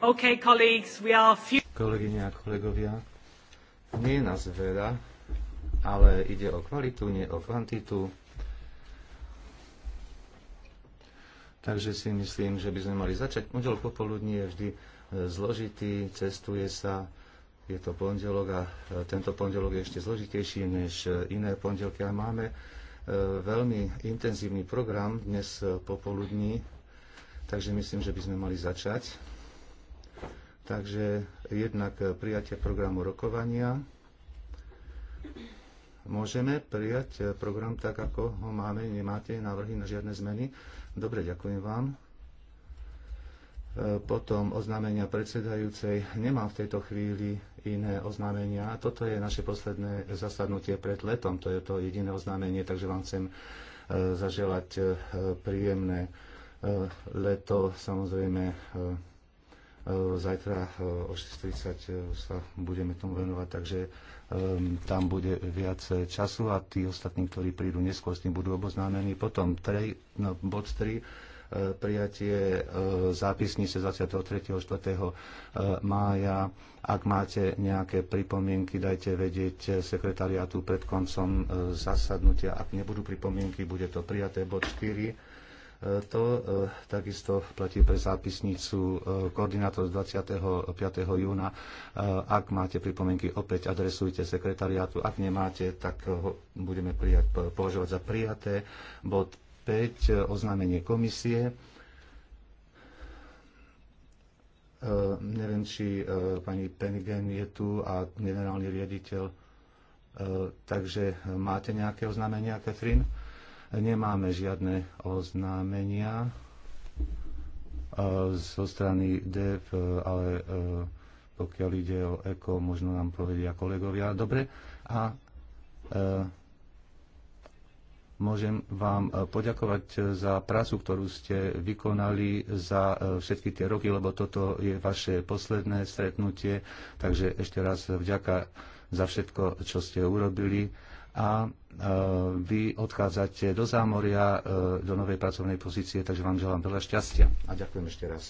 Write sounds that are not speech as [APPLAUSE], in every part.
Okay, colleagues, we are few... Kolegyne a kolegovia, nie je nás veľa, ale ide o kvalitu, nie o kvantitu. Takže si myslím, že by sme mali začať. Pondelok popoludní je vždy e, zložitý, cestuje sa, je to pondelok a e, tento pondelok je ešte zložitejší než e, iné pondelky a máme veľmi intenzívny program dnes popoludní, takže myslím, že by sme mali začať. Takže jednak prijatie programu rokovania. Môžeme prijať program tak, ako ho máme. Nemáte návrhy na žiadne zmeny? Dobre, ďakujem vám. Potom oznámenia predsedajúcej. Nemám v tejto chvíli iné oznámenia. Toto je naše posledné zasadnutie pred letom. To je to jediné oznámenie, takže vám chcem eh, zaželať eh, príjemné eh, leto. Samozrejme, E, zajtra e, o 6.30 e, sa budeme tomu venovať, takže tam bude viac času a tí ostatní, ktorí prídu neskôr, s tým budú oboznámení. Potom 3, no, bod 3 prijatie zápisnice 23. 4. mája. Ak máte nejaké pripomienky, dajte vedieť sekretariátu pred koncom zasadnutia. Ak nebudú pripomienky, bude to prijaté bod 4 to e, takisto platí pre zápisnicu e, koordinátor z 25. júna. E, ak máte pripomienky, opäť adresujte sekretariátu. Ak nemáte, tak ho budeme prijať, považovať za prijaté. Bod 5. Oznámenie komisie. Neviem, či pani Penigen je tu a generálny riaditeľ. Takže máte nejaké oznámenia, Katrin? Nemáme žiadne oznámenia e, zo strany DEV, e, ale e, pokiaľ ide o ECO, možno nám povedia kolegovia. Dobre, a Môžem vám poďakovať za prácu, ktorú ste vykonali za všetky tie roky, lebo toto je vaše posledné stretnutie. Takže ešte raz vďaka za všetko, čo ste urobili a e, vy odchádzate do zámoria, e, do novej pracovnej pozície, takže vám želám veľa šťastia a ďakujem ešte raz.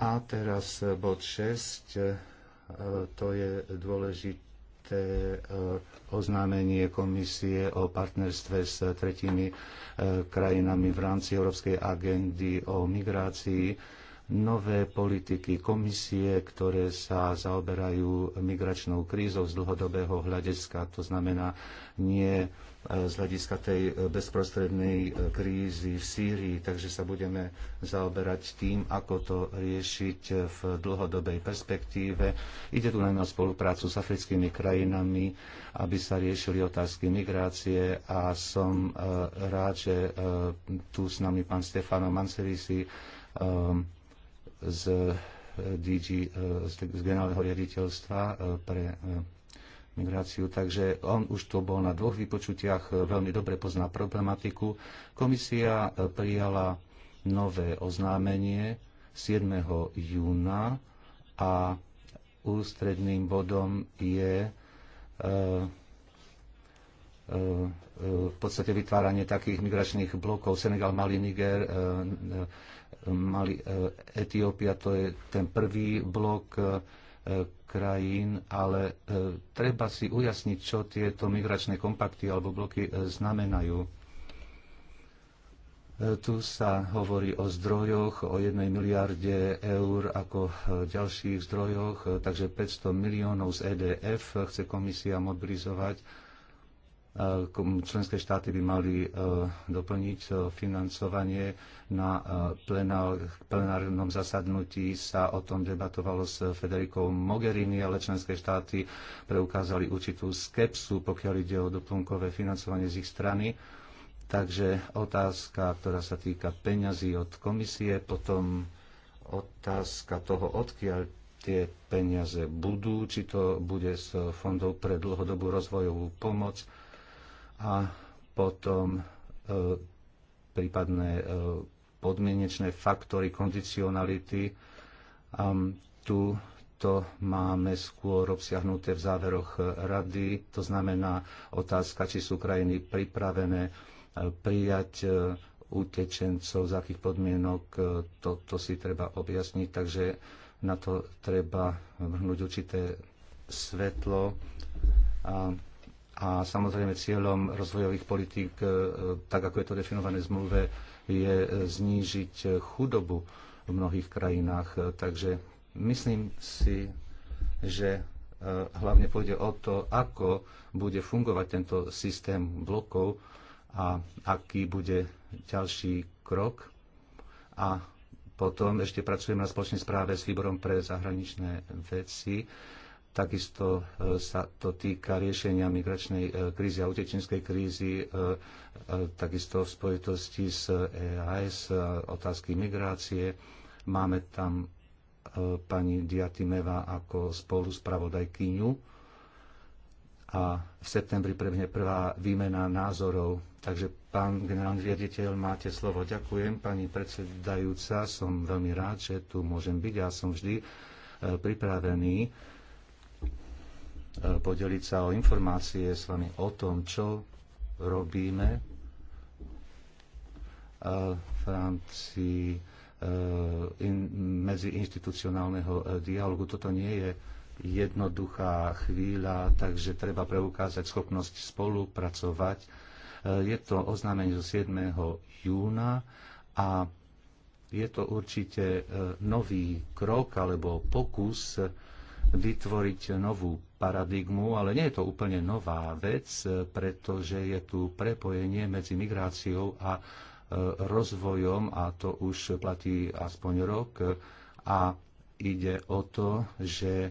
A teraz e, bod 6, to je dôležité oznámenie komisie o partnerstve s tretími krajinami v rámci Európskej agendy o migrácii nové politiky komisie, ktoré sa zaoberajú migračnou krízou z dlhodobého hľadiska, to znamená nie e, z hľadiska tej bezprostrednej e, krízy v Sýrii, takže sa budeme zaoberať tým, ako to riešiť e, v dlhodobej perspektíve. Ide tu najmä o spoluprácu s africkými krajinami, aby sa riešili otázky migrácie a som rád, že tu s nami pán Stefano Manserisi z eh, DG, eh, z, z generálneho riaditeľstva eh, pre migráciu, takže on už tu bol na dvoch vypočutiach, veľmi dobre pozná problematiku. Komisia prijala nové oznámenie 7. júna a ústredným bodom je v podstate vytváranie takých migračných blokov Senegal, Mali, Niger, Mali, e, Etiópia to je ten prvý blok e, krajín, ale e, treba si ujasniť, čo tieto migračné kompakty alebo bloky znamenajú. Tu sa hovorí o zdrojoch, o jednej miliarde eur ako ďalších zdrojoch, takže 500 miliónov z EDF chce komisia mobilizovať členské štáty by mali e, doplniť e, financovanie. Na e, plenárnom zasadnutí sa o tom debatovalo s Federikou Mogherini, ale členské štáty preukázali určitú skepsu, pokiaľ ide o doplnkové financovanie z ich strany. Takže otázka, ktorá sa týka peňazí od komisie, potom otázka toho, odkiaľ tie peniaze budú, či to bude z fondov pre dlhodobú rozvojovú pomoc, a potom e, prípadné e, podmienečné faktory kondicionality. Tu to máme skôr obsiahnuté v záveroch rady, to znamená otázka, či sú krajiny pripravené e, prijať utečencov, z akých podmienok, to, to si treba objasniť, takže na to treba vrhnúť určité svetlo. A a samozrejme cieľom rozvojových politík, e, tak ako je to definované v zmluve, je znížiť chudobu v mnohých krajinách. E, takže myslím si, že e, hlavne pôjde o to, ako bude fungovať tento systém blokov a aký bude ďalší krok. A potom ešte pracujem na spoločnej správe s výborom pre zahraničné veci Takisto e, sa to týka riešenia migračnej e, krízy a utečenskej krízy, e, takisto v spojitosti s EAS, otázky migrácie. Máme tam pani Diatimeva ako spolu spravodajkyňu a v septembri prebehne prvá výmena názorov. Takže pán generálny riaditeľ, máte slovo. Ďakujem, pani predsedajúca. Som veľmi rád, že tu môžem byť. Ja som vždy pripravený E, podeliť sa o informácie s vami o tom, čo robíme e, v rámci e, medziinstitucionálneho dialogu. Toto nie je jednoduchá chvíľa, takže treba preukázať schopnosť spolupracovať. Je to oznámenie zo 7. júna a je to určite nový krok alebo pokus vytvoriť novú paradigmu, ale nie je to úplne nová vec, pretože je tu prepojenie medzi migráciou a e, rozvojom a to už platí aspoň rok a ide o to, že e,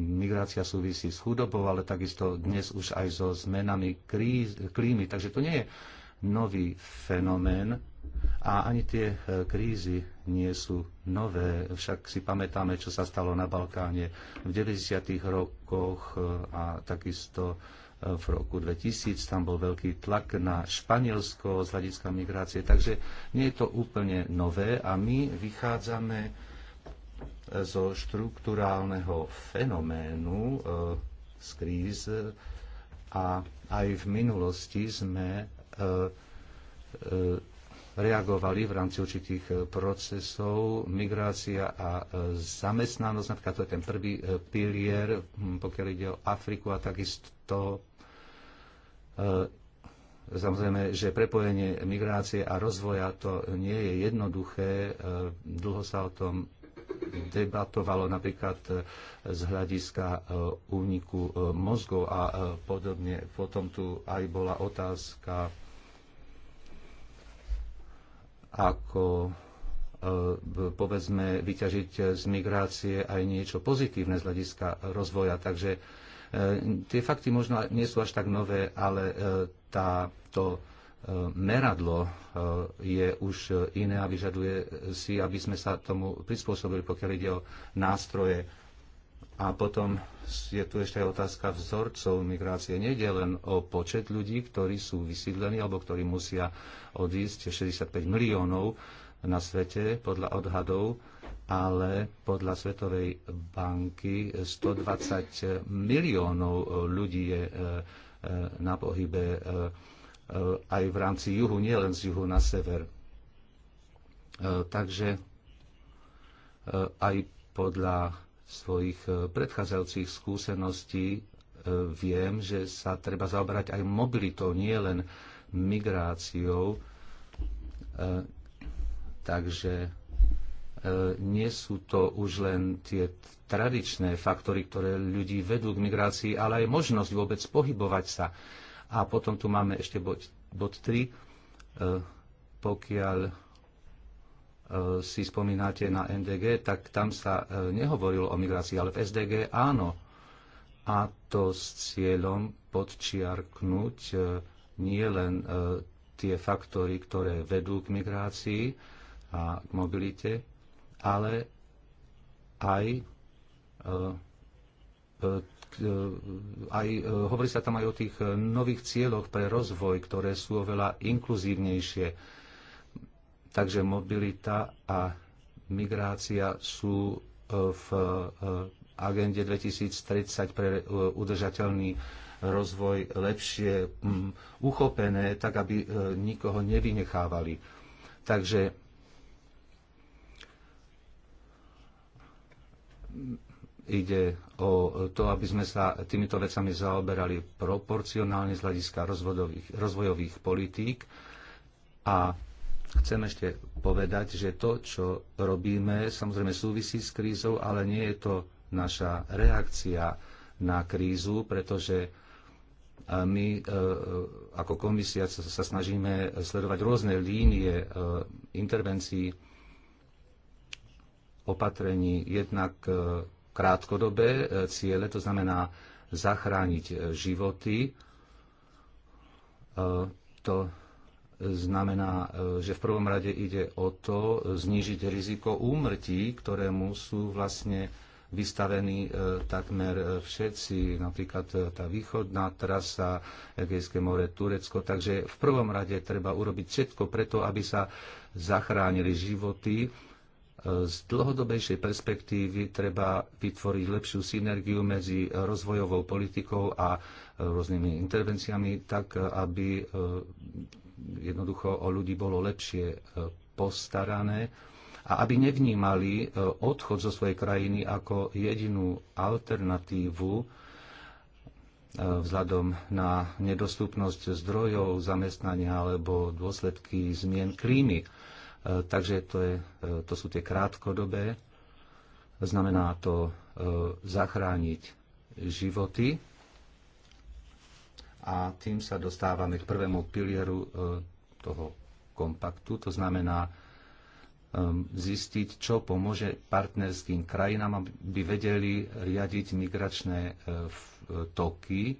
migrácia súvisí s chudobou, ale takisto dnes už aj so zmenami klímy. Takže to nie je nový fenomén a ani tie e, krízy nie sú nové. Však si pamätáme, čo sa stalo na Balkáne v 90. rokoch e, a takisto e, v roku 2000 tam bol veľký tlak na Španielsko z hľadiska migrácie, takže nie je to úplne nové a my vychádzame e, zo štruktúrálneho fenoménu z kríz a aj v minulosti sme reagovali v rámci určitých e, procesov. Migrácia a e, zamestnanosť, napríklad to je ten prvý e, pilier, pokiaľ ide o Afriku a takisto Samozrejme, že prepojenie migrácie a rozvoja to nie je jednoduché. Dlho sa o tom debatovalo napríklad z hľadiska úniku mozgov a podobne. Potom tu aj bola otázka ako e, povedzme vyťažiť z migrácie aj niečo pozitívne z hľadiska rozvoja. Takže e, tie fakty možno nie sú až tak nové, ale e, tá, to meradlo je už iné a vyžaduje si, aby sme sa tomu prispôsobili, pokiaľ ide o nástroje a potom je tu ešte aj otázka vzorcov migrácie. Nejde len o počet ľudí, ktorí sú vysídlení alebo ktorí musia odísť, 65 miliónov na svete podľa odhadov, ale podľa Svetovej banky 120 miliónov ľudí je e, e, na pohybe e, aj v rámci juhu, nielen z juhu na sever. Takže aj podľa svojich e, predchádzajúcich skúseností e, viem, že sa treba zaoberať aj mobilitou, nie len migráciou. E, takže nie sú to už len tie tradičné faktory, ktoré ľudí vedú k migrácii, ale aj možnosť vôbec pohybovať sa. A potom tu máme ešte bod, bod 3, pokiaľ E, si spomínate na NDG, tak tam sa e, nehovorilo o migrácii, ale v SDG áno. A to s cieľom podčiarknúť e, nie len tie faktory, ktoré vedú k migrácii a k mobilite, ale aj aj, hovorí sa tam aj o tých nových cieľoch pre rozvoj, ktoré sú oveľa inkluzívnejšie Takže mobilita a migrácia sú e, v e, agende 2030 pre e, udržateľný rozvoj lepšie uchopené, tak aby nikoho nevynechávali. Takže ide o to, aby sme sa týmito vecami zaoberali proporcionálne z hľadiska rozvojových politík a Chcem ešte povedať, že to, čo robíme, samozrejme súvisí s krízou, ale nie je to naša reakcia na krízu, pretože e, my e, ako komisia sa snažíme sledovať rôzne línie e, intervencií, opatrení, jednak krátkodobé ciele, to znamená zachrániť životy. To znamená, e, že v prvom rade ide o to znížiť riziko úmrtí, ktorému sú vlastne vystavení e, takmer e, všetci, napríklad tá východná trasa, Egejské more, Turecko. Takže v prvom rade treba urobiť všetko preto, aby sa zachránili životy. Z dlhodobejšej perspektívy treba vytvoriť lepšiu synergiu medzi rozvojovou politikou a rôznymi intervenciami, tak aby jednoducho o ľudí bolo lepšie e, postarané a aby nevnímali e, odchod zo svojej krajiny ako jedinú alternatívu e, vzhľadom na nedostupnosť zdrojov zamestnania alebo dôsledky zmien klímy. Takže to, je, to sú tie krátkodobé. Znamená to zachrániť životy a tým sa dostávame k prvému pilieru e, toho kompaktu, to znamená e, zistiť, čo pomôže partnerským krajinám, aby vedeli riadiť migračné e, toky.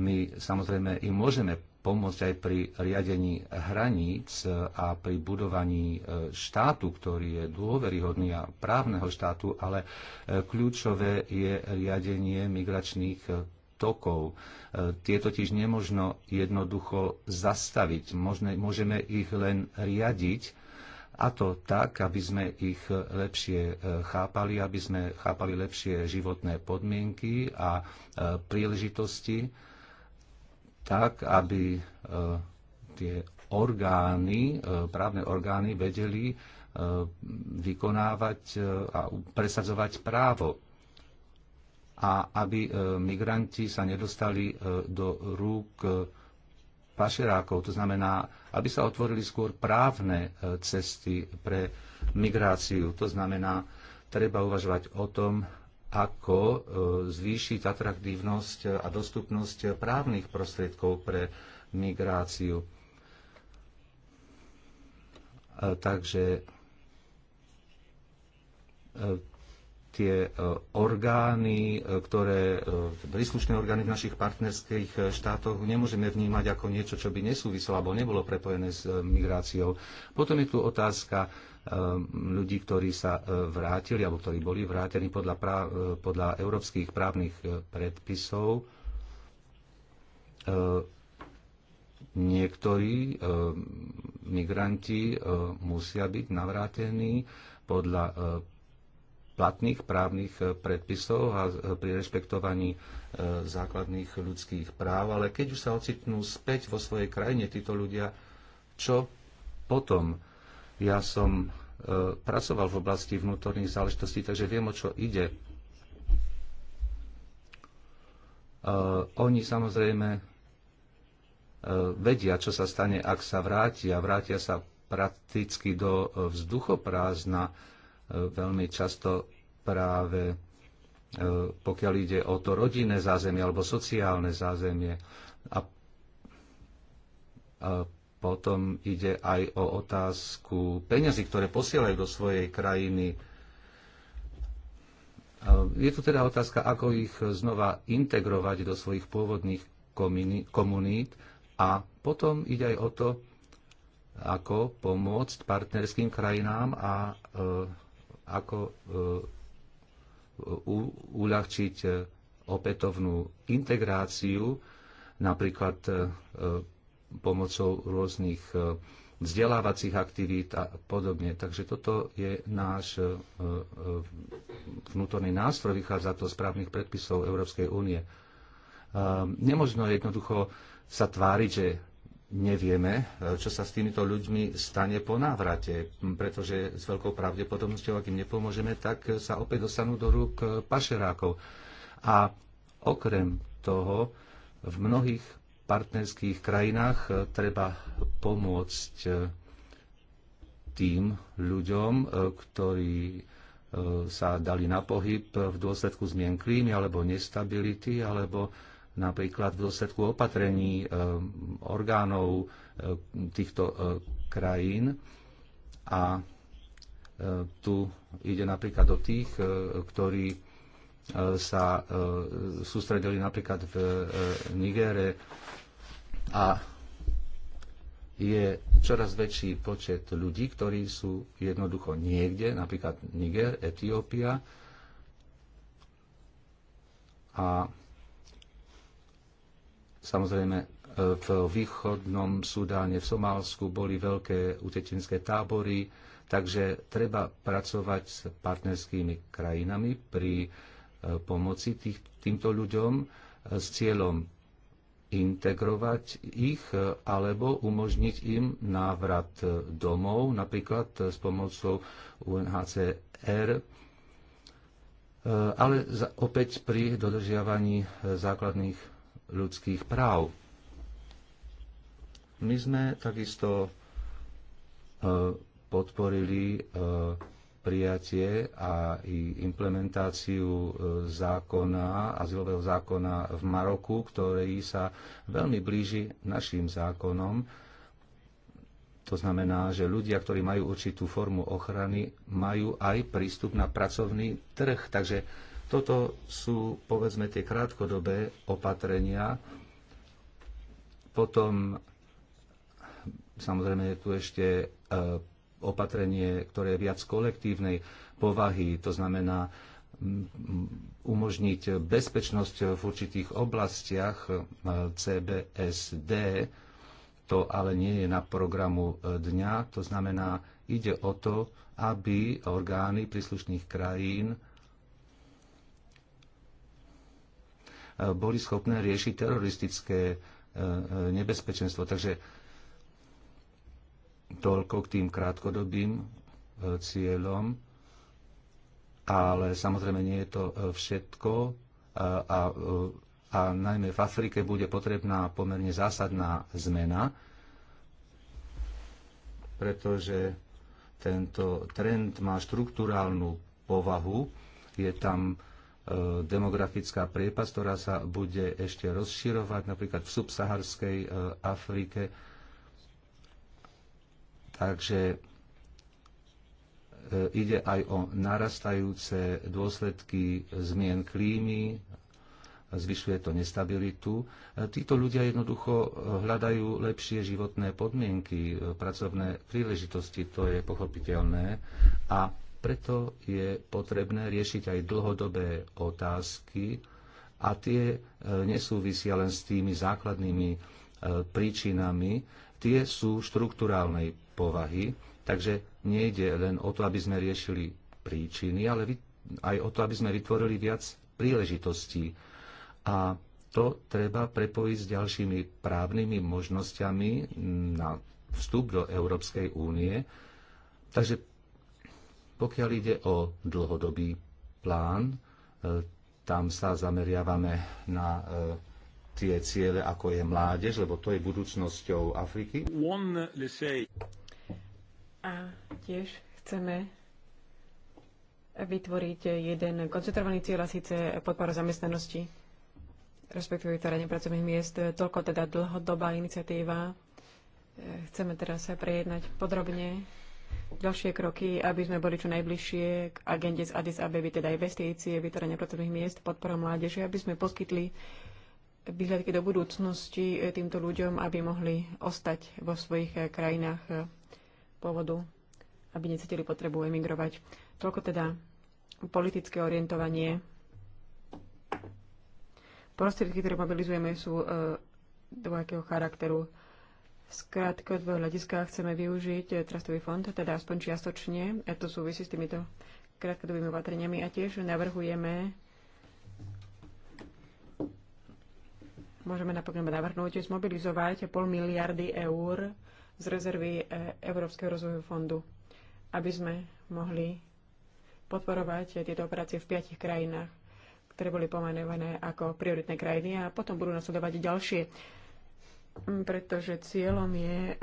My samozrejme im môžeme pomôcť aj pri riadení hraníc a pri budovaní štátu, ktorý je dôveryhodný a právneho štátu, ale kľúčové je riadenie migračných tokov. E, tie totiž nemožno jednoducho zastaviť, Možne, môžeme ich len riadiť a to tak, aby sme ich lepšie e, chápali, aby sme chápali lepšie životné podmienky a e, príležitosti, tak, aby tie orgány, právne orgány vedeli vykonávať a presadzovať právo a aby e, migranti sa nedostali e, do rúk e, pašerákov. To znamená, aby sa otvorili skôr právne cesty pre migráciu. To znamená, treba uvažovať o tom, ako zvýšiť atraktívnosť a dostupnosť právnych prostriedkov pre migráciu. Takže tie e, orgány, e, ktoré, e, príslušné orgány v našich partnerských štátoch nemôžeme vnímať ako niečo, čo by nesúviselo alebo nebolo prepojené s migráciou. Potom je tu otázka ľudí, ktorí sa vrátili alebo ktorí boli vrátení podľa, práv, podľa európskych právnych predpisov. Niektorí migranti musia byť navrátení podľa platných právnych eh, predpisov a eh, pri rešpektovaní eh, základných ľudských práv, ale keď už sa ocitnú späť vo svojej krajine títo ľudia, čo potom? Ja som pracoval v oblasti vnútorných záležitostí, takže viem, o čo ide. Oni samozrejme vedia, čo sa stane, ak sa vrátia. Vrátia sa prakticky do vzduchoprázdna veľmi často práve e, pokiaľ ide o to rodinné zázemie alebo sociálne zázemie. A, potom ide aj o otázku peňazí, ktoré posielajú do svojej krajiny. E, je tu teda otázka, ako ich znova integrovať do svojich pôvodných komunít a potom ide aj o to, ako pomôcť partnerským krajinám a e, ako e, uľahčiť e, opätovnú integráciu, napríklad e, pomocou rôznych vzdelávacích aktivít a podobne. Takže toto je náš vnútorný nástroj, vychádza to z právnych predpisov Európskej únie. Nemožno jednoducho sa tváriť, že nevieme, e, čo sa s týmito ľuďmi stane po návrate, pretože s veľkou pravdepodobnosťou, ak im nepomôžeme, tak e, sa opäť dostanú do rúk e, pašerákov. A okrem toho, v mnohých partnerských krajinách treba pomôcť tým ľuďom, ktorí sa dali na pohyb v dôsledku zmien klímy alebo nestability alebo napríklad v dôsledku opatrení eh, orgánov eh, týchto eh, krajín. A tu ide napríklad o tých, ktorí sa sústredili napríklad v Nigére a je čoraz väčší počet ľudí, ktorí sú jednoducho niekde, napríklad Niger, Etiópia a Samozrejme, e, v východnom Sudáne, v Somálsku boli veľké utečenské tábory, takže treba pracovať s partnerskými krajinami pri e, pomoci tých, týmto ľuďom e, s cieľom integrovať ich alebo umožniť im návrat domov, napríklad s pomocou UNHCR, ale opäť pri dodržiavaní základných ľudských práv. My sme takisto e, podporili e, prijatie a i implementáciu e, zákona, azylového zákona v Maroku, ktorý sa veľmi blíži našim zákonom. To znamená, že ľudia, ktorí majú určitú formu ochrany, majú aj prístup na pracovný trh. Takže toto sú, povedzme, tie krátkodobé opatrenia. Potom, samozrejme, je tu ešte e, opatrenie, ktoré je viac kolektívnej povahy, to znamená mm, umožniť bezpečnosť v určitých oblastiach e, CBSD. To ale nie je na programu e, dňa, to znamená, ide o to, aby orgány príslušných krajín boli schopné riešiť teroristické e, e, nebezpečenstvo. Takže toľko k tým krátkodobým e, cieľom, ale samozrejme nie je to všetko a, a, a najmä v Afrike bude potrebná pomerne zásadná zmena, pretože tento trend má štruktúrálnu povahu, je tam E, demografická priepas, ktorá sa bude ešte rozširovať napríklad v subsaharskej e, Afrike. Takže e, ide aj o narastajúce dôsledky zmien klímy, zvyšuje to nestabilitu. Títo ľudia jednoducho hľadajú lepšie životné podmienky, pracovné príležitosti, to je pochopiteľné. A preto je potrebné riešiť aj dlhodobé otázky a tie e, nesúvisia len s tými základnými e, príčinami, tie sú štruktúrálnej povahy, takže nejde len o to, aby sme riešili príčiny, ale aj o to, aby sme vytvorili viac príležitostí. A to treba prepojiť s ďalšími právnymi možnosťami na vstup do Európskej únie. Takže pokiaľ ide o dlhodobý plán, e, tam sa zameriavame na e, tie ciele, ako je mládež, lebo to je budúcnosťou Afriky. A tiež chceme vytvoriť jeden koncentrovaný cieľ a síce podporu zamestnanosti, respektíve vytváranie pracovných miest. Toľko teda dlhodobá iniciatíva. E, chceme teraz sa prejednať podrobne ďalšie kroky, aby sme boli čo najbližšie k agende z Addis Abeby, teda investície, vytvorenie pracovných miest, podpora mládeže, aby sme poskytli výhľadky do budúcnosti týmto ľuďom, aby mohli ostať vo svojich krajinách pôvodu, aby necítili potrebu emigrovať. Toľko teda politické orientovanie. Prostriedky, ktoré mobilizujeme, sú eh, dvojakého charakteru z krátkodobého hľadiska chceme využiť eh, trastový fond, teda aspoň čiastočne, a to súvisí s týmito krátkodobými opatreniami a tiež navrhujeme môžeme napokon navrhnúť, zmobilizovať pol miliardy eur z rezervy eh, Európskeho rozvojového fondu, aby sme mohli podporovať tieto operácie v piatich krajinách, ktoré boli pomenované ako prioritné krajiny a potom budú nasledovať ďalšie Mm, pretože cieľom je e,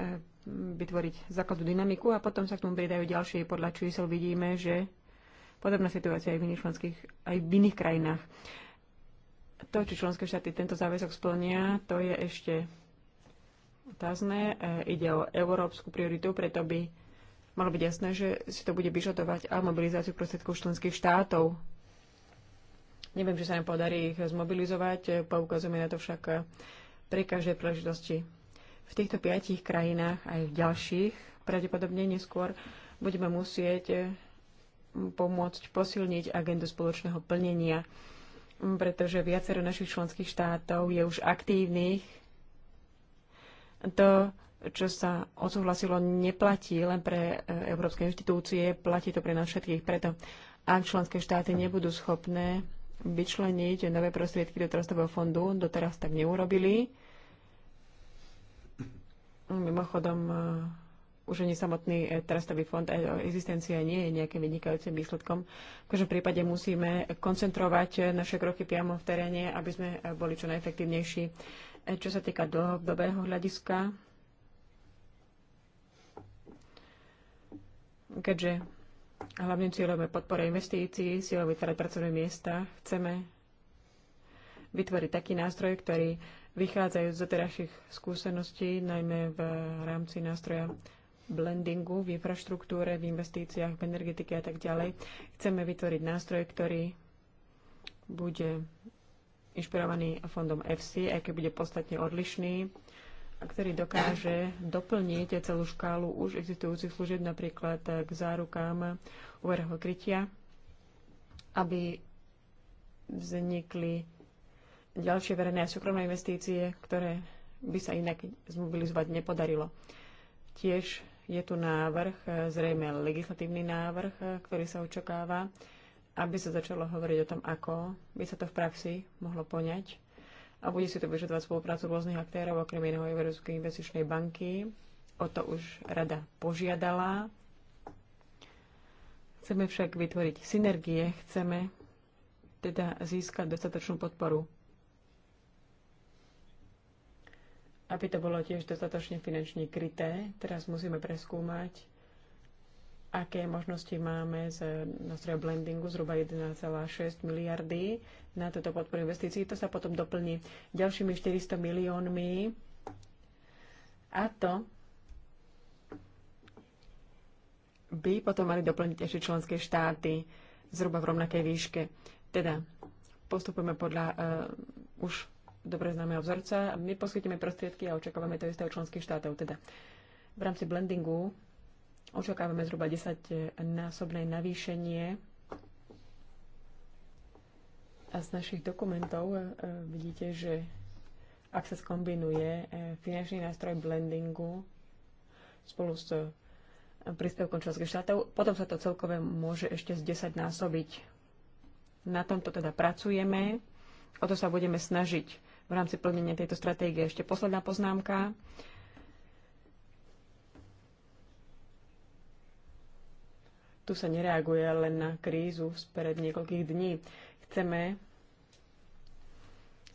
vytvoriť základnú dynamiku a potom sa k tomu pridajú ďalšie. Podľa čísel vidíme, že podobná situácia aj v iných, členských, aj v iných krajinách. To, či členské štáty tento záväzok splnia, to je ešte otázne. E, ide o európsku prioritu, preto by malo byť jasné, že si to bude vyžadovať a mobilizáciu prostriedkov členských štátov. Neviem, či sa nám podarí ich zmobilizovať, poukazujeme na to však pri každej príležitosti. V týchto piatich krajinách aj v ďalších pravdepodobne neskôr budeme musieť eh, pomôcť posilniť agendu spoločného plnenia, mm, pretože viacero našich členských štátov je už aktívnych. To, čo sa odsúhlasilo, neplatí len pre eh, európske inštitúcie, platí to pre nás všetkých. Preto, ak členské štáty nebudú schopné vyčleniť nové prostriedky do trastového fondu, doteraz tak neurobili, No, mimochodom, eh, už ani samotný eh, trastový fond a eh, existencia nie je nejakým vynikajúcim výsledkom. V každom prípade musíme koncentrovať naše kroky priamo v teréne, aby sme boli čo najefektívnejší. Čo sa týka dlhodobého hľadiska, keďže hlavným cieľom je podpora investícií, cieľom vytvárať pracovné miesta, chceme vytvoriť taký nástroj, ktorý vychádzajú z doterajších skúseností, najmä v rámci nástroja blendingu v infraštruktúre, v investíciách, v energetike a tak ďalej. Chceme vytvoriť nástroj, ktorý bude inšpirovaný fondom FC, aj keď bude podstatne odlišný, a ktorý dokáže doplniť celú škálu už existujúcich služieb, napríklad k zárukám úverho krytia, aby vznikli ďalšie verejné a súkromné investície, ktoré by sa inak zmobilizovať nepodarilo. Tiež je tu návrh, e, zrejme legislatívny návrh, e, ktorý sa očakáva, aby sa začalo hovoriť o tom, ako by sa to v praxi mohlo poňať. A bude si to vyžadovať spoluprácu rôznych aktérov, okrem iného Európskej investičnej banky. O to už rada požiadala. Chceme však vytvoriť synergie, chceme teda získať dostatočnú podporu aby to bolo tiež dostatočne finančne kryté. Teraz musíme preskúmať, aké možnosti máme z nástroja blendingu zhruba 1,6 miliardy na túto podporu investícií. To sa potom doplní ďalšími 400 miliónmi a to by potom mali doplniť ešte členské štáty zhruba v rovnakej výške. Teda postupujeme podľa uh, už dobre známeho vzorca. My poskytíme prostriedky a očakávame to isté od členských štátov. Teda v rámci blendingu očakávame zhruba 10-násobné navýšenie a z našich dokumentov e, vidíte, že ak sa skombinuje e, finančný nástroj blendingu spolu s e, príspevkom členských štátov, potom sa to celkové môže ešte z 10 násobiť. Na tomto teda pracujeme, o to sa budeme snažiť v rámci plnenia tejto stratégie. Ešte posledná poznámka. Tu sa nereaguje len na krízu spred niekoľkých dní. Chceme,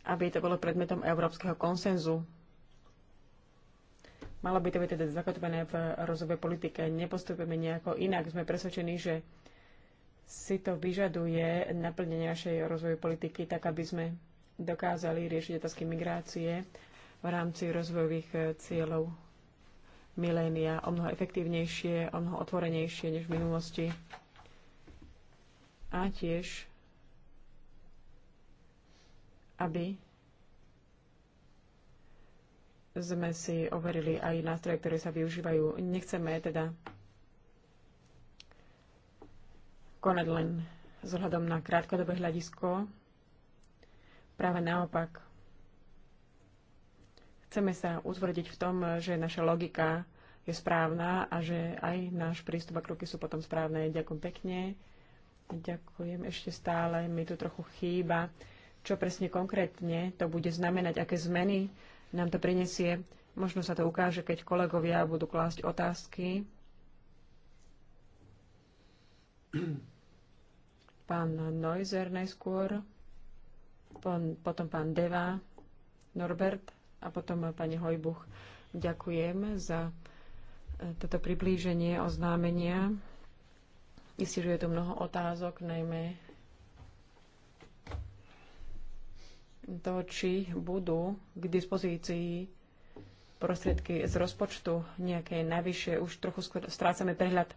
aby to bolo predmetom európskeho konsenzu. Malo by to byť teda zakotvené v rozovej politike. Nepostupujeme nejako inak. Sme presvedčení, že si to vyžaduje naplnenie našej rozvojovej politiky tak, aby sme dokázali riešiť otázky migrácie v rámci rozvojových eh, cieľov milénia o mnoho efektívnejšie, o mnoho otvorenejšie než v minulosti. A tiež, aby sme si overili aj nástroje, ktoré sa využívajú. Nechceme teda konať len vzhľadom na krátkodobé hľadisko, Práve naopak. Chceme sa utvrdiť v tom, že naša logika je správna a že aj náš prístup a kroky sú potom správne. Ďakujem pekne. Ďakujem. Ešte stále mi tu trochu chýba, čo presne konkrétne to bude znamenať, aké zmeny nám to prinesie. Možno sa to ukáže, keď kolegovia budú klásť otázky. Pán Neuser najskôr potom pán Deva, Norbert a potom pani Hojbuch. Ďakujem za e, toto priblíženie oznámenia. Isté, že je tu mnoho otázok, najmä to, či budú k dispozícii prostriedky z rozpočtu nejaké navyše. Už trochu strácame prehľad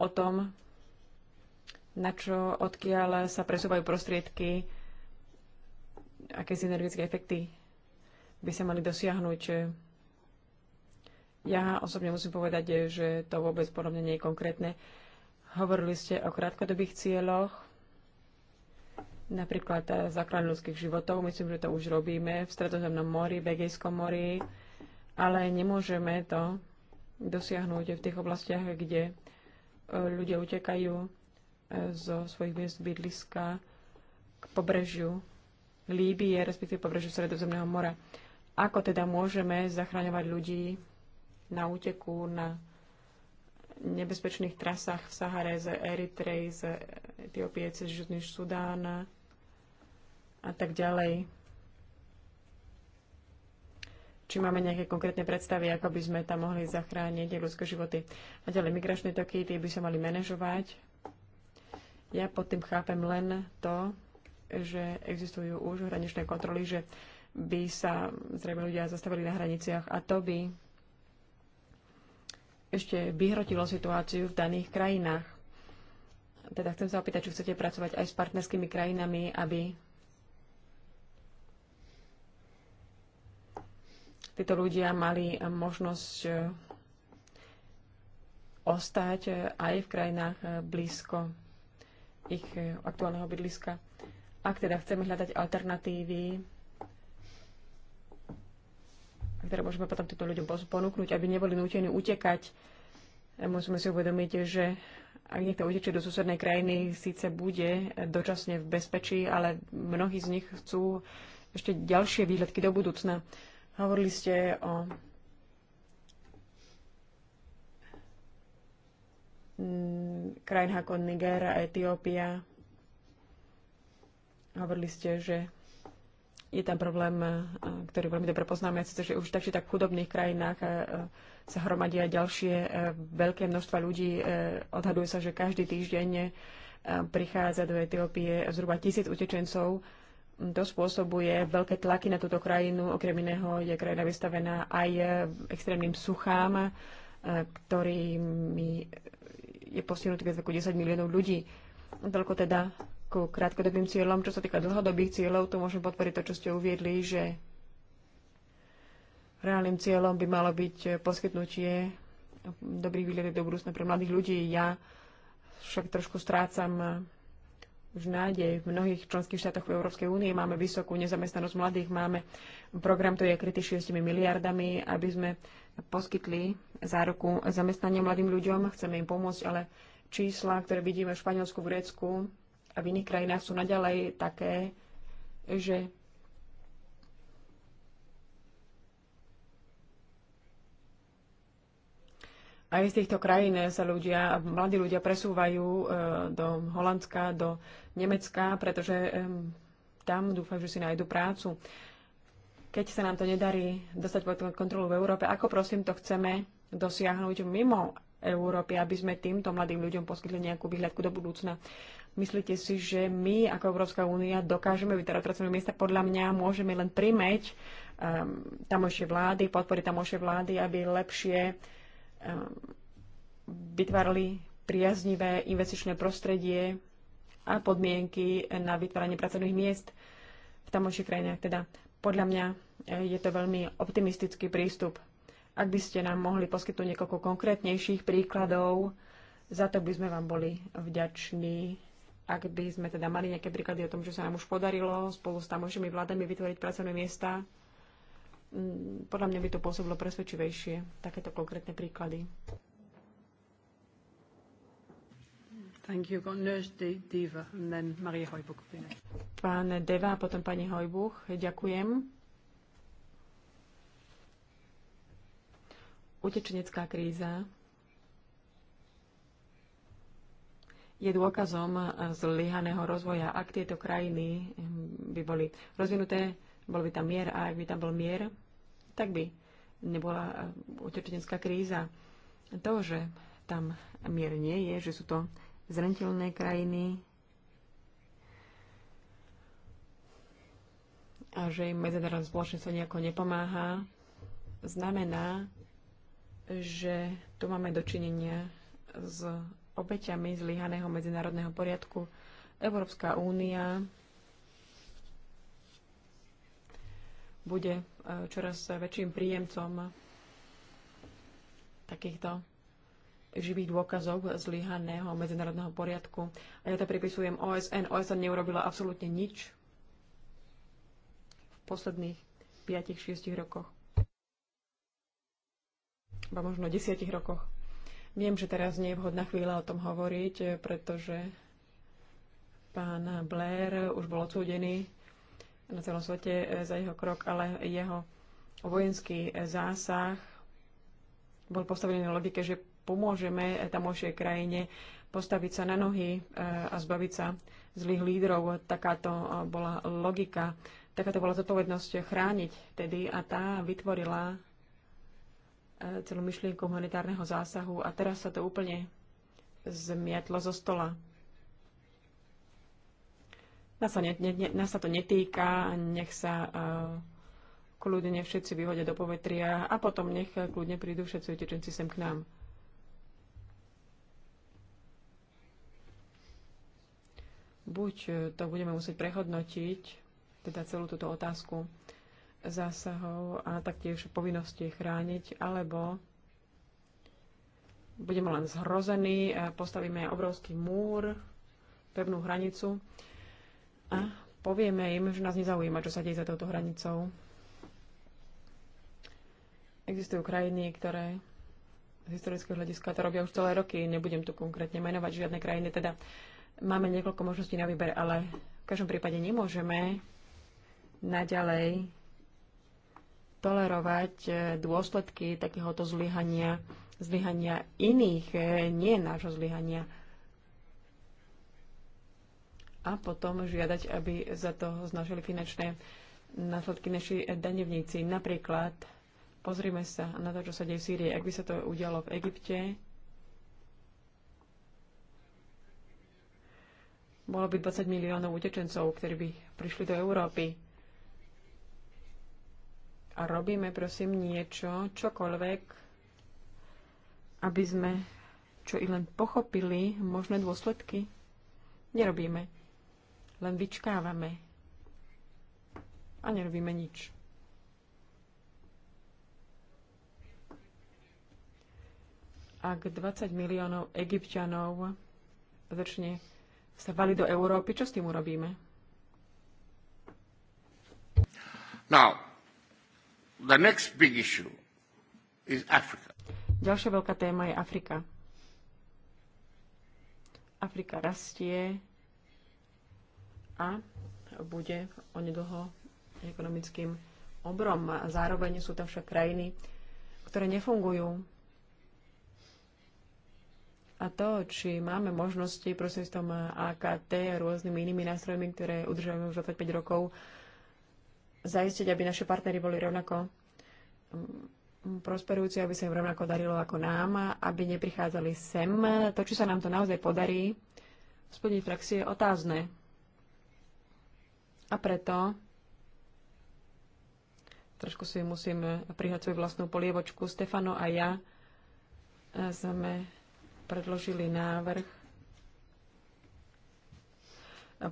o tom, na čo, odkiaľ sa presúvajú prostriedky aké synergické efekty by sa mali dosiahnuť. Ja osobne musím povedať, že to vôbec podobne nie je konkrétne. Hovorili ste o krátkodobých cieľoch, napríklad základ ľudských životov. Myslím, že to už robíme v Stredozemnom mori, v Egejskom mori, ale nemôžeme to dosiahnuť v tých oblastiach, kde e, ľudia utekajú e, zo svojich miest bydliska k pobrežiu Líbie, respektíve pobrežiu Sredozemného mora. Ako teda môžeme zachraňovať ľudí na úteku, na nebezpečných trasách v Sahare z Eritrej, z Etiópie, cez Žudný Sudán a tak ďalej. Či máme nejaké konkrétne predstavy, ako by sme tam mohli zachrániť ľudské životy. A ďalej, migračné toky, tie by sa mali manažovať. Ja pod tým chápem len to, že existujú už hraničné kontroly, že by sa zrejme ľudia zastavili na hraniciach a to by ešte vyhrotilo situáciu v daných krajinách. Teda chcem sa opýtať, či chcete pracovať aj s partnerskými krajinami, aby títo ľudia mali možnosť ostať aj v krajinách blízko ich aktuálneho bydliska. Ak teda chceme hľadať alternatívy, ktoré môžeme potom týmto ľuďom ponúknuť, aby neboli nútení utekať, musíme si uvedomiť, že ak niekto utečie do susednej krajiny, síce bude dočasne v bezpečí, ale mnohí z nich chcú ešte ďalšie výhľadky do budúcna. Hovorili ste o krajinách ako Niger a Etiópia, Hovorili ste, že je tam problém, e, ktorý veľmi dobre poznáme, že už tak tak v chudobných krajinách e, e, sa hromadia ďalšie veľké množstva ľudí. Odhaduje sa, že každý týždeň prichádza do Etiópie zhruba tisíc utečencov. To spôsobuje veľké tlaky na túto krajinu. Okrem iného je krajina vystavená aj extrémnym suchám, ktorými je postihnutý viac ako 10 miliónov ľudí. Toľko teda ku krátkodobým cieľom. Čo sa týka dlhodobých cieľov, to môžem podporiť to, čo ste uviedli, že reálnym cieľom by malo byť poskytnutie dobrých výhľadov do budúcna pre mladých ľudí. Ja však trošku strácam už nádej. V mnohých členských štátoch v Európskej únie máme vysokú nezamestnanosť mladých, máme program, ktorý je krytý 6 miliardami, aby sme poskytli záruku zamestnanie mladým ľuďom. Chceme im pomôcť, ale čísla, ktoré vidíme v Španielsku, v Grécku, a v iných krajinách sú naďalej také, že aj z týchto krajín sa ľudia, mladí ľudia presúvajú e, do Holandska, do Nemecka, pretože tam dúfajú, že si nájdu prácu. Keď sa nám to nedarí dostať pod kontrolu v Európe, ako prosím to chceme dosiahnuť mimo Európy, aby sme týmto mladým ľuďom poskytli nejakú výhľadku do budúcna. Myslíte si, že my ako Európska únia dokážeme vytvárať pracovné miesta? Podľa mňa môžeme len primeť um, tamojšie vlády, podporiť tamojšie vlády, aby lepšie um, vytvárali priaznivé investičné prostredie a podmienky na vytváranie pracovných miest v tamojších krajinách. Teda podľa mňa eh, je to veľmi optimistický prístup. Ak by ste nám mohli poskytnúť niekoľko konkrétnejších príkladov, za to by sme vám boli vďační ak by sme teda mali nejaké príklady o tom, čo sa nám už podarilo spolu s tamošimi vládami vytvoriť pracovné miesta, mm, podľa mňa by to pôsobilo presvedčivejšie, takéto konkrétne príklady. Thank you. and then Maria Hojbuch. Pán Deva a potom pani Hojbuch. Ďakujem. Utečenecká kríza je dôkazom zlyhaného rozvoja. Ak tieto krajiny hm, by boli rozvinuté, bol by tam mier a ak by tam bol mier, tak by nebola eh, utečenecká kríza. To, že tam mier nie je, že sú to zrentilné krajiny a že im medzinárodné spoločenstvo nejako nepomáha, znamená, že tu máme dočinenia s obeťami zlyhaného medzinárodného poriadku. Európska únia bude e, čoraz väčším príjemcom takýchto živých dôkazov zlyhaného medzinárodného poriadku. A ja to pripisujem OSN. OSN neurobila absolútne nič v posledných 5-6 rokoch. Ba možno 10 rokoch. Viem, že teraz nie je vhodná chvíľa o tom hovoriť, pretože pán Blair už bol odsúdený na celom svete eh, za jeho krok, ale jeho vojenský eh, zásah bol postavený na logike, že pomôžeme eh, tamojšej krajine postaviť sa na nohy a zbaviť sa zlých lídrov. Takáto bola logika, takáto bola zodpovednosť chrániť tedy a tá vytvorila E, celú myšlienku humanitárneho zásahu a teraz sa to úplne zmietlo zo stola. Nás sa, ne, ne, ne, nás sa to netýka, nech sa uh, kľudne všetci vyhodia do povetria a potom nech kľudne prídu všetci utečenci sem k nám. Buď to budeme musieť prehodnotiť, teda celú túto otázku, zásahov a taktiež povinnosti chrániť, alebo budeme len zhrození, postavíme obrovský múr, pevnú hranicu a povieme im, že nás nezaujíma, čo sa deje za touto hranicou. Existujú krajiny, ktoré z historického hľadiska to robia už celé roky. Nebudem tu konkrétne menovať žiadne krajiny, teda máme niekoľko možností na výber, ale v každom prípade nemôžeme naďalej tolerovať e, dôsledky takéhoto zlyhania, zlyhania iných, e, nie nášho zlyhania. A potom žiadať, aby za to znašili finančné následky naši danevníci. Napríklad, pozrime sa na to, čo sa deje v Sýrii. Ak by sa to udialo v Egypte, bolo by 20 miliónov utečencov, ktorí by prišli do Európy a robíme, prosím, niečo, čokoľvek, aby sme čo i len pochopili možné dôsledky. Nerobíme. Len vyčkávame. A nerobíme nič. Ak 20 miliónov egyptianov začne sa valí do Európy, čo s tým urobíme? Now, The next big issue is Africa. Ďalšia veľká téma je Afrika. Afrika rastie a bude onedlho ekonomickým obrom. A zároveň sú tam však krajiny, ktoré nefungujú. A to, či máme možnosti tom AKT a rôznymi inými nástrojmi, ktoré udržujeme už 25 rokov, zaistiť, aby naše partnery boli rovnako mm, prosperujúci, aby sa im rovnako darilo ako nám, aby neprichádzali sem. To, či sa nám to naozaj podarí, v v praxi je otázne. A preto trošku si musím prihať svoju vlastnú polievočku. Stefano a ja e, sme predložili návrh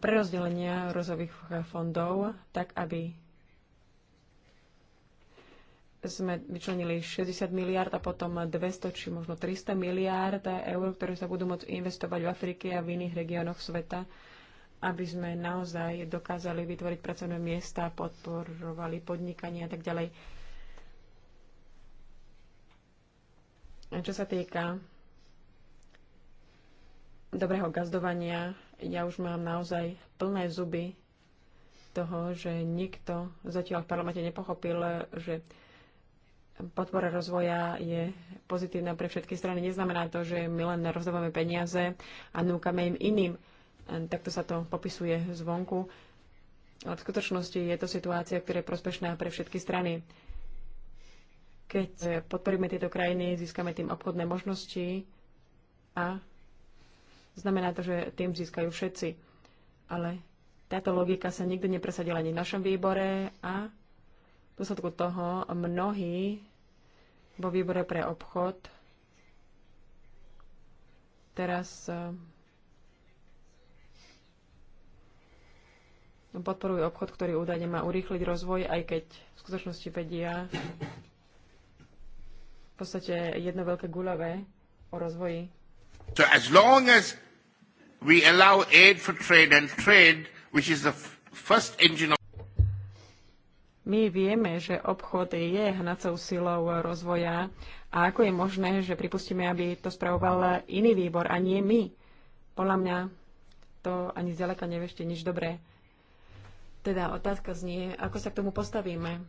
prerozdelenia rozových fondov tak, aby sme vyčlenili 60 miliard a potom 200 či možno 300 miliard eur, ktoré sa budú môcť investovať v Afrike a v iných regiónoch sveta, aby sme naozaj dokázali vytvoriť pracovné miesta, podporovali podnikanie a tak ďalej. A čo sa týka dobrého gazdovania, ja už mám naozaj plné zuby toho, že nikto zatiaľ v parlamente nepochopil, že podpora rozvoja je pozitívna pre všetky strany. Neznamená to, že my len rozdávame peniaze a núkame im iným. Takto sa to popisuje zvonku. Ale v skutočnosti je to situácia, ktorá je prospešná pre všetky strany. Keď podporíme tieto krajiny, získame tým obchodné možnosti a znamená to, že tým získajú všetci. Ale táto logika sa nikdy nepresadila ani v našom výbore a v dôsledku toho mnohí vo výbore pre obchod teraz eh, podporujú obchod, ktorý údajne má urýchliť rozvoj, aj keď v skutočnosti vedia v podstate jedno veľké guľavé o rozvoji. So as long as we allow aid for trade and trade, which is the first engine my vieme, že obchod je hnacou silou rozvoja a ako je možné, že pripustíme, aby to spravoval iný výbor a nie my. Podľa mňa to ani zďaleka nevešte nič dobré. Teda otázka znie, ako sa k tomu postavíme.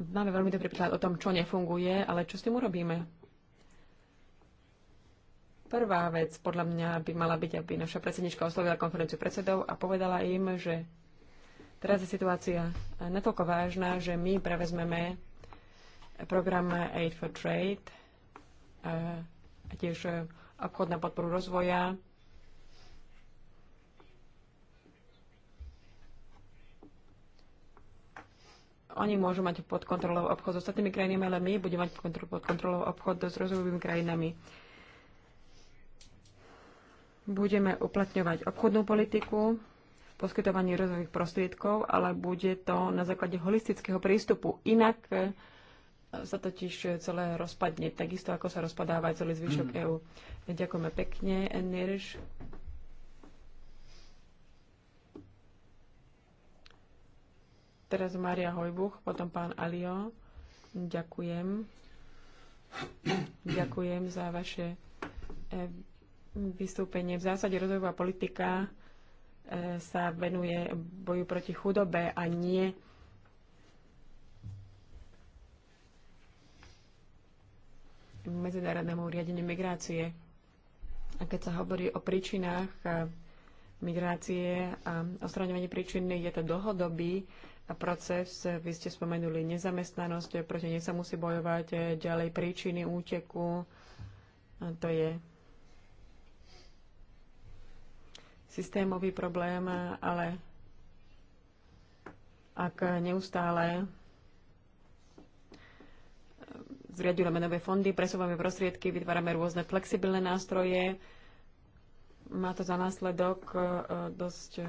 Máme veľmi dobrý príklad o tom, čo nefunguje, ale čo s tým urobíme? Prvá vec podľa mňa by mala byť, aby naša predsednička oslovila konferenciu predsedov a povedala im, že Teraz je situácia natoľko vážna, že my prevezmeme program Aid for Trade eh, a tiež eh, obchod na podporu rozvoja. Oni môžu mať pod kontrolou obchod s ostatnými krajinami, ale my budeme mať pod kontrolou obchod s rozvojovými krajinami. Budeme uplatňovať obchodnú politiku, Poskytovanie rozvojových prostriedkov, ale bude to na základe holistického prístupu. Inak e, sa totiž celé rozpadne, takisto ako sa rozpadáva aj celý zvyšok mm. EÚ. Ďakujeme pekne, Nirš. Teraz Maria Hojbuch, potom pán Alio. Ďakujem. Ďakujem za vaše e, vystúpenie. V zásade rozvojová politika sa venuje boju proti chudobe a nie medzinárodnému riadeniu migrácie. A keď sa hovorí o príčinách e, migrácie a ostraňovaní príčiny, je to dlhodobý proces. Vy ste spomenuli nezamestnanosť, proti nej sa musí bojovať, e, ďalej príčiny úteku. To je systémový problém, ale ak neustále zriadujeme nové fondy, presúvame prostriedky, vytvárame rôzne flexibilné nástroje, má to za následok e, dosť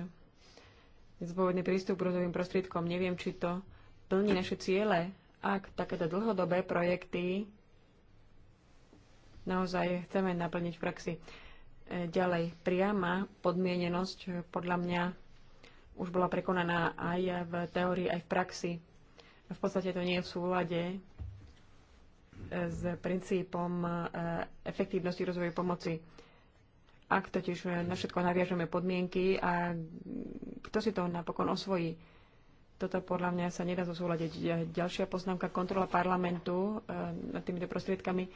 nezbovodný prístup k rozvojovým prostriedkom. Neviem, či to plní naše ciele, ak takéto dlhodobé projekty naozaj chceme naplniť v praxi. Ďalej, priama podmienenosť podľa mňa už bola prekonaná aj v teórii, aj v praxi. V podstate to nie je v súlade e, s princípom e, efektívnosti rozvoju pomoci. Ak totiž na všetko naviažeme podmienky a kto si to napokon osvojí, toto podľa mňa sa nedá zosúľadiť. Ďalšia poznámka, kontrola parlamentu e, nad týmito prostriedkami.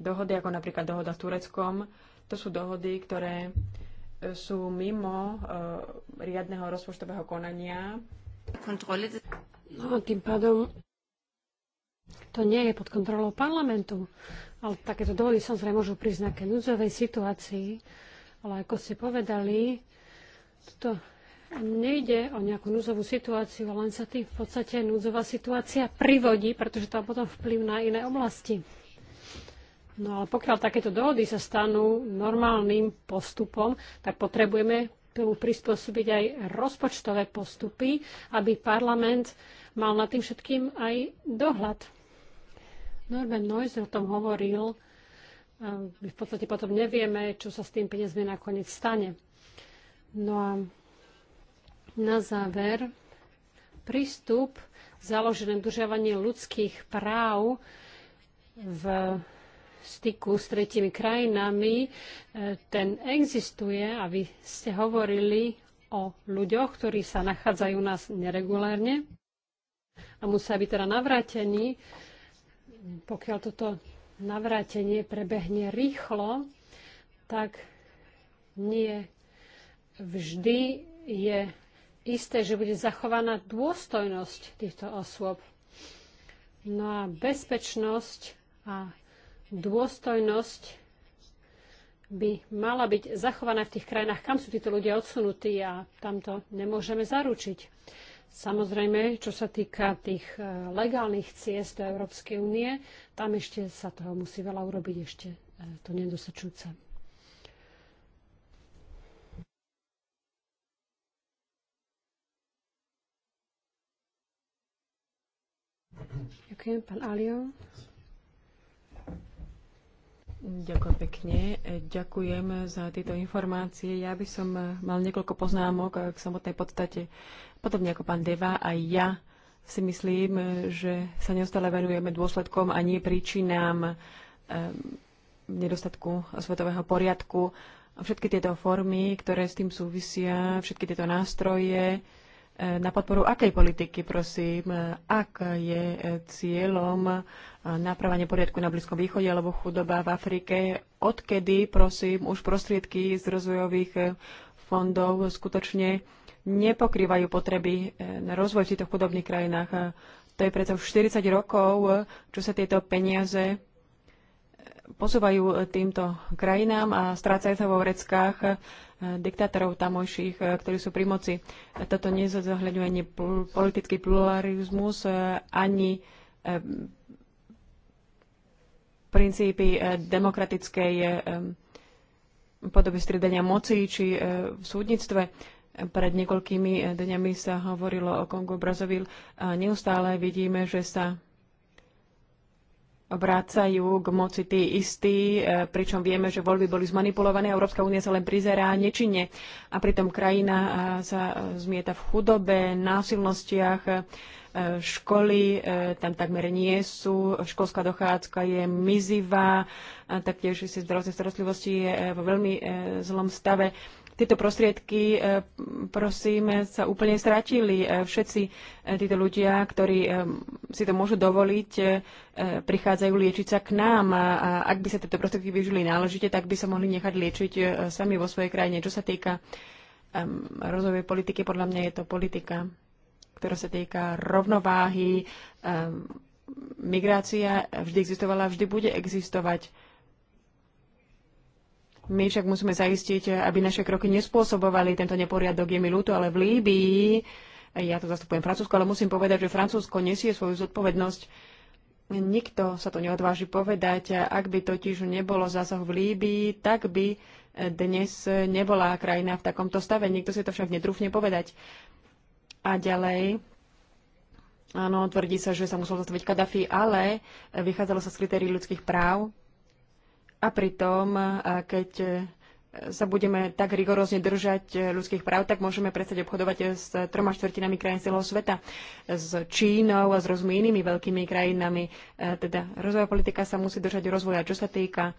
dohody, ako napríklad dohoda s Tureckom. To sú dohody, ktoré e, sú mimo e, riadneho rozpočtového konania. No a tým pádom to nie je pod kontrolou parlamentu. Ale takéto dohody samozrejme môžu prísť na núdzovej situácii. Ale ako ste povedali, toto nejde o nejakú núzovú situáciu, len sa tým v podstate núdzová situácia privodí, pretože to má potom vplyv na iné oblasti. No ale pokiaľ takéto dohody sa stanú normálnym postupom, tak potrebujeme tomu prispôsobiť aj rozpočtové postupy, aby parlament mal nad tým všetkým aj dohľad. Norman Neuser o tom hovoril. My v podstate potom nevieme, čo sa s tým peniazmi nakoniec stane. No a na záver, prístup založený na ľudských práv v styku s tretimi krajinami, e, ten existuje a vy ste hovorili o ľuďoch, ktorí sa nachádzajú u nás neregulárne a musia byť teda navrátení. Pokiaľ toto navrátenie prebehne rýchlo, tak nie vždy je isté, že bude zachovaná dôstojnosť týchto osôb. No a bezpečnosť a dôstojnosť by mala byť zachovaná v tých krajinách, kam sú títo ľudia odsunutí a tam to nemôžeme zaručiť. Samozrejme, čo sa týka tých e, legálnych ciest do Európskej únie, tam ešte sa toho musí veľa urobiť, ešte e, to nedosačujúce. Ďakujem, pán Alio. Ďakujem pekne. Ďakujem za tieto informácie. Ja by som mal niekoľko poznámok k samotnej podstate. Podobne ako pán Deva, aj ja si myslím, že sa neustále venujeme dôsledkom a nie príčinám nedostatku svetového poriadku. Všetky tieto formy, ktoré s tým súvisia, všetky tieto nástroje, E, na podporu akej politiky, prosím, e, ak je e, cieľom napravanie poriadku na Blízkom východe alebo chudoba v Afrike, odkedy, prosím, už prostriedky z rozvojových fondov skutočne nepokrývajú potreby na rozvoj v týchto chudobných krajinách. To je predsa už 40 rokov, čo sa tieto peniaze posúvajú týmto krajinám a strácajú sa vo vreckách eh, diktátorov tamojších, eh, ktorí sú pri moci. Toto nezohľadňuje ani politický pluralizmus, eh, ani princípy demokratickej podoby striedania moci či v súdnictve. Pred niekoľkými dňami sa hovorilo o Kongu Brazovil neustále vidíme, že sa vracajú k moci tí istí, e, pričom vieme, že voľby boli zmanipulované, Európska únia sa len prizerá nečine a pritom krajina e, sa e, zmieta v chudobe, násilnostiach, školy tam takmer nie sú, školská dochádzka je mizivá, taktiež si zdravotnej starostlivosti je vo veľmi zlom stave. Tieto prostriedky, e, prosím, sa úplne stratili. E, všetci e, títo ľudia, ktorí si to môžu dovoliť, prichádzajú liečiť sa k nám a ak by sa tieto prostriedky využili náležite, tak by sa mohli nechať liečiť sami vo svojej krajine. Čo sa týka rozvojovej politiky, podľa mňa je to politika, ktorá sa týka rovnováhy. Migrácia vždy existovala, vždy bude existovať my však musíme zaistiť, aby naše kroky nespôsobovali tento neporiadok. Je mi ľúto, ale v Líbii, ja tu zastupujem Francúzsko, ale musím povedať, že Francúzsko nesie svoju zodpovednosť. Nikto sa to neodváži povedať. Ak by totiž nebolo zásahu v Líbii, tak by dnes nebola krajina v takomto stave. Nikto si to však netrúfne povedať. A ďalej, áno, tvrdí sa, že sa musel zastaviť Kadafi, ale vychádzalo sa z kritérií ľudských práv a pritom, e, keď e, sa budeme tak rigorózne držať e, ľudských práv, tak môžeme prestať obchodovať s troma štvrtinami krajín celého sveta, s Čínou a s rôznymi inými veľkými krajinami. Teda rozvojová politika sa musí držať rozvoja. Čo sa týka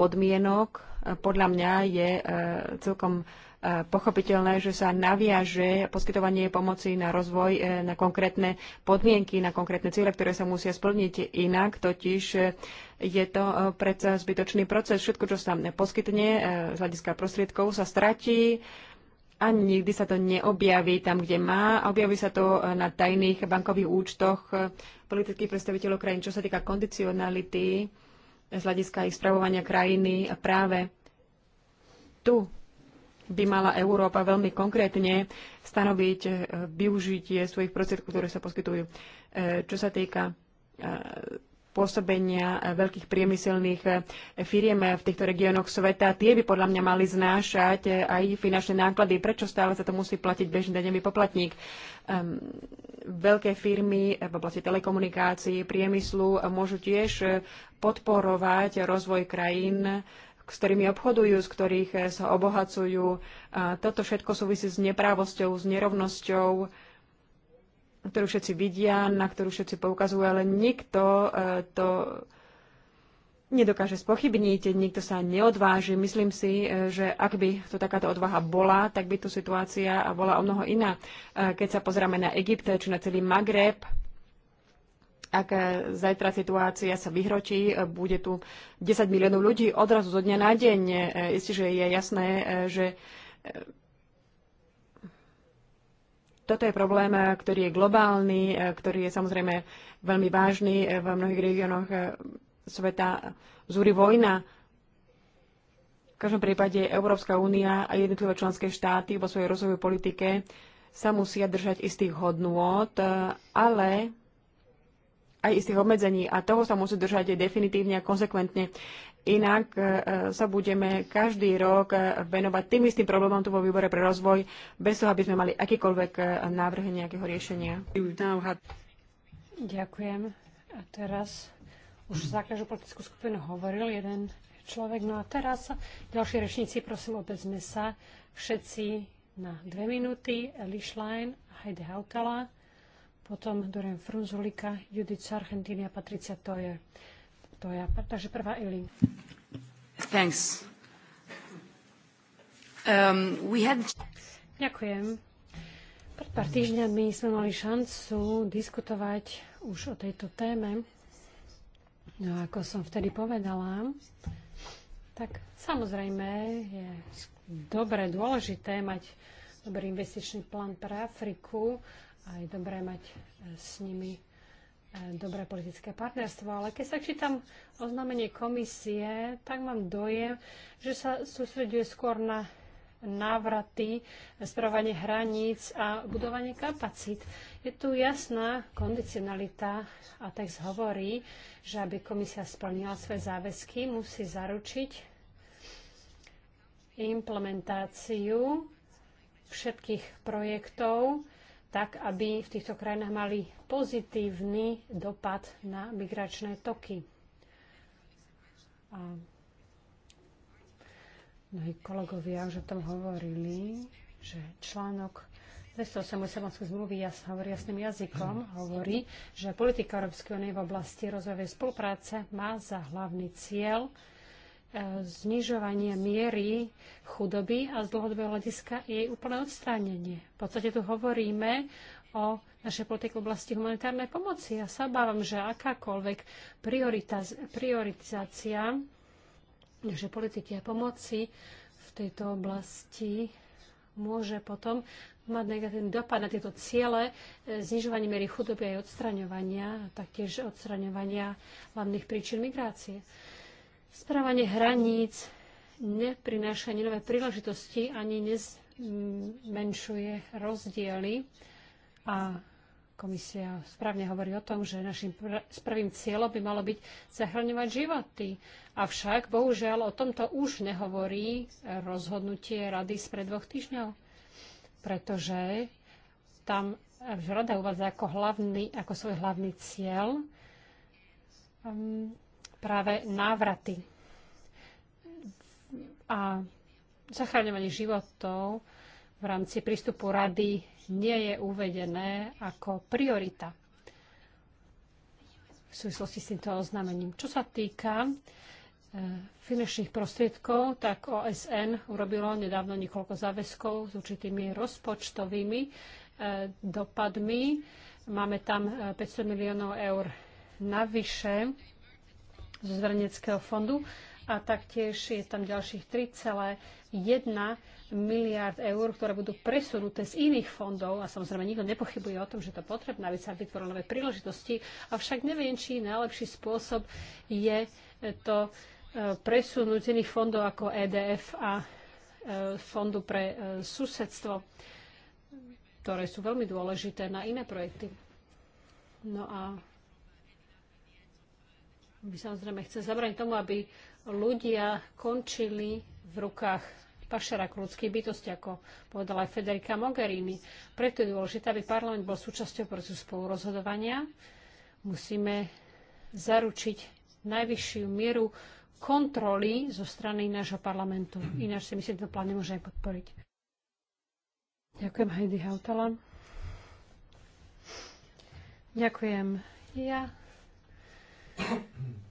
podmienok, podľa mňa je celkom pochopiteľné, že sa naviaže poskytovanie pomoci na rozvoj e, na konkrétne podmienky, na konkrétne ciele, ktoré sa musia splniť. Inak totiž e, je to e, predsa zbytočný proces. Všetko, čo sa poskytne z hľadiska prostriedkov, sa stratí a nikdy sa to neobjaví tam, kde má. Objaví sa to na tajných bankových účtoch politických predstaviteľov krajín. Čo sa týka kondicionality z hľadiska ich spravovania krajiny, a práve tu by mala Európa veľmi konkrétne stanoviť e, využitie svojich prostriedkov, ktoré sa poskytujú. E, čo sa týka e, pôsobenia veľkých priemyselných firiem v týchto regiónoch sveta, tie by podľa mňa mali znášať aj finančné náklady. Prečo stále sa to musí platiť bežný daňový poplatník? Ehm, veľké firmy v oblasti telekomunikácií, priemyslu môžu tiež podporovať rozvoj krajín, s ktorými obchodujú, z ktorých eh, sa obohacujú. A toto všetko súvisí s neprávosťou, s nerovnosťou, ktorú všetci vidia, na ktorú všetci poukazujú, ale nikto eh, to nedokáže spochybniť, nikto sa neodváži. Myslím si, eh, že ak by to takáto odvaha bola, tak by tu situácia bola o mnoho iná. Keď sa pozrieme na Egypt či na celý Magreb, ak zajtra situácia sa vyhročí, bude tu 10 miliónov ľudí odrazu zo dňa na deň. Isté, že je jasné, že eh, toto je problém, ktorý je globálny, eh, ktorý je samozrejme veľmi vážny eh, v mnohých regiónoch sveta. Zúri vojna. V každom prípade Európska únia a jednotlivé členské štáty vo svojej rozvojovej politike sa musia držať istých hodnôt, ale aj istých obmedzení a toho sa musí držať definitívne a konsekventne. Inak e, sa budeme každý rok e, venovať tým istým problémom tu vo výbore pre rozvoj, bez toho, aby sme mali akýkoľvek e, návrh nejakého riešenia. Ďakujem. A teraz už za každú politickú skupinu hovoril jeden človek. No a teraz ďalší rečníci, prosím, obezme sa všetci na dve minúty. Eli Schlein, Heide Hautala potom Dorian Frunzulika, Judith Sargentini a Patricia Toyer. Takže prvá Eli. Thanks. Um, we had... Ďakujem. Pred pár týždňami sme mali šancu diskutovať už o tejto téme. No ako som vtedy povedala, tak samozrejme je dobre dôležité mať dobrý investičný plán pre Afriku, a je dobré mať e, s nimi e, dobré politické partnerstvo, ale keď sa čítam oznámenie komisie, tak mám dojem, že sa sústreduje skôr na návraty, správanie hraníc a budovanie kapacít. Je tu jasná kondicionalita a text hovorí, že aby komisia splnila svoje záväzky, musí zaručiť implementáciu všetkých projektov, tak aby v týchto krajinách mali pozitívny dopad na migračné toky. A mnohí kolegovia už o tom hovorili, že článok 288 Lisabonskej zmluvy jas, hovorí jasným jazykom, hovorí, že politika Európskej únie v oblasti rozvojovej spolupráce má za hlavný cieľ E, znižovanie miery chudoby a z dlhodobého hľadiska jej úplné odstránenie. V podstate tu hovoríme o našej politike v oblasti humanitárnej pomoci. Ja sa obávam, že akákoľvek prioritizácia našej politiky a pomoci v tejto oblasti môže potom mať negatívny dopad na tieto ciele e, znižovanie miery chudoby aj odstraňovania, a taktiež odstraňovania hlavných príčin migrácie. Správanie hraníc neprináša ani nové príležitosti, ani nezmenšuje rozdiely. A komisia správne hovorí o tom, že našim pr- prvým cieľom by malo byť zachraňovať životy. Avšak, bohužiaľ, o tomto už nehovorí rozhodnutie rady spred dvoch týždňov, pretože tam rada uvádza ako, hlavný, ako svoj hlavný cieľ um, práve návraty a zachráňovanie životov v rámci prístupu rady nie je uvedené ako priorita v súvislosti s týmto oznámením. Čo sa týka e, finančných prostriedkov, tak OSN urobilo nedávno niekoľko záväzkov s určitými rozpočtovými e, dopadmi. Máme tam 500 e, miliónov eur navyše zo Zverneckého fondu a taktiež je tam ďalších 3,1 miliard eur, ktoré budú presunuté z iných fondov a samozrejme nikto nepochybuje o tom, že to potrebné, aby sa vytvorili nové príležitosti, avšak neviem, či najlepší spôsob je to e, presunúť z iných fondov ako EDF a e, fondu pre e, susedstvo, ktoré sú veľmi dôležité na iné projekty. No a samozrejme chce zabrať tomu, aby ľudia končili v rukách pašerak ľudských bytosti, ako povedala aj Federica Mogherini. Preto je dôležité, aby parlament bol súčasťou procesu spolurozhodovania. Musíme zaručiť najvyššiu mieru kontroly zo strany nášho parlamentu. Ináč si myslím, že to plán nemôže aj podporiť. Ďakujem Heidi Hautala. Ďakujem. Ja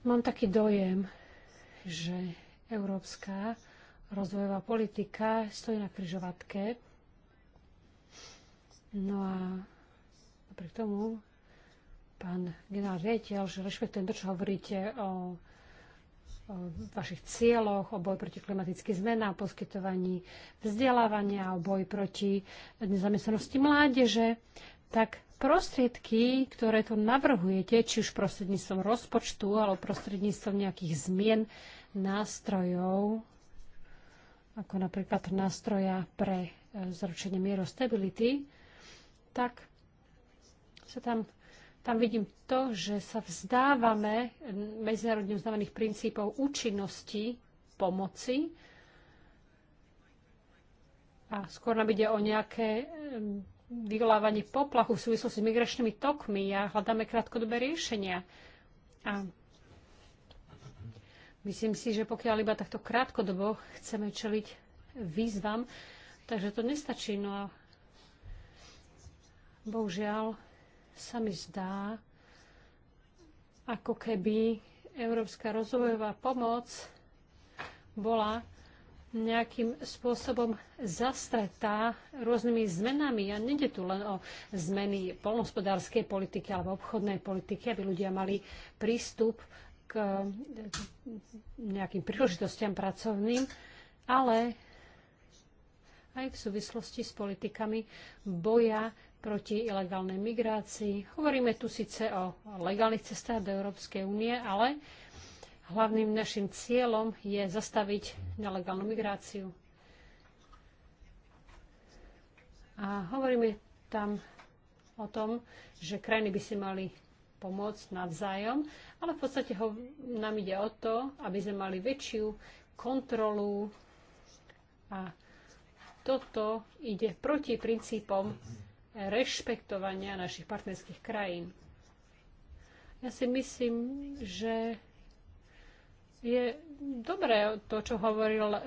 Mám taký dojem, že európska rozvojová politika stojí na kryžovatke. No a napriek tomu pán generál riaditeľ, že rešpektujem to, čo hovoríte o, o vašich cieľoch, o boj proti klimatickým zmenám, o poskytovaní vzdelávania, o boj proti nezamestnanosti mládeže, tak prostriedky, ktoré tu navrhujete, či už prostredníctvom rozpočtu alebo prostredníctvom nejakých zmien nástrojov, ako napríklad nástroja pre e, zručenie mieru stability, tak sa tam, tam vidím to, že sa vzdávame e, medzinárodne uznávaných princípov účinnosti pomoci a skôr nám ide o nejaké e, vyvolávaní poplachu v súvislosti s migračnými tokmi a hľadáme krátkodobé riešenia. A myslím si, že pokiaľ iba takto krátkodobo chceme čeliť výzvam, takže to nestačí. No a bohužiaľ sa mi zdá, ako keby európska rozvojová pomoc bola nejakým spôsobom zastretá rôznymi zmenami. A nede tu len o zmeny polnospodárskej politiky alebo obchodnej politiky, aby ľudia mali prístup k nejakým príležitostiam pracovným, ale aj v súvislosti s politikami boja proti ilegálnej migrácii. Hovoríme tu síce o legálnych cestách do Európskej únie, ale Hlavným našim cieľom je zastaviť nelegálnu migráciu. A hovoríme tam o tom, že krajiny by si mali pomôcť navzájom, ale v podstate ho, nám ide o to, aby sme mali väčšiu kontrolu a toto ide proti princípom rešpektovania našich partnerských krajín. Ja si myslím, že je dobré to, čo hovoril e,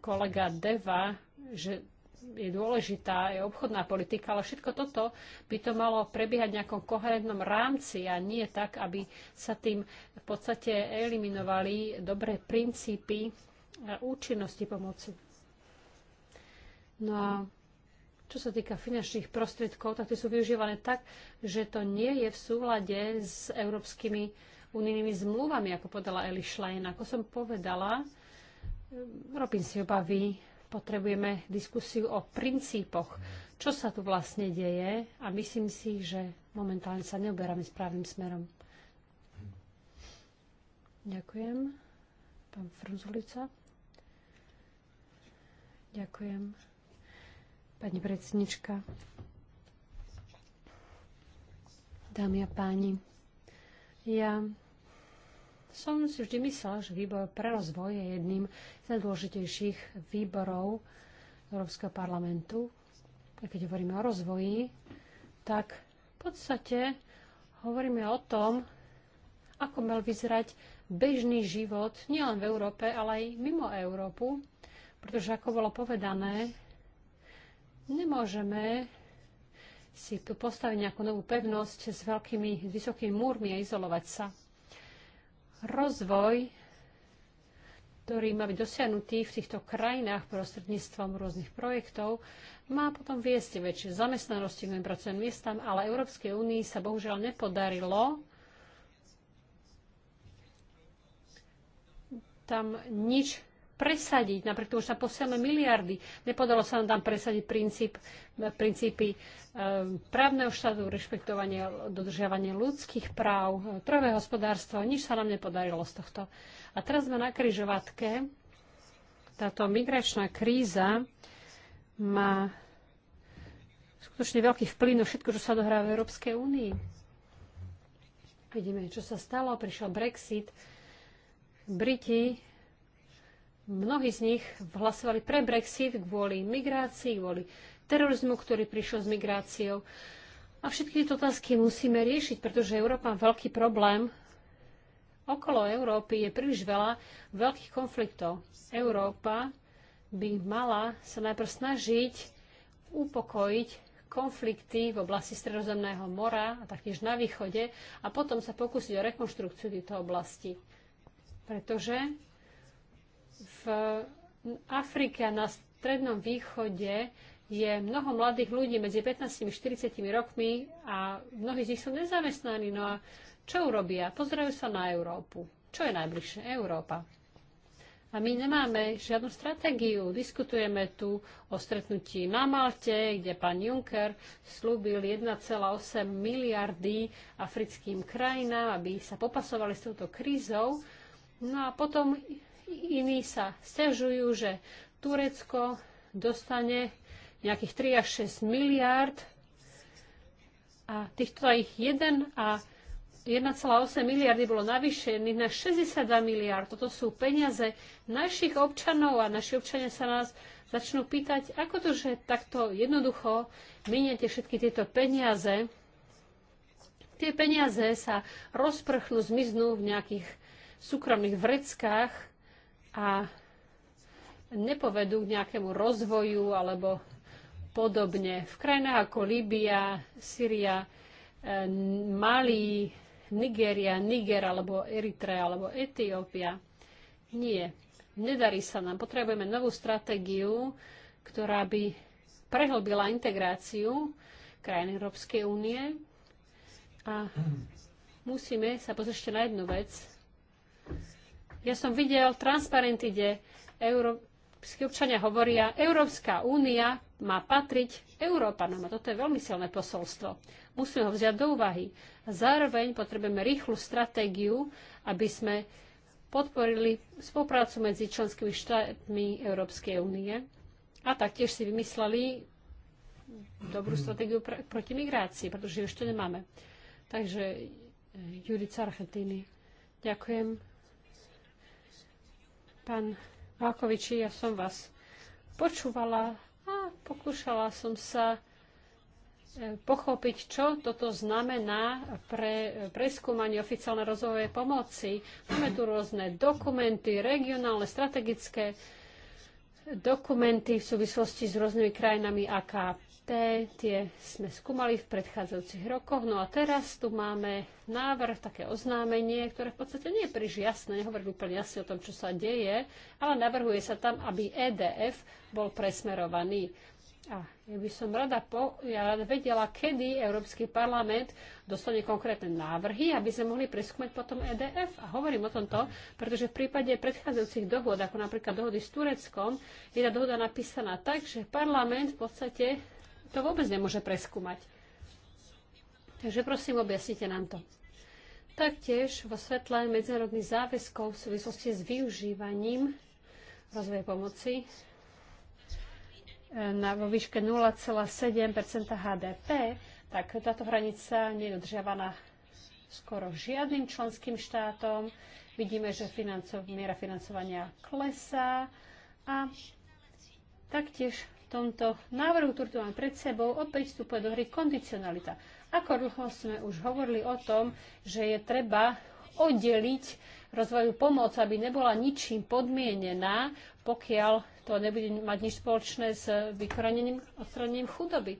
kolega Deva, že je dôležitá, je obchodná politika, ale všetko toto by to malo prebiehať v nejakom koherentnom rámci a nie tak, aby sa tým v podstate eliminovali dobré princípy účinnosti pomoci. No a čo sa týka finančných prostriedkov, tak tie sú využívané tak, že to nie je v súlade s európskymi unijnými zmluvami, ako povedala Eli Schlein. Ako som povedala, robím si obavy, potrebujeme diskusiu o princípoch, čo sa tu vlastne deje a myslím si, že momentálne sa neoberáme správnym smerom. Ďakujem. Pán Frunzulica. Ďakujem. Pani predsednička. Dámy a páni, ja som si vždy myslela, že výbor pre rozvoj je jedným z najdôležitejších výborov Európskeho parlamentu. A keď hovoríme o rozvoji, tak v podstate hovoríme o tom, ako mal vyzerať bežný život nielen v Európe, ale aj mimo Európu, pretože ako bolo povedané, nemôžeme si tu postaviť nejakú novú pevnosť s veľkými, s vysokými múrmi a izolovať sa. Rozvoj, ktorý má byť dosiahnutý v týchto krajinách prostredníctvom rôznych projektov, má potom viesť väčšie zamestnanosti k pracovným miestam, ale Európskej únii sa bohužiaľ nepodarilo tam nič presadiť. Napriek tomu, že sa posielame miliardy, nepodalo sa nám tam presadiť princíp, princípy e, právneho štátu, rešpektovanie, dodržiavanie ľudských práv, e, trové hospodárstvo. Nič sa nám nepodarilo z tohto. A teraz sme na križovatke. Táto migračná kríza má skutočne veľký vplyv na všetko, čo sa dohrá v Európskej únii. Vidíme, čo sa stalo. Prišiel Brexit. Briti Mnohí z nich hlasovali pre Brexit kvôli migrácii, kvôli terorizmu, ktorý prišiel s migráciou. A všetky tieto otázky musíme riešiť, pretože Európa má veľký problém. Okolo Európy je príliš veľa veľkých konfliktov. Európa by mala sa najprv snažiť upokojiť konflikty v oblasti Stredozemného mora a taktiež na východe a potom sa pokúsiť o rekonštrukciu tejto oblasti. Pretože v Afrike a na Strednom východe je mnoho mladých ľudí medzi 15 a 40 rokmi a mnohí z nich sú nezamestnaní. No a čo urobia? Pozerajú sa na Európu. Čo je najbližšie? Európa. A my nemáme žiadnu stratégiu. Diskutujeme tu o stretnutí na Malte, kde pán Juncker slúbil 1,8 miliardy africkým krajinám, aby sa popasovali s touto krízou. No a potom iní sa stiažujú, že Turecko dostane nejakých 3 až 6 miliárd a týchto ich 1 a 1,8 miliardy bolo navýšených na 62 miliard. Toto sú peniaze našich občanov a naši občania sa nás začnú pýtať, ako to, že takto jednoducho miniete všetky tieto peniaze. Tie peniaze sa rozprchnú, zmiznú v nejakých súkromných vreckách a nepovedú k nejakému rozvoju alebo podobne. V krajinách ako Líbia, Syria, e, Mali, Nigéria, Niger alebo Eritrea alebo Etiópia. Nie, nedarí sa nám. Potrebujeme novú stratégiu, ktorá by prehlbila integráciu krajín Európskej únie a musíme sa pozrieť na jednu vec. Ja som videl transparenty, kde európsky občania hovoria, Európska únia má patriť Európanom. A toto je veľmi silné posolstvo. Musíme ho vziať do úvahy. A zároveň potrebujeme rýchlu stratégiu, aby sme podporili spoluprácu medzi členskými štátmi Európskej únie a taktiež si vymysleli dobrú stratégiu pr- proti migrácii, pretože ju ešte nemáme. Takže eh, Judith Argentiny. Ďakujem. Pán Malkoviči, ja som vás počúvala a pokúšala som sa e, pochopiť, čo toto znamená pre preskúmanie oficiálnej rozvojovej pomoci. Máme tu rôzne dokumenty, regionálne, strategické dokumenty v súvislosti s rôznymi krajinami AKP dôležité, tie sme skúmali v predchádzajúcich rokoch. No a teraz tu máme návrh, také oznámenie, ktoré v podstate nie je príliš jasné, nehovorí úplne jasne o tom, čo sa deje, ale navrhuje sa tam, aby EDF bol presmerovaný. A ja by som rada, po, ja rada vedela, kedy Európsky parlament dostane konkrétne návrhy, aby sme mohli preskúmať potom EDF. A hovorím o tomto, pretože v prípade predchádzajúcich dohod, ako napríklad dohody s Tureckom, je tá dohoda napísaná tak, že parlament v podstate to vôbec nemôže preskúmať. Takže prosím, objasnite nám to. Taktiež vo svetle medzinárodných záväzkov v súvislosti s využívaním rozvoje pomoci e, na, vo výške 0,7 HDP, tak táto hranica nie je dodržiavaná skoro žiadnym členským štátom. Vidíme, že financov, miera financovania klesá a taktiež tomto návrhu, ktorý tu máme pred sebou, opäť vstupuje do hry kondicionalita. Ako dlho sme už hovorili o tom, že je treba oddeliť rozvoju pomoc, aby nebola ničím podmienená, pokiaľ to nebude mať nič spoločné s vykoranením odstranením chudoby.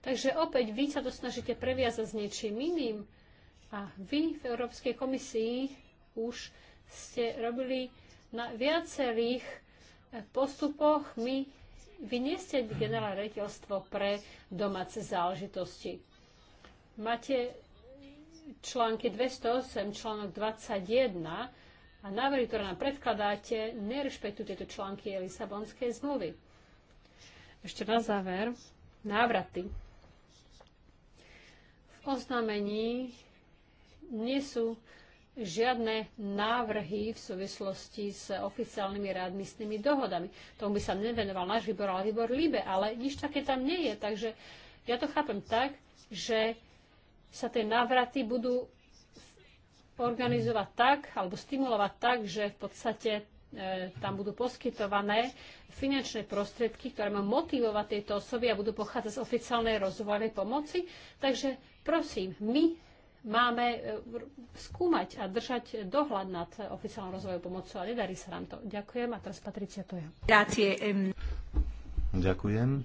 Takže opäť vy sa to snažíte previazať s niečím iným a vy v Európskej komisii už ste robili na viacerých postupoch. My vy nie ste generálne rediteľstvo pre domáce záležitosti. Máte články 208, článok 21 a návrhy, ktoré nám predkladáte, nerešpektujú tieto články Lisabonskej zmluvy. Ešte na záver, návraty. V oznámení nie sú žiadne návrhy v súvislosti s oficiálnymi readmisnými dohodami. Tomu by sa nevenoval náš výbor, ale výbor Líbe, ale nič také tam nie je. Takže ja to chápem tak, že sa tie návraty budú organizovať tak, alebo stimulovať tak, že v podstate e, tam budú poskytované finančné prostriedky, ktoré majú motivovať tieto osoby a budú pochádzať z oficiálnej rozvojovej pomoci. Takže prosím, my máme e, skúmať a držať dohľad nad oficiálnou rozvojou pomocou a nedarí sa nám to. Ďakujem a teraz Patricia to je. Ďakujem.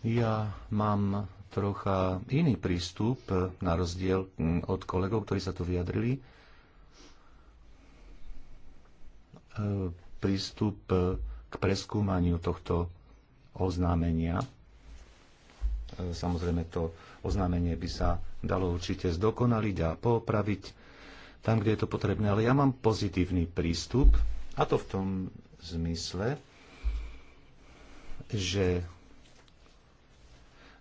Ja mám trocha iný prístup na rozdiel od kolegov, ktorí sa tu vyjadrili. E, prístup e, k preskúmaniu tohto oznámenia E, samozrejme to oznámenie by sa dalo určite zdokonaliť a popraviť tam, kde je to potrebné. Ale ja mám pozitívny prístup a to v tom zmysle, že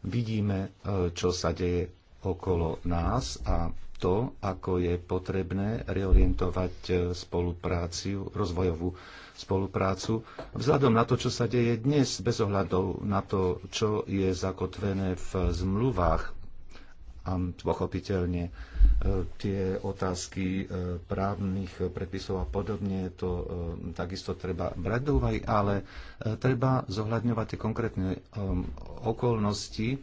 vidíme, e, čo sa deje okolo nás a to, ako je potrebné reorientovať e, spolupráciu, rozvojovú spoluprácu, vzhľadom na to, čo sa deje dnes, bez ohľadov na to, čo je zakotvené v zmluvách a pochopiteľne e, tie otázky e, právnych predpisov a podobne, to takisto treba brať do úvahy, ale treba zohľadňovať tie konkrétne okolnosti.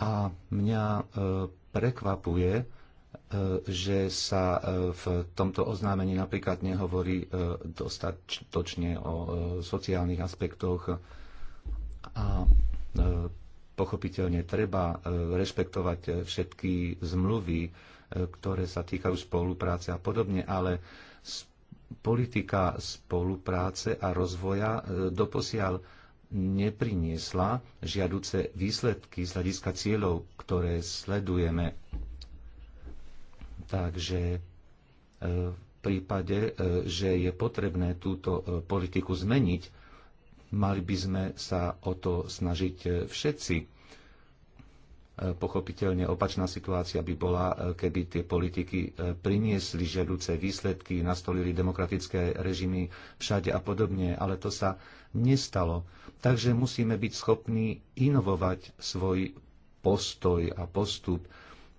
A mňa prekvapuje, e, že sa e, v tomto oznámení napríklad nehovorí e, dostatočne o sociálnych aspektoch a pochopiteľne treba rešpektovať všetky zmluvy, ktoré sa týkajú spolupráce a podobne, ale politika spolupráce a rozvoja doposiaľ nepriniesla žiaduce výsledky z hľadiska cieľov, ktoré sledujeme. Takže e, v prípade, e, že je potrebné túto e, politiku zmeniť, mali by sme sa o to snažiť všetci Pochopiteľne opačná situácia by bola, e, keby tie politiky e, priniesli žiadúce výsledky, nastolili demokratické režimy všade a podobne, ale to sa nestalo. Takže musíme byť schopní inovovať svoj postoj a postup.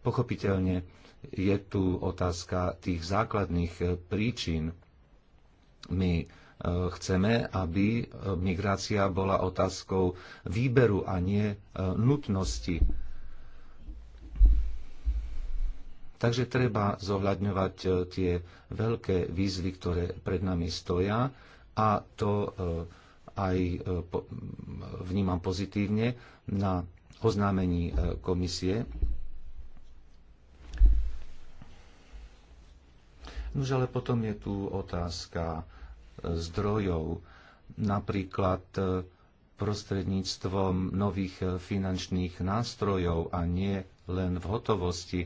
Pochopiteľne je tu otázka tých základných e, príčin. My chceme, aby migrácia bola otázkou výberu a nie nutnosti Takže treba zohľadňovať e, tie veľké výzvy, ktoré pred nami stoja a to e, aj e, vnímam pozitívne na oznámení komisie. Nož ale potom je tu otázka zdrojov, napríklad prostredníctvom nových finančných nástrojov a nie len v hotovosti.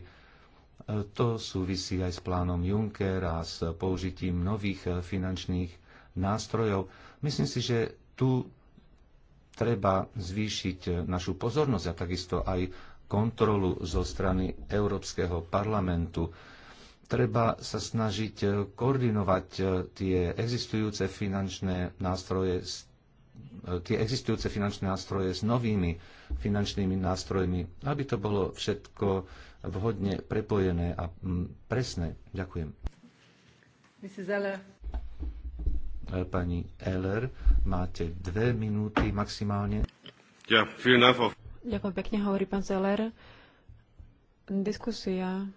To súvisí aj s plánom Juncker a s použitím nových eh, finančných nástrojov. Myslím si, že tu treba zvýšiť eh, našu pozornosť a takisto aj kontrolu zo strany Európskeho parlamentu. Treba sa snažiť eh, koordinovať tie existujúce finančné nástroje s tie existujúce finančné nástroje s novými finančnými nástrojmi, aby to bolo všetko vhodne prepojené a mm, presné. Ďakujem. E, pani Eller, máte dve minúty maximálne. Ďakujem pekne, hovorí pán Zeller. Diskusia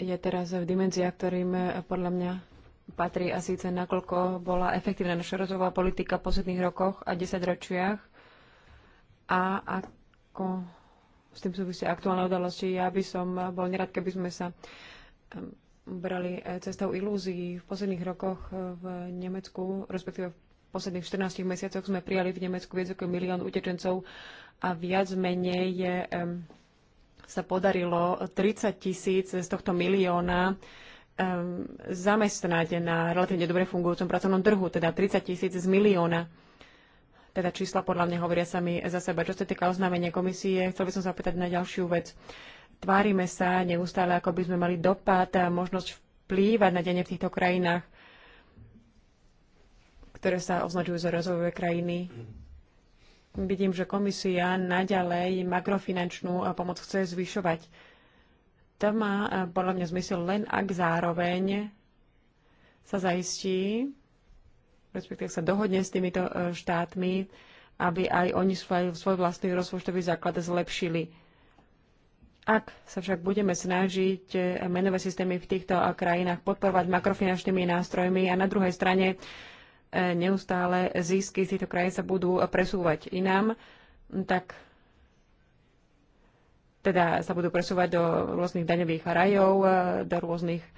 je teraz v dimenziách, ktorým e, podľa mňa patrí a síce nakoľko bola efektívna naša rozvojová politika v posledných rokoch a desaťročiach a ako s tým súvisia aktuálne udalosti. Ja by som bol nerad, keby sme sa brali e, cestou ilúzií. V posledných rokoch e, v Nemecku, respektíve v posledných 14 mesiacoch sme prijali v Nemecku viac ako milión utečencov a viac menej je, sa podarilo 30 tisíc z tohto milióna um, zamestnať na relatívne dobre fungujúcom pracovnom trhu, teda 30 tisíc z milióna. Teda čísla podľa mňa hovoria sami za seba. Čo sa týka oznámenia komisie, chcel by som sa opýtať na ďalšiu vec. Tvárime sa neustále, ako by sme mali dopad a možnosť vplývať na dene v týchto krajinách, ktoré sa označujú za rozvojové krajiny. Vidím, že komisia naďalej makrofinančnú pomoc chce zvyšovať to má e, podľa mňa zmysel len ak zároveň sa zaistí, respektíve sa dohodne s týmito e, štátmi, aby aj oni svoj, svoj vlastný rozpočtový základ zlepšili. Ak sa však budeme snažiť e, menové systémy v týchto krajinách podporovať makrofinančnými nástrojmi a na druhej strane neustále zisky z týchto krajín sa budú presúvať inám, tak teda sa budú presúvať do rôznych daňových rajov, e, do rôznych e,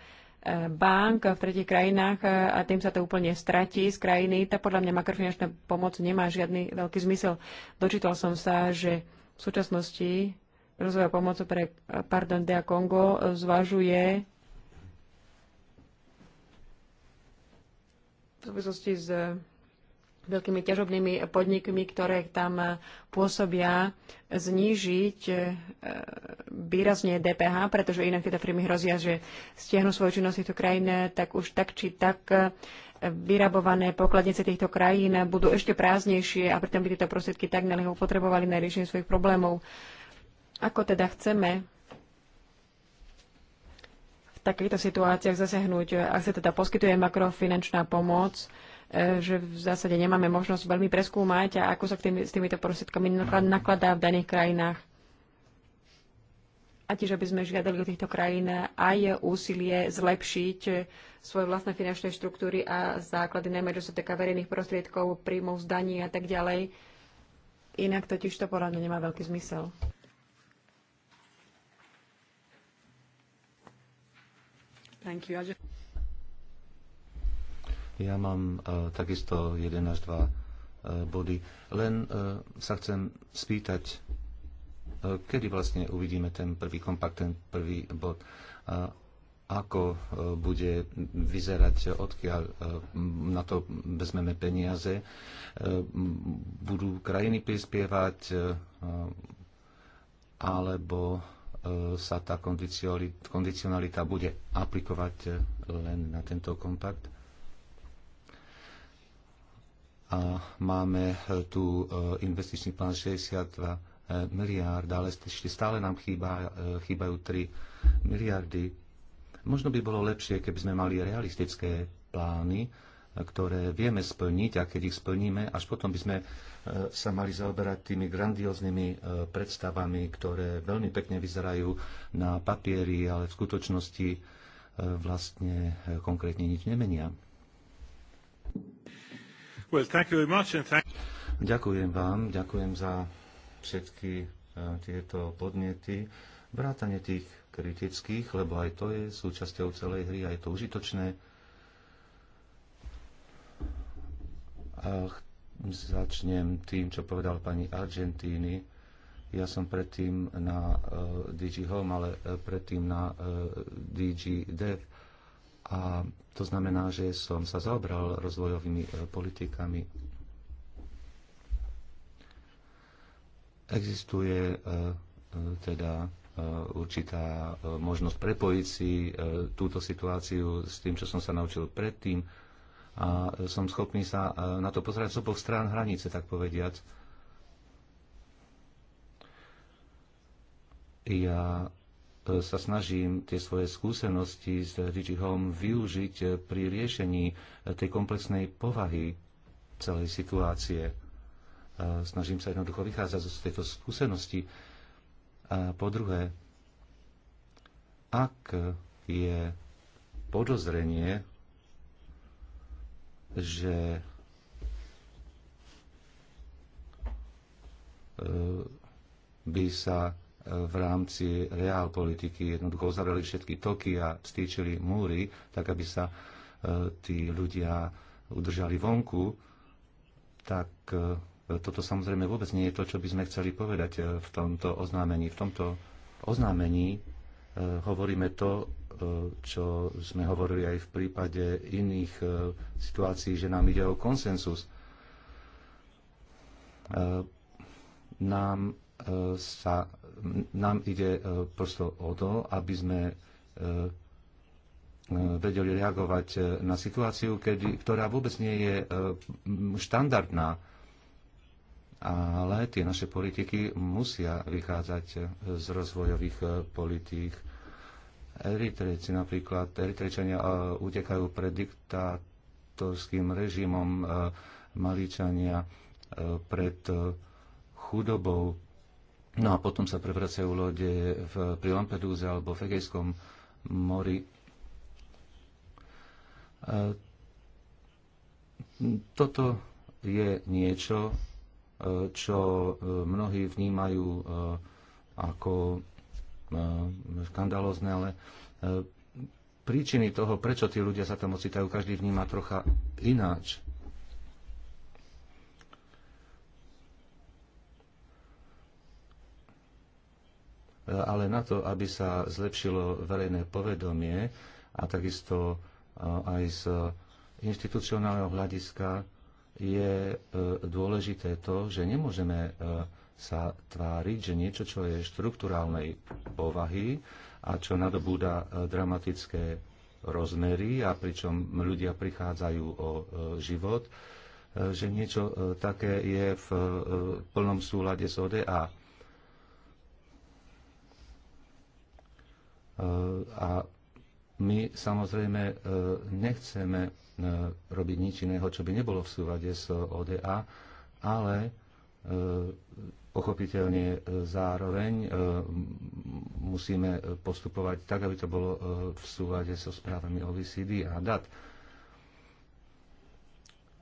bank v tretich krajinách e, a tým sa to úplne stratí z krajiny. Tá podľa mňa makrofinančná pomoc nemá žiadny veľký zmysel. Dočítal som sa, že v súčasnosti rozvoja pomoc pre, pardon, Dea Kongo zvažuje v súvislosti s veľkými ťažobnými podnikmi, ktoré tam pôsobia, znížiť e, výrazne DPH, pretože inak tieto firmy hrozia, že stiahnu svoju činnosť týchto krajín, tak už tak či tak e, vyrabované pokladnice týchto krajín budú ešte prázdnejšie a pritom by tieto prostriedky tak nelieho potrebovali na riešenie svojich problémov. Ako teda chceme v takýchto situáciách zasiahnuť, ak sa teda poskytuje makrofinančná pomoc, že v zásade nemáme možnosť veľmi preskúmať, a ako sa k tými, s týmito prostriedkami nakladá v daných krajinách. A tiež, aby sme žiadali do týchto krajín aj úsilie zlepšiť svoje vlastné finančné štruktúry a základy, najmä čo sa týka verejných prostriedkov, príjmov z daní a tak ďalej. Inak totiž to poradne nemá veľký zmysel. Thank you. Ja mám e, takisto 1 až 2 e, body. Len e, sa chcem spýtať, kedy vlastne uvidíme ten prvý kompakt, ten prvý bod. Uh, ako bude vyzerať, odkiaľ na to vezmeme peniaze. Budú krajiny prispievať, alebo sa tá kondicionalita bude aplikovať len na tento kompakt? a máme e, tu e, investičný plán 62 e, miliárd, ale ešte stále nám chýba, chýbajú 3 miliardy. Možno by bolo lepšie, keby sme mali realistické plány, ktoré vieme splniť a keď ich splníme, až potom by sme sa mali zaoberať tými grandióznymi predstavami, ktoré veľmi pekne vyzerajú na papieri, ale v skutočnosti vlastne konkrétne nič nemenia ďakujem vám, ďakujem za všetky e, tieto podnety, vrátane tých kritických, lebo aj to je súčasťou celej hry a je to užitočné. A začnem tým, čo povedal pani Argentíny. Ja som predtým na uh, e, DG Home, ale e, predtým na uh, DG Dev a to znamená, že som sa zaobral rozvojovými e, politikami. Existuje e, e, teda určitá možnosť prepojiť si túto situáciu s tým, čo som sa naučil predtým a som schopný sa na to pozerať z oboch strán hranice, tak povediať. Ja E, sa snažím tie svoje skúsenosti s Digihom využiť e, pri riešení e, tej komplexnej povahy celej situácie. Snažím sa jednoducho vychádzať z tejto skúsenosti. A po druhé, ak je podozrenie, že by sa v rámci reál politiky jednoducho uzavreli všetky toky a stýčili múry, tak aby sa e, tí ľudia udržali vonku, tak e, toto samozrejme vôbec nie je to, čo by sme chceli povedať e, v tomto oznámení. V tomto oznámení hovoríme to, čo sme hovorili aj v prípade iných situácií, že nám ide o konsensus. Nám sa nám ide e, prosto o to, aby sme e, e, vedeli reagovať na situáciu, kedy, ktorá vôbec nie je štandardná. Ale tie naše politiky musia vychádzať z rozvojových politík. Eritrejci napríklad, Eritrejčania utekajú pred diktátorským režimom, Maličania pred chudobou, No a potom sa prevracajú lode v, pri Lampedúze alebo v Egejskom mori. E, toto je niečo, e, čo e, mnohí vnímajú ako skandalozne, ale príčiny toho, prečo tí ľudia sa tam ocitajú, každý vníma trocha ináč. E, ale na to, aby sa zlepšilo verejné povedomie a takisto e, aj z inštitucionálneho hľadiska je e, dôležité to, že nemôžeme sa tváriť, že niečo, čo je štruktúrálnej povahy a čo nadobúda dramatické rozmery a pričom ľudia prichádzajú o život, že niečo také je v plnom súlade s ODA. A my samozrejme e, nechceme e, robiť nič iného, čo by nebolo v súvade s ODA, ale e, pochopiteľne zároveň musíme postupovať tak, aby to bolo v súvade so správami OECD a DAT.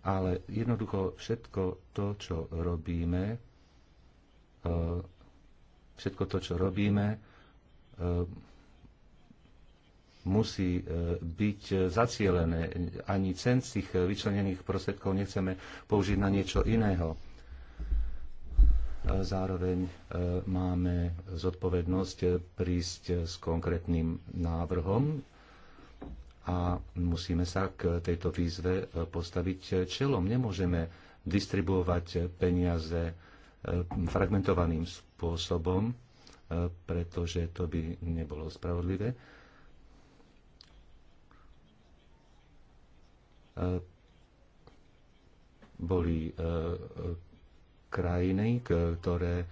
Ale jednoducho všetko to, čo robíme, všetko to, čo robíme, musí e, byť e, zacielené. Ani cen z tých e, vyčlenených prostriedkov nechceme použiť na niečo iného. Zároveň máme zodpovednosť prísť s konkrétnym návrhom a musíme sa k tejto výzve postaviť čelom. Nemôžeme distribuovať peniaze fragmentovaným spôsobom, pretože to by nebolo spravodlivé E, boli e, e, krajiny, ktoré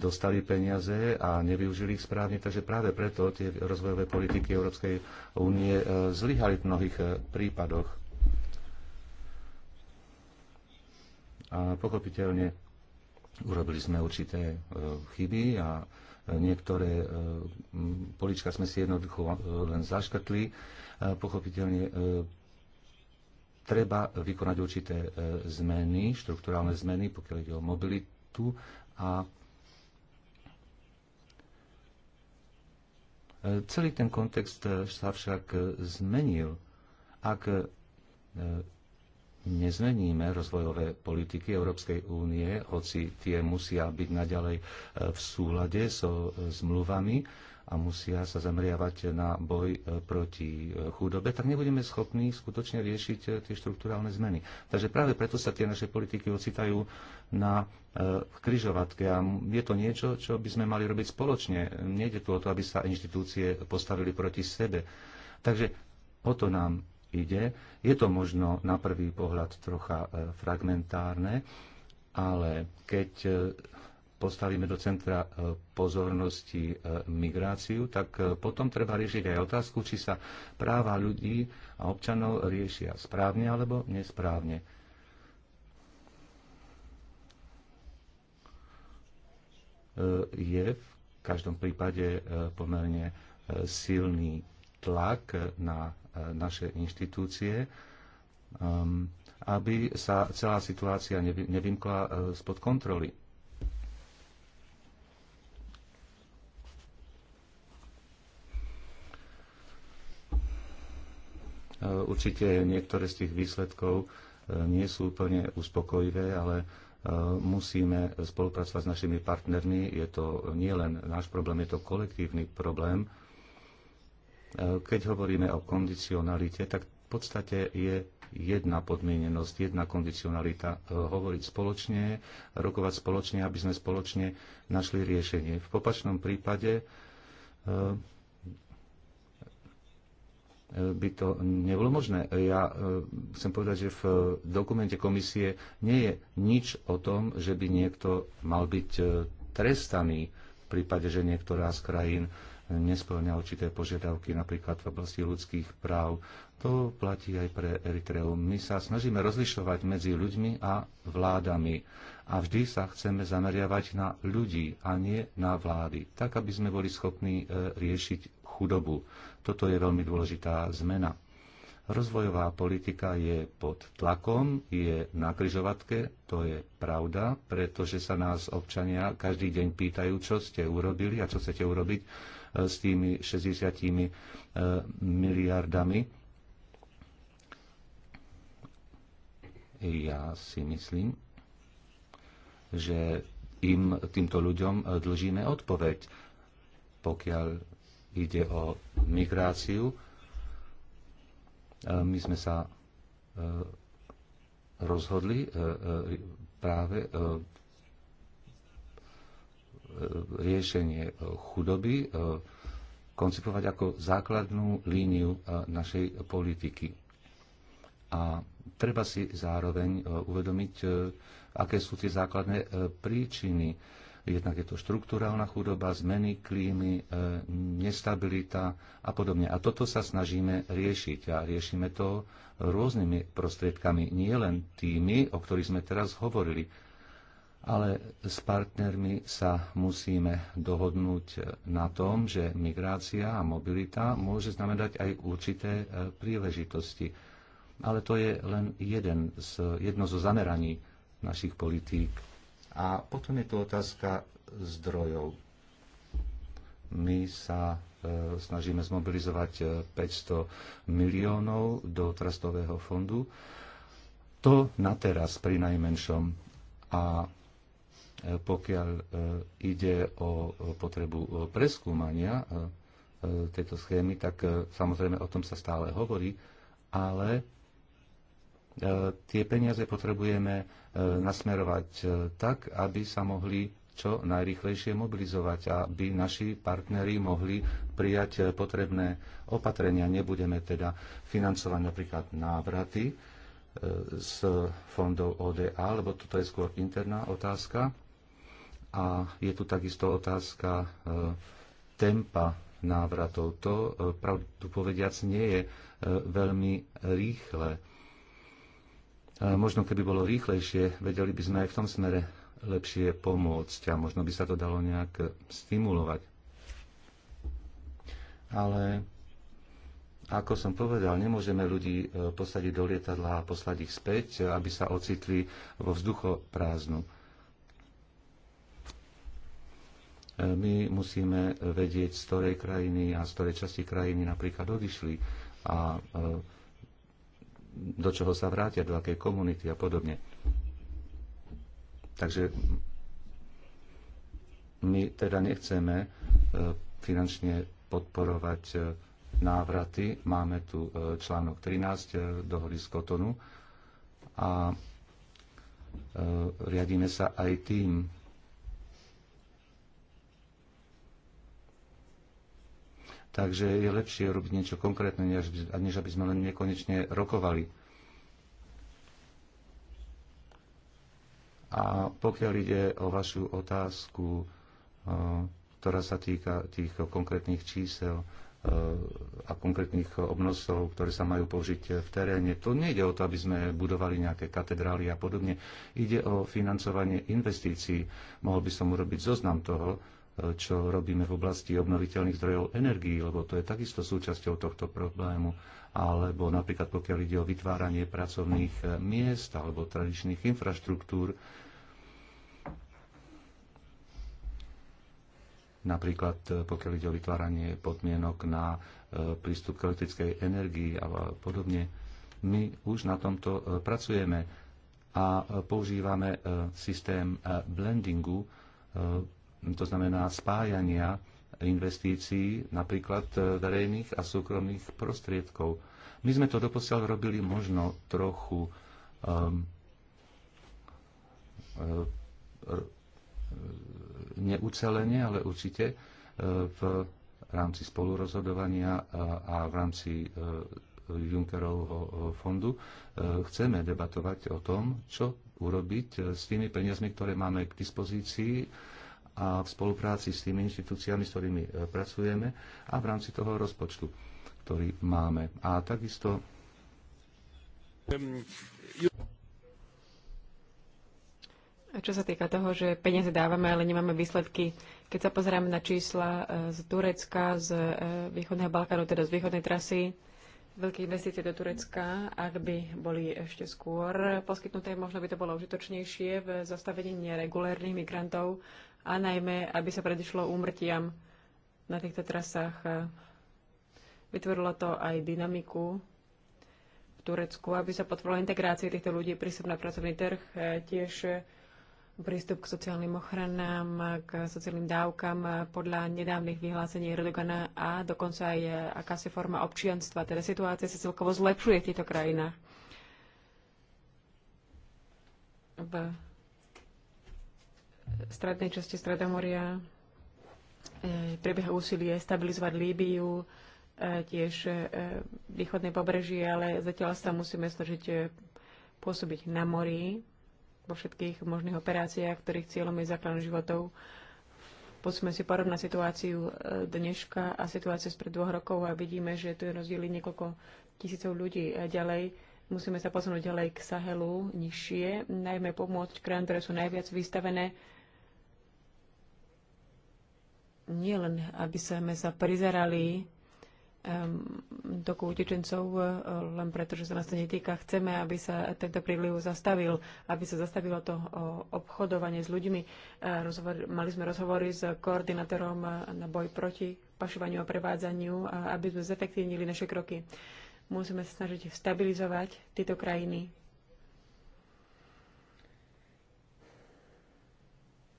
dostali peniaze a nevyužili ich správne, takže práve preto tie rozvojové politiky Európskej únie zlyhali v mnohých prípadoch. A pochopiteľne urobili sme určité chyby a niektoré polička sme si jednoducho len zaškrtli. Pochopiteľne treba vykonať určité e, zmeny, štruktúrálne zmeny, pokiaľ ide o mobilitu a e, Celý ten kontext e, sa však zmenil. Ak nezmeníme rozvojové politiky Európskej únie, hoci tie musia byť naďalej v súlade so zmluvami, a musia sa zameriavať na boj e, proti e, chudobe, tak nebudeme schopní skutočne riešiť e, tie štruktúrálne zmeny. Takže práve preto sa tie naše politiky ocitajú na kryžovatke a je to niečo, čo by sme mali robiť spoločne. Nejde tu o to, aby sa inštitúcie postavili proti sebe. Takže o to nám ide. Je to možno na prvý pohľad trocha fragmentárne, ale keď postavíme do centra e, pozornosti e, migráciu, tak e, potom treba riešiť aj otázku, či sa práva ľudí a občanov riešia správne alebo nesprávne. Je v každom prípade pomerne silný tlak na naše inštitúcie um, aby sa celá situácia nevymkla spod kontroly. Eh, určite niektoré z tých výsledkov eh, nie sú úplne uspokojivé, ale eh, musíme spolupracovať s našimi partnermi. Je to nielen náš problém, je to kolektívny problém. Keď hovoríme o kondicionalite, tak v podstate je jedna podmienenosť, jedna kondicionalita. Hovoriť spoločne, rokovať spoločne, aby sme spoločne našli riešenie. V opačnom prípade by to nebolo možné. Ja e, chcem povedať, že v e, dokumente komisie nie je nič o tom, že by niekto mal byť e, trestaný v prípade, že niektorá z krajín nesplňa určité požiadavky napríklad v oblasti ľudských práv. To platí aj pre Eritreu. My sa snažíme rozlišovať medzi ľuďmi a vládami a vždy sa chceme zameriavať na ľudí a nie na vlády, tak aby sme boli schopní riešiť chudobu. Toto je veľmi dôležitá zmena. Rozvojová politika je pod tlakom, je na kryžovatke, to je pravda, pretože sa nás občania každý deň pýtajú, čo ste urobili a čo chcete urobiť e, s tými 60 e, miliardami. Ja si myslím, že im, týmto ľuďom e, dlžíme odpoveď, pokiaľ ide o migráciu. E, my sme sa e, rozhodli e, práve riešenie chudoby koncipovať ako základnú líniu našej politiky. A treba si zároveň uvedomiť, aké sú tie základné príčiny Jednak je to štruktúrálna chudoba, zmeny klímy, e, nestabilita a podobne. A toto sa snažíme riešiť a riešime to rôznymi prostriedkami, nie len tými, o ktorých sme teraz hovorili, ale s partnermi sa musíme dohodnúť na tom, že migrácia a mobilita môže znamenať aj určité e, príležitosti. Ale to je len jeden z, jedno zo zameraní našich politík. A potom je tu otázka zdrojov. My sa e, snažíme zmobilizovať 500 e, miliónov do trastového fondu. To na teraz pri najmenšom. A e, pokiaľ ide o potrebu preskúmania tejto schémy, tak samozrejme o tom sa stále hovorí, ale E, tie peniaze potrebujeme e, nasmerovať e, tak, aby sa mohli čo najrychlejšie mobilizovať, aby naši partneri mohli prijať potrebné opatrenia. Nebudeme teda financovať napríklad návraty z fondov ODA, lebo toto je skôr interná otázka. A je tu takisto otázka tempa návratov. To, pravdu povediac, nie je veľmi rýchle Možno keby bolo rýchlejšie, vedeli by sme aj v tom smere lepšie pomôcť a možno by sa to dalo nejak stimulovať. Ale ako som povedal, nemôžeme ľudí e, posadiť do lietadla a poslať ich späť, aby sa ocitli vo vzduchoprázdnu. E, my musíme vedieť, z ktorej krajiny a z ktorej časti krajiny napríklad odišli a e, do čoho sa vrátia, do akej komunity a podobne. Takže my teda nechceme e, finančne podporovať e, návraty. Máme tu e, článok 13 dohody z Kotonu a riadíme sa aj tým, Takže je lepšie robiť niečo konkrétne, než, než aby sme len nekonečne rokovali. A pokiaľ ide o vašu otázku, e, ktorá sa týka tých konkrétnych čísel e, a konkrétnych obnosov, ktoré sa majú použiť v teréne, to nejde o to, aby sme budovali nejaké katedrály a podobne. Ide o financovanie investícií. Mohol by som urobiť zoznam toho, čo robíme v oblasti obnoviteľných zdrojov energií, lebo to je takisto súčasťou tohto problému, alebo napríklad pokiaľ ide o vytváranie pracovných eh, miest alebo tradičných infraštruktúr, napríklad eh, pokiaľ ide o vytváranie podmienok na eh, prístup k elektrickej energii a podobne. My už na tomto pracujeme a používame systém blendingu to znamená spájania investícií, napríklad e, verejných a súkromných prostriedkov. My sme to doposiaľ robili možno trochu um, ehm, e, e, neucelenie, ale určite v rámci spolurozhodovania a v rámci Junckerovho fondu chceme debatovať o tom, čo urobiť s tými peniazmi, ktoré máme k dispozícii a v spolupráci s tými inštitúciami, s ktorými e, pracujeme a v rámci toho rozpočtu, ktorý máme. A takisto. A čo sa týka toho, že peniaze dávame, ale nemáme výsledky, keď sa pozeráme na čísla e, z Turecka, z e, východného Balkánu, teda z východnej trasy, veľké investície do Turecka, ak by boli ešte skôr poskytnuté, možno by to bolo užitočnejšie v zastavení neregulérnych migrantov a najmä, aby sa predišlo úmrtiam na týchto trasách. Vytvorilo to aj dynamiku v Turecku, aby sa potvorila integrácia týchto ľudí, prístup na pracovný trh, e, tiež prístup k sociálnym ochranám, k sociálnym dávkam e, podľa nedávnych vyhlásení Erdogana a dokonca aj e, akási forma občianstva. Teda situácia sa celkovo zlepšuje v týchto krajinách strednej časti Stredomoria. E, prebieha úsilie stabilizovať Líbiu, e, tiež e, východné pobrežie, ale zatiaľ sa musíme snažiť pôsobiť na mori vo všetkých možných operáciách, ktorých cieľom je základný životov. Posúme si porovnať situáciu dneška a situáciu spred dvoch rokov a vidíme, že tu je rozdiely niekoľko tisícov ľudí. A ďalej musíme sa posunúť ďalej k Sahelu, nižšie, najmä pomôcť krajom, ktoré sú najviac vystavené nielen, aby sme sa prizerali toku utečencov eh, len preto, že sa nás to netýka. Chceme, aby sa tento príliv zastavil, aby sa zastavilo to obchodovanie s ľuďmi. Eh, rozhovor, mali sme rozhovory s koordinátorom na boj proti pašovaniu a prevádzaniu, aby sme zefektívnili naše kroky. Musíme sa snažiť stabilizovať tieto krajiny,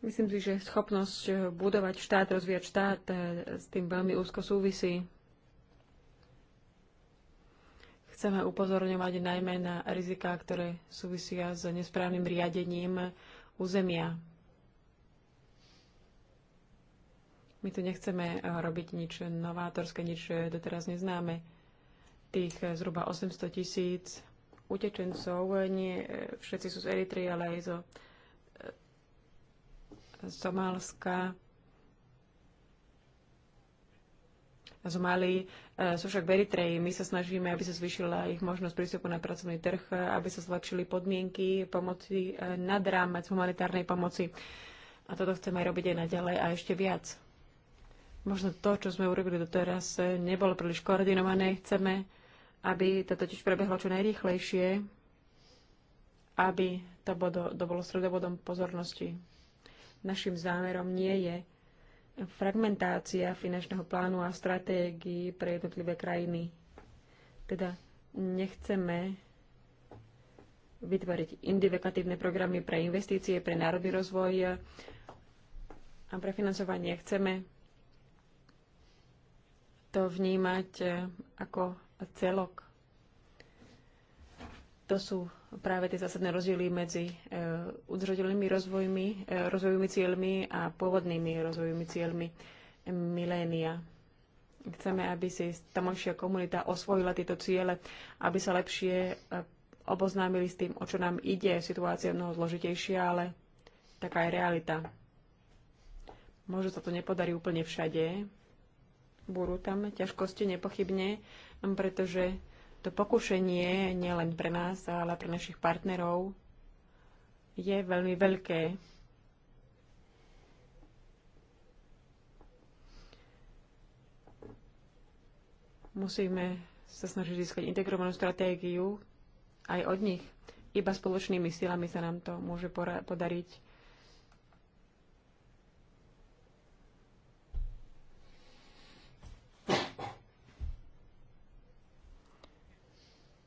Myslím si, že schopnosť eh, budovať štát, rozvíjať štát eh, s tým veľmi úzko súvisí. Chceme upozorňovať najmä na riziká, ktoré súvisia s nesprávnym riadením územia. My tu nechceme eh, robiť nič novátorské, nič doteraz neznáme. Tých zhruba 800 tisíc utečencov, nie všetci sú z Eritry, ale aj zo Somálska, Mali, e, sú však v Eritreji. My sa snažíme, aby sa zvýšila ich možnosť prístupu na pracovný trh, e, aby sa zlepšili podmienky pomoci e, nad rámec humanitárnej pomoci. A toto chceme robiť aj naďalej a ešte viac. Možno to, čo sme urobili doteraz, nebolo príliš koordinované. Chceme, aby to totiž prebehlo čo najrýchlejšie, aby to bolo, to bolo stredobodom pozornosti Našim zámerom nie je fragmentácia finančného plánu a stratégií pre jednotlivé krajiny. Teda nechceme vytvoriť indikatívne programy pre investície, pre národný rozvoj a pre financovanie. Chceme to vnímať ako celok. To sú práve tie zásadné rozdiely medzi e, udržateľnými rozvojmi, e, rozvojovými cieľmi a pôvodnými rozvojovými cieľmi milénia. Chceme, aby si tamojšia komunita osvojila tieto ciele, aby sa lepšie e, oboznámili s tým, o čo nám ide. Situácia je mnoho zložitejšia, ale taká je realita. Možno sa to nepodarí úplne všade. Budú tam ťažkosti nepochybne, pretože to pokušenie nielen pre nás, ale pre našich partnerov je veľmi veľké. Musíme sa snažiť získať integrovanú stratégiu aj od nich. Iba spoločnými silami sa nám to môže podariť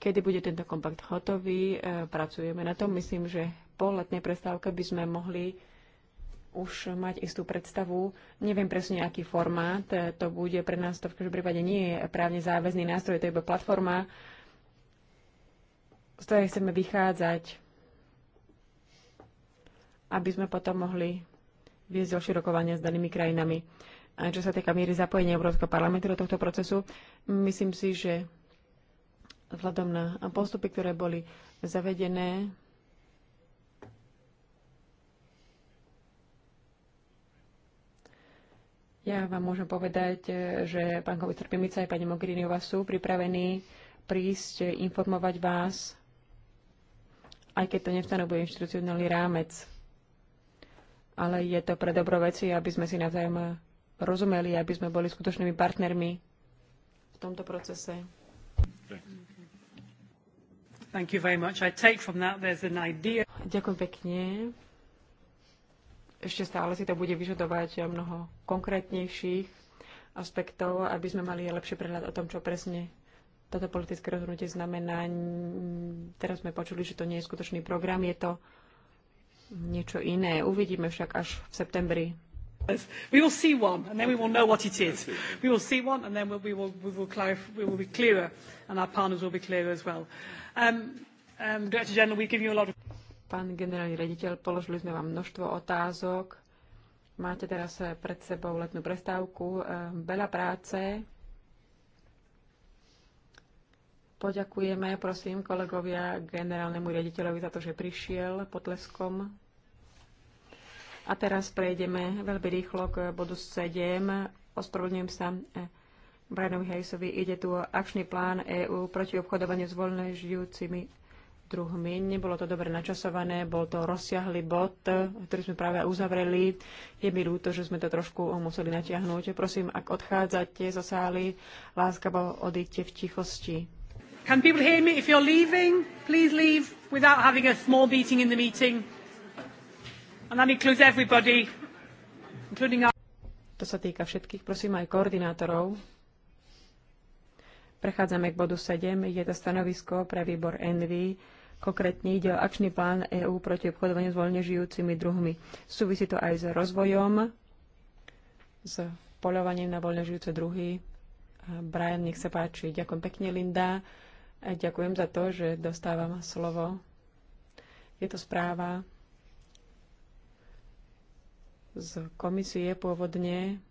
Kedy bude tento kompakt hotový, e, pracujeme na tom. Myslím, že po letnej prestávke by sme mohli už mať istú predstavu. Neviem presne, aký formát e, to bude. Pre nás to v každom prípade nie je právne záväzný nástroj, to je iba platforma, z ktorej chceme vychádzať, aby sme potom mohli viesť ďalšie rokovania s danými krajinami. A čo sa týka miery zapojenia Európskeho parlamentu do tohto procesu, myslím si, že vzhľadom na postupy, ktoré boli zavedené, Ja vám môžem povedať, že pán komisár Pimica aj pani Mogriniova sú pripravení prísť, informovať vás, aj keď to nevstanovuje inštitucionálny rámec. Ale je to pre dobro veci, aby sme si navzájom rozumeli, aby sme boli skutočnými partnermi v tomto procese. Thank you very much. I take from that there's an idea. Ďakujem pekne. Ešte stále si to bude vyžadovať mnoho konkrétnejších aspektov, aby sme mali lepší prehľad o tom, čo presne toto politické rozhodnutie znamená. Teraz sme počuli, že to nie je skutočný program, je to niečo iné. Uvidíme však až v septembri We will see one, and then we will know what it is. We will see one, and then we'll, we, will, we, will clarify, we will be clearer, and our partners will be clearer as well. Um, um, Director General, we give you a lot of... Pán generálny rediteľ, položili sme vám množstvo otázok. Máte teraz eh, pred sebou letnú prestávku. Eh, veľa práce. Poďakujeme, prosím, kolegovia generálnemu riaditeľovi za to, že prišiel potleskom. A teraz prejdeme veľmi rýchlo k bodu 7. Ospravedlňujem sa eh, Brianovi Hejsovi. Ide tu o akčný plán EÚ proti obchodovaniu s voľne žijúcimi druhmi. Nebolo to dobre načasované, bol to rozsiahly bod, ktorý sme práve uzavreli. Je mi ľúto, že sme to trošku museli natiahnuť. Prosím, ak odchádzate zo sály, láskavo odíďte v tichosti. Can people hear me? If you're leaving, please leave without having a small meeting in the meeting. To sa týka všetkých, prosím aj koordinátorov. Prechádzame k bodu 7. Je to stanovisko pre výbor ENVY. Konkrétne ide o akčný plán EÚ proti obchodovaniu s voľne žijúcimi druhmi. Súvisí to aj s rozvojom, s poľovaním na voľne žijúce druhy. Brian, nech sa páči. Ďakujem pekne, Linda. A ďakujem za to, že dostávam slovo. Je to správa z komisie pôvodne.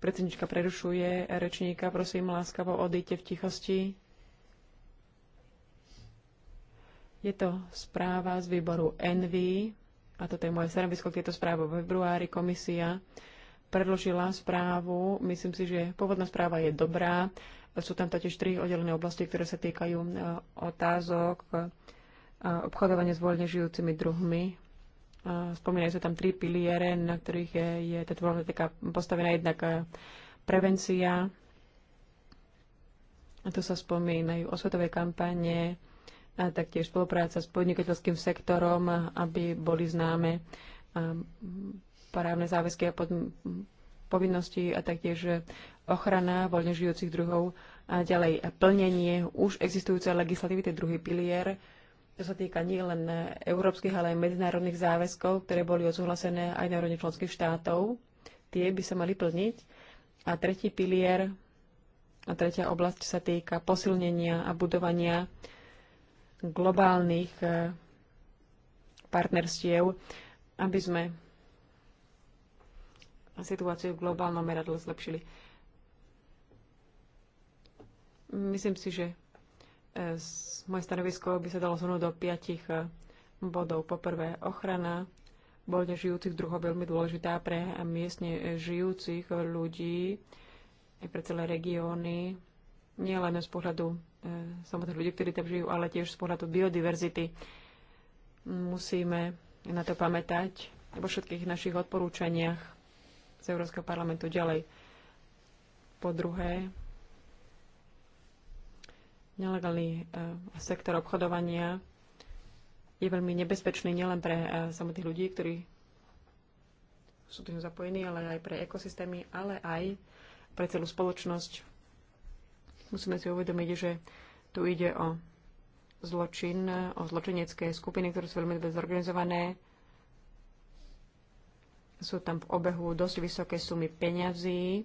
Predsednička prerušuje rečníka. Prosím, láskavo odíte v tichosti. Je to správa z výboru NV, a toto je moje stanovisko k tejto správe. V februári komisia predložila správu. Myslím si, že pôvodná správa je dobrá. Sú tam totiž tri oddelené oblasti, ktoré sa týkajú e, otázok e, obchodovania s voľne žijúcimi druhmi Spomínajú sa tam tri piliere, na ktorých je, je táto problematika postavená jednak e, prevencia, a tu sa spomínajú osvetové kampanie, a taktiež spolupráca s podnikateľským sektorom, aby boli známe právne záväzky a pod, povinnosti a taktiež ochrana voľne žijúcich druhov a ďalej plnenie už existujúcej legislatívy, ten druhý pilier, čo sa týka nielen európskych, ale aj medzinárodných záväzkov, ktoré boli odsúhlasené aj na úrovni členských štátov. Tie by sa mali plniť. A tretí pilier a tretia oblasť sa týka posilnenia a budovania globálnych eh, partnerstiev, aby sme situáciu v globálnom meradle zlepšili. Myslím si, že moje stanovisko by sa dalo zhrnúť do piatich eh, bodov. Poprvé, ochrana voľne žijúcich druhov veľmi dôležitá pre miestne žijúcich ľudí aj pre celé regióny, nielen z pohľadu e, samotných ľudí, ktorí tam žijú, ale tiež z pohľadu biodiverzity. Musíme na to pamätať vo všetkých našich odporúčaniach z Európskeho parlamentu ďalej. Po druhé, Nelegálny e, sektor obchodovania je veľmi nebezpečný nielen pre e, samotných ľudí, ktorí sú tým zapojení, ale aj pre ekosystémy, ale aj pre celú spoločnosť. Musíme si uvedomiť, že tu ide o zločin, o zločinecké skupiny, ktoré sú veľmi zorganizované. Sú tam v obehu dosť vysoké sumy peňazí,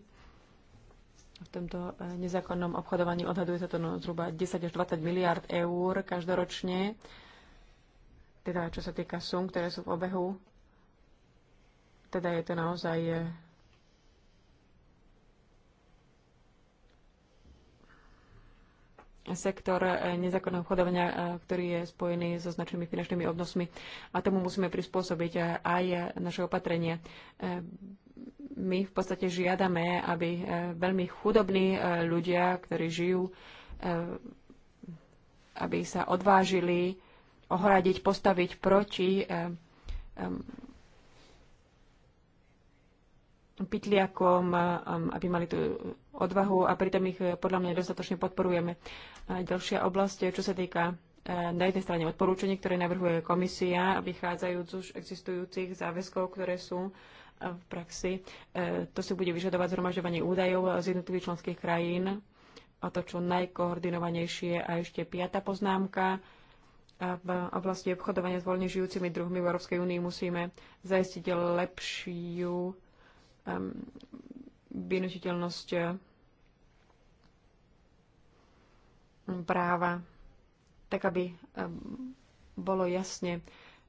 v tomto e, nezákonnom obchodovaní odhaduje sa to no zhruba 10 až 20 miliard eur každoročne, teda čo sa týka sum, ktoré sú v obehu. Teda je to naozaj e, sektor e, nezákonného obchodovania, ktorý je spojený so značnými finančnými obnosmi a tomu musíme prispôsobiť aj naše opatrenie my v podstate žiadame, aby e, veľmi chudobní e, ľudia, ktorí žijú, e, aby sa odvážili ohradiť, postaviť proti pytliakom, aby mali tú odvahu a pritom ich podľa mňa dostatočne podporujeme. ďalšia oblasť, čo sa týka na jednej strane odporúčení, ktoré navrhuje komisia, vychádzajúc už existujúcich záväzkov, ktoré sú v praxi. E, to si bude vyžadovať zhromažďovanie údajov z jednotlivých členských krajín a to čo najkoordinovanejšie. A ešte piata poznámka. V oblasti obchodovania s voľne žijúcimi druhmi v Európskej únii musíme zajistiť lepšiu vynutiteľnosť práva, tak aby bolo jasne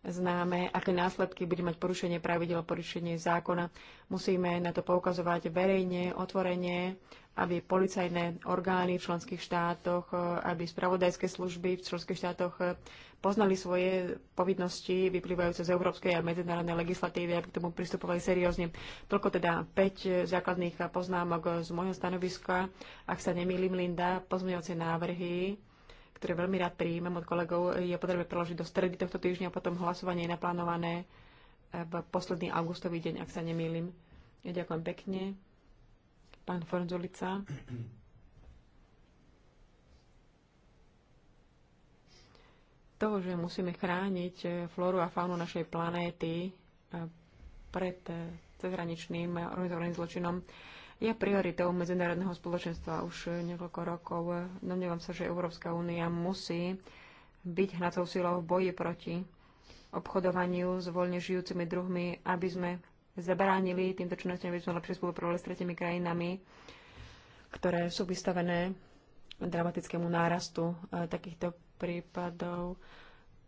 známe, aké následky bude mať porušenie pravidel, porušenie zákona. Musíme na to poukazovať verejne, otvorene, aby policajné orgány v členských štátoch, aby spravodajské služby v členských štátoch poznali svoje povinnosti vyplývajúce z európskej a medzinárodnej legislatívy, aby k tomu pristupovali seriózne. Toľko teda 5 základných poznámok z môjho stanoviska. Ak sa nemýlim, Linda, pozmeňujúce návrhy ktoré veľmi rád prijímam od kolegov, je potrebné preložiť do stredy tohto týždňa, a potom hlasovanie je naplánované e, v posledný augustový deň, ak sa nemýlim. Ja ďakujem pekne. Pán Forzulica. To, že musíme chrániť flóru a faunu našej planéty e, pred e, cezhraničným organizovaným zločinom, je prioritou medzinárodného spoločenstva už niekoľko rokov. Domnievam sa, že Európska únia musí byť hnacou silou v boji proti obchodovaniu s voľne žijúcimi druhmi, aby sme zabránili týmto činnostiam, aby sme lepšie spolupracovali s tretimi krajinami, ktoré sú vystavené dramatickému nárastu eh, takýchto prípadov.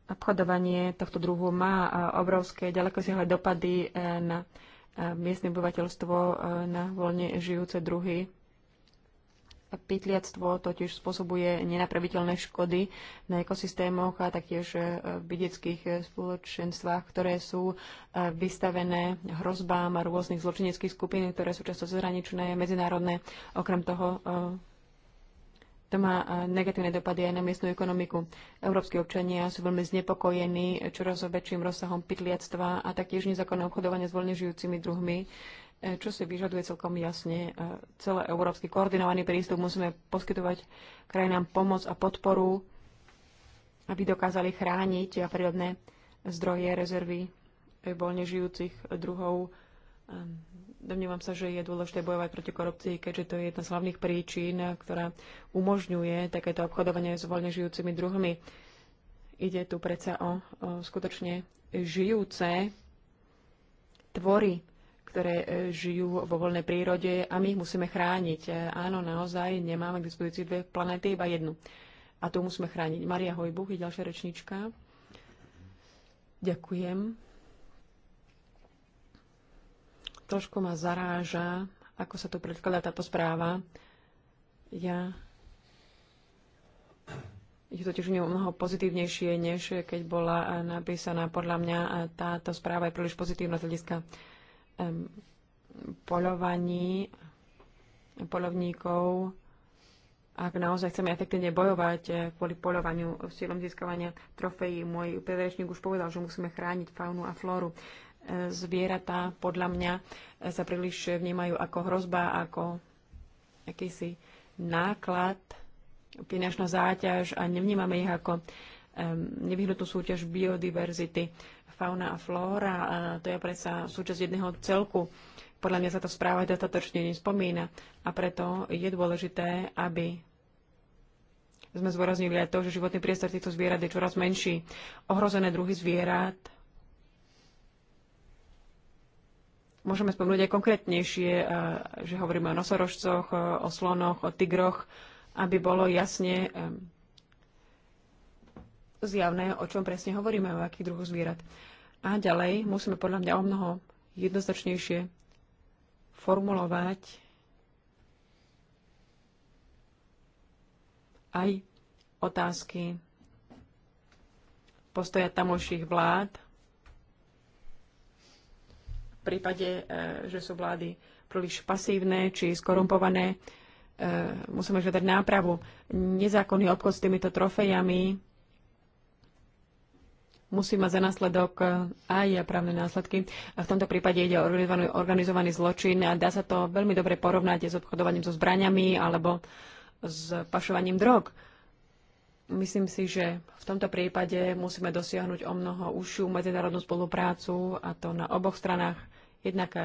Obchodovanie tohto druhu má eh, obrovské ďalekosiahle dopady eh, na miestne obyvateľstvo e, na voľne žijúce druhy. Pytliactvo totiž spôsobuje nenapraviteľné škody na ekosystémoch a taktiež e, v vidieckých e, spoločenstvách, ktoré sú vystavené hrozbám rôznych zločineckých skupín, ktoré sú často zahraničné, medzinárodné. Okrem toho to má negatívne dopady aj na miestnu ekonomiku. Európsky občania sú veľmi znepokojení čoraz väčším rozsahom pytliactva a taktiež nezákonné obchodovanie s voľne žijúcimi druhmi, e, čo si vyžaduje celkom jasne e, celé európsky koordinovaný prístup. Musíme poskytovať krajinám pomoc a podporu, aby dokázali chrániť prírodné zdroje, rezervy e, voľne žijúcich druhov Domnievam sa, že je dôležité bojovať proti korupcii, keďže to je jedna z hlavných príčin, ktorá umožňuje takéto obchodovanie s voľne žijúcimi druhmi. Ide tu predsa o, o skutočne žijúce tvory, ktoré e, žijú vo voľnej prírode a my ich musíme chrániť. E, áno, naozaj nemáme k dispozícii dve planéty, iba jednu. A tu musíme chrániť. Maria Hojbuch je ďalšia rečníčka. Ďakujem trošku ma zaráža, ako sa tu predkladá táto správa. Ja je to tiež mnoho pozitívnejšie, než keď bola napísaná. Podľa mňa táto správa je príliš pozitívna z hľadiska um, poľovaní polovníkov. Ak naozaj chceme efektívne bojovať eh, kvôli poľovaniu s cieľom získavania trofejí, môj predrečník už povedal, že musíme chrániť faunu a flóru zvieratá podľa mňa sa príliš vnímajú ako hrozba, ako akýsi náklad, finančná záťaž a nevnímame ich ako nevyhnutnú súťaž biodiverzity. Fauna a flóra, a to je predsa súčasť jedného celku. Podľa mňa sa to správa dostatočne nespomína a preto je dôležité, aby sme zvoraznili aj to, že životný priestor týchto zvierat je čoraz menší. Ohrozené druhy zvierat Môžeme spomenúť aj konkrétnejšie, eh, že hovoríme o nosorožcoch, eh, o slonoch, o tigroch, aby bolo jasne eh, zjavné, o čom presne hovoríme, o akých druhoch zvierat. A ďalej musíme podľa mňa o mnoho jednoznačnejšie formulovať aj otázky postoja tamojších vlád prípade, e, že sú vlády príliš pasívne či skorumpované, e, musíme žiadať nápravu. Nezákonný obchod s týmito trofejami musí mať za následok e, aj právne následky. A v tomto prípade ide o organizovaný, organizovaný zločin a dá sa to veľmi dobre porovnať s obchodovaním so zbraniami alebo s pašovaním drog. Myslím si, že v tomto prípade musíme dosiahnuť o mnoho užšiu medzinárodnú spoluprácu a to na oboch stranách Jednak e,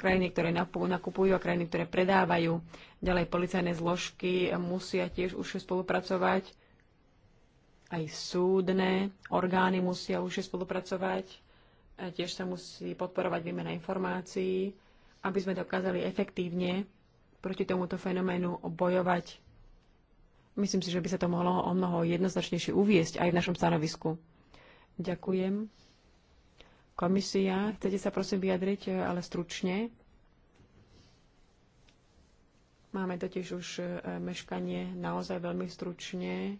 krajiny, ktoré nakupujú a krajiny, ktoré predávajú. Ďalej policajné zložky musia tiež už spolupracovať. Aj súdne orgány musia už spolupracovať. A e, tiež sa musí podporovať výmena informácií, aby sme dokázali efektívne proti tomuto fenoménu bojovať. Myslím si, že by sa to mohlo o mnoho jednoznačnejšie uviesť aj v našom stanovisku. Ďakujem. Komisia, chcete sa prosím vyjadriť, e, ale stručne? Máme totiž už e, meškanie naozaj veľmi stručne.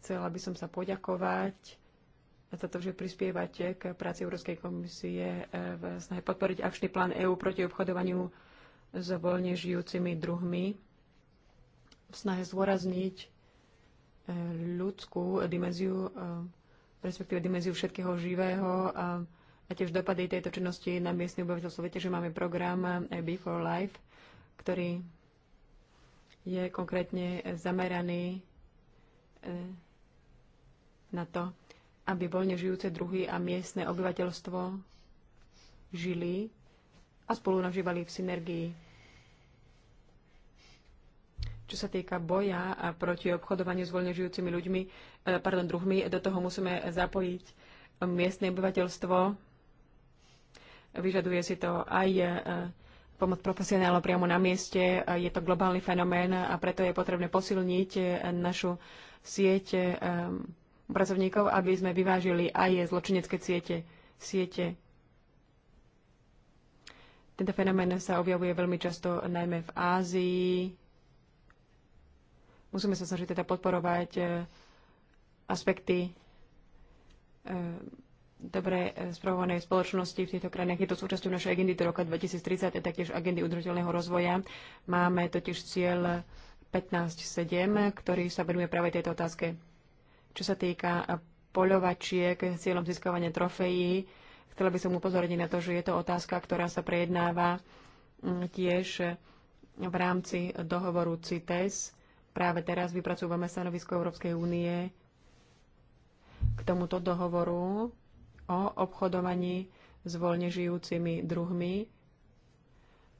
Chcela by som sa poďakovať za to, že prispievate k práci Európskej komisie e, v snahe podporiť akčný plán EÚ proti obchodovaniu s voľne žijúcimi druhmi v snahe zdôrazniť ľudskú dimenziu respektíve dimenziu všetkého živého a, a tiež dopady tejto činnosti na miestne obyvateľstvo. Viete, že máme program AB eh, for Life, ktorý je konkrétne zameraný eh, na to, aby voľne žijúce druhy a miestne obyvateľstvo žili a spolu nažívali v synergii čo sa týka boja a proti obchodovaniu s voľne žijúcimi ľuďmi, e, pardon, druhmi, do toho musíme zapojiť miestne obyvateľstvo. Vyžaduje si to aj e, pomoc profesionálov priamo na mieste. E, je to globálny fenomén a preto je potrebné posilniť našu sieť pracovníkov, aby sme vyvážili aj zločinecké siete. siete. Tento fenomén sa objavuje veľmi často najmä v Ázii, Musíme sa snažiť teda podporovať e, aspekty e, dobre e, spravovanej spoločnosti v týchto krajinách. Je to súčasťou našej agendy do roka 2030 a taktiež agendy udržateľného rozvoja. Máme totiž cieľ 15.7, ktorý sa venuje práve tejto otázke. Čo sa týka poľovačiek s cieľom získavania trofejí, chcela by som upozorniť na to, že je to otázka, ktorá sa prejednáva mm, tiež v rámci dohovoru CITES Práve teraz vypracúvame stanovisko Európskej únie k tomuto dohovoru o obchodovaní s voľne žijúcimi druhmi.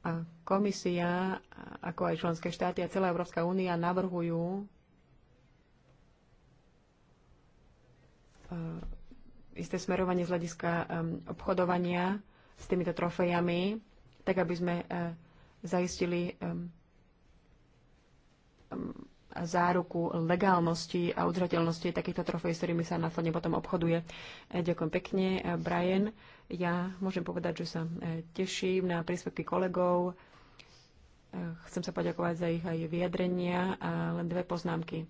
A komisia, ako aj členské štáty a celá Európska únia navrhujú e, isté smerovanie z hľadiska obchodovania s týmito trofejami, tak aby sme e, zaistili záruku legálnosti a udržateľnosti takýchto trofej, s ktorými sa následne potom obchoduje. E, ďakujem pekne, e, Brian. Ja môžem povedať, že sa e, teším na príspevky kolegov. Chcem sa poďakovať za ich aj vyjadrenia a len dve poznámky.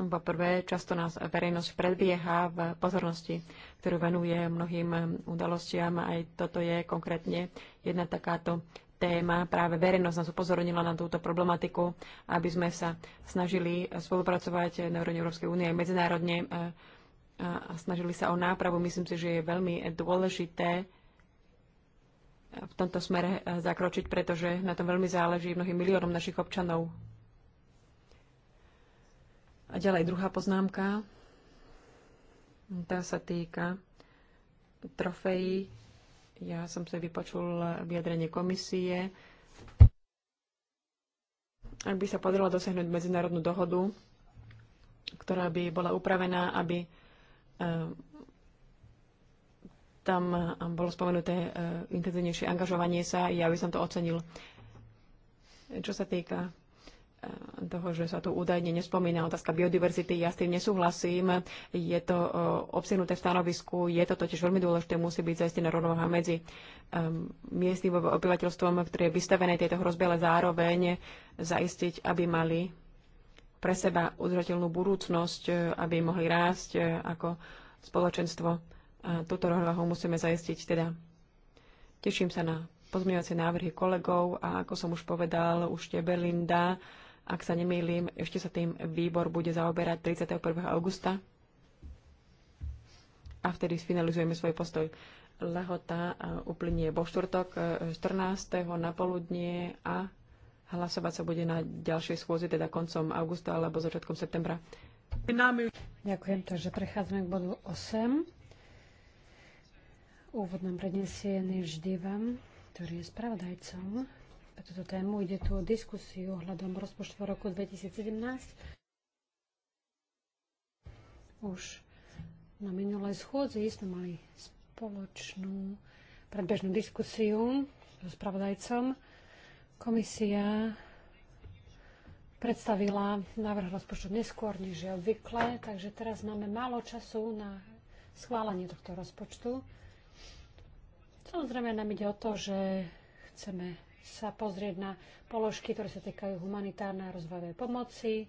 Po prvé, často nás verejnosť predbieha v pozornosti, ktorú venuje mnohým udalostiam. Aj toto je konkrétne jedna takáto téma. Práve verejnosť nás upozornila na túto problematiku, aby sme sa snažili spolupracovať na úrovni Európskej únie aj medzinárodne a snažili sa o nápravu. Myslím si, že je veľmi dôležité v tomto smere zakročiť, pretože na tom veľmi záleží mnohým miliónom našich občanov. A ďalej druhá poznámka. Tá sa týka trofejí ja som sa vypočul vyjadrenie komisie. Ak by sa podarilo dosiahnuť medzinárodnú dohodu, ktorá by bola upravená, aby e, tam bolo spomenuté e, intenzívnejšie angažovanie sa, ja by som to ocenil. Čo sa týka toho, že sa tu údajne nespomína otázka biodiverzity. Ja s tým nesúhlasím. Je to e, obsiahnuté v stanovisku, je to totiž veľmi dôležité, musí byť zaistená rovnováha medzi um, miestnym obyvateľstvom, ktoré je vystavené tejto hrozbe, ale zároveň zaistiť, aby mali pre seba udržateľnú budúcnosť, e, aby mohli rásť e, ako spoločenstvo. A túto rovnováhu musíme zaistiť teda. Teším sa na pozmeňovacie návrhy kolegov a ako som už povedal, už tebe, Linda, ak sa nemýlim, ešte sa tým výbor bude zaoberať 31. augusta a vtedy sfinalizujeme svoj postoj. Lehota e, uplynie vo štvrtok 14. E, na poludnie a hlasovať sa bude na ďalšej schôzi, teda koncom augusta alebo začiatkom septembra. Ďakujem, takže prechádzame k bodu 8. Úvod nám prednesie Nirž Divan, ktorý je spravodajcom pre túto tému. Ide tu o diskusiu ohľadom rozpočtu roku 2017. Už na minulej schôdzi sme mali spoločnú predbežnú diskusiu so spravodajcom. Komisia predstavila návrh rozpočtu neskôr, než je obvykle, takže teraz máme málo času na schválenie tohto rozpočtu. Samozrejme nám ide o to, že chceme sa pozrieť na položky, ktoré sa týkajú humanitárnej a rozvojovej pomoci.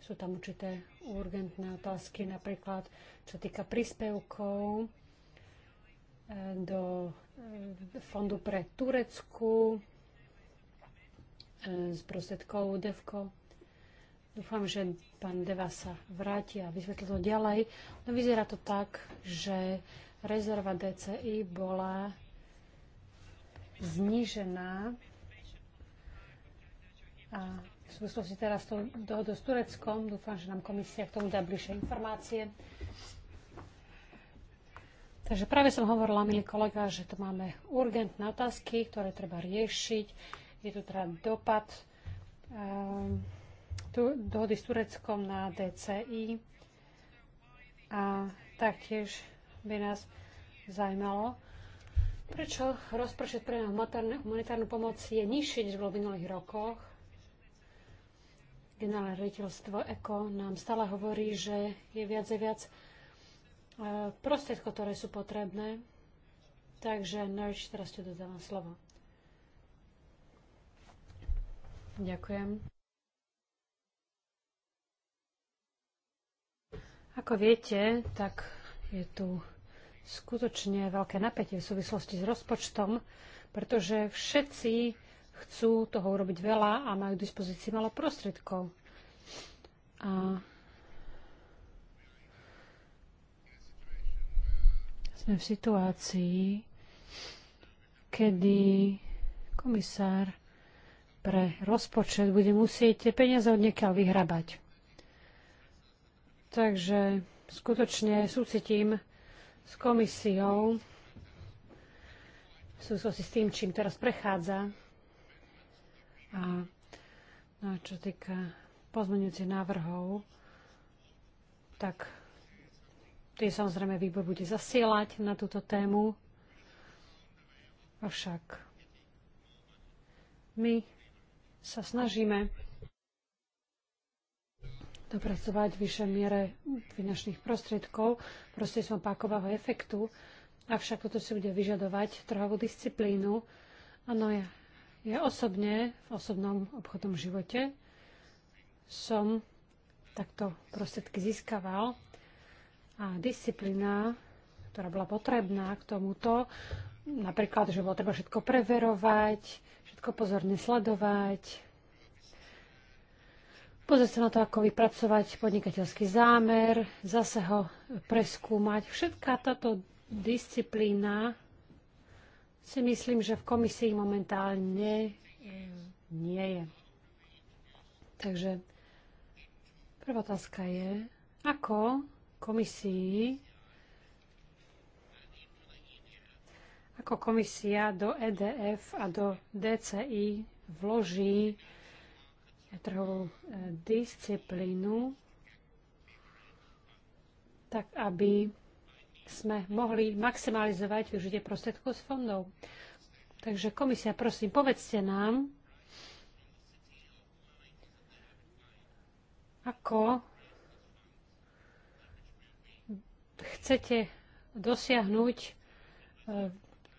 Sú tam určité urgentné otázky, napríklad čo týka príspevkov e, do e, fondu pre Turecku e, z prostredkov DEVKO. Dúfam, že pán Deva sa vráti a vysvetlí to ďalej. No vyzerá to tak, že rezerva DCI bola znížená a v súvislosti teraz s tou dohodou s Tureckom, dúfam, že nám komisia k tomu dá bližšie informácie. Takže práve som hovorila, milý kolega, že tu máme urgentné otázky, ktoré treba riešiť. Je tu teda dopad um, tu, dohody s Tureckom na DCI a taktiež by nás zaujímalo, Prečo rozpočet pre humanitárnu pomoc je nižší, než bolo v minulých rokoch? Generálne riaditeľstvo ECO nám stále hovorí, že je viac a viac e, prostriedkov, ktoré sú potrebné. Takže, Nerš, teraz ti dodávam slovo. Ďakujem. Ako viete, tak je tu skutočne veľké napätie v súvislosti s rozpočtom, pretože všetci chcú toho urobiť veľa a majú k dispozícii malo prostriedkov. A sme v situácii, kedy komisár pre rozpočet bude musieť tie peniaze od niekiaľ vyhrabať. Takže skutočne súcitím s komisiou v súvislosti s tým, čím teraz prechádza. A no, čo týka pozmeňujúcich návrhov, tak tie samozrejme výbor bude zasielať na túto tému. Avšak my sa snažíme dopracovať v vyššej miere finančných prostriedkov proste som pákového efektu, avšak toto si bude vyžadovať trhovú disciplínu. Áno, ja, ja osobne v osobnom obchodnom živote som takto prostriedky získaval a disciplína, ktorá bola potrebná k tomuto, napríklad, že bolo treba všetko preverovať, všetko pozorne sledovať, pozrieť sa na to, ako vypracovať podnikateľský zámer, zase ho preskúmať. Všetká táto disciplína si myslím, že v komisii momentálne eh, nie je. Takže prvá otázka je, ako komisii ako komisia do EDF a do DCI vloží trhovú e, disciplínu, tak aby sme mohli maximalizovať využitie prostriedkov z fondov. Takže komisia, prosím, povedzte nám, ako chcete dosiahnuť e,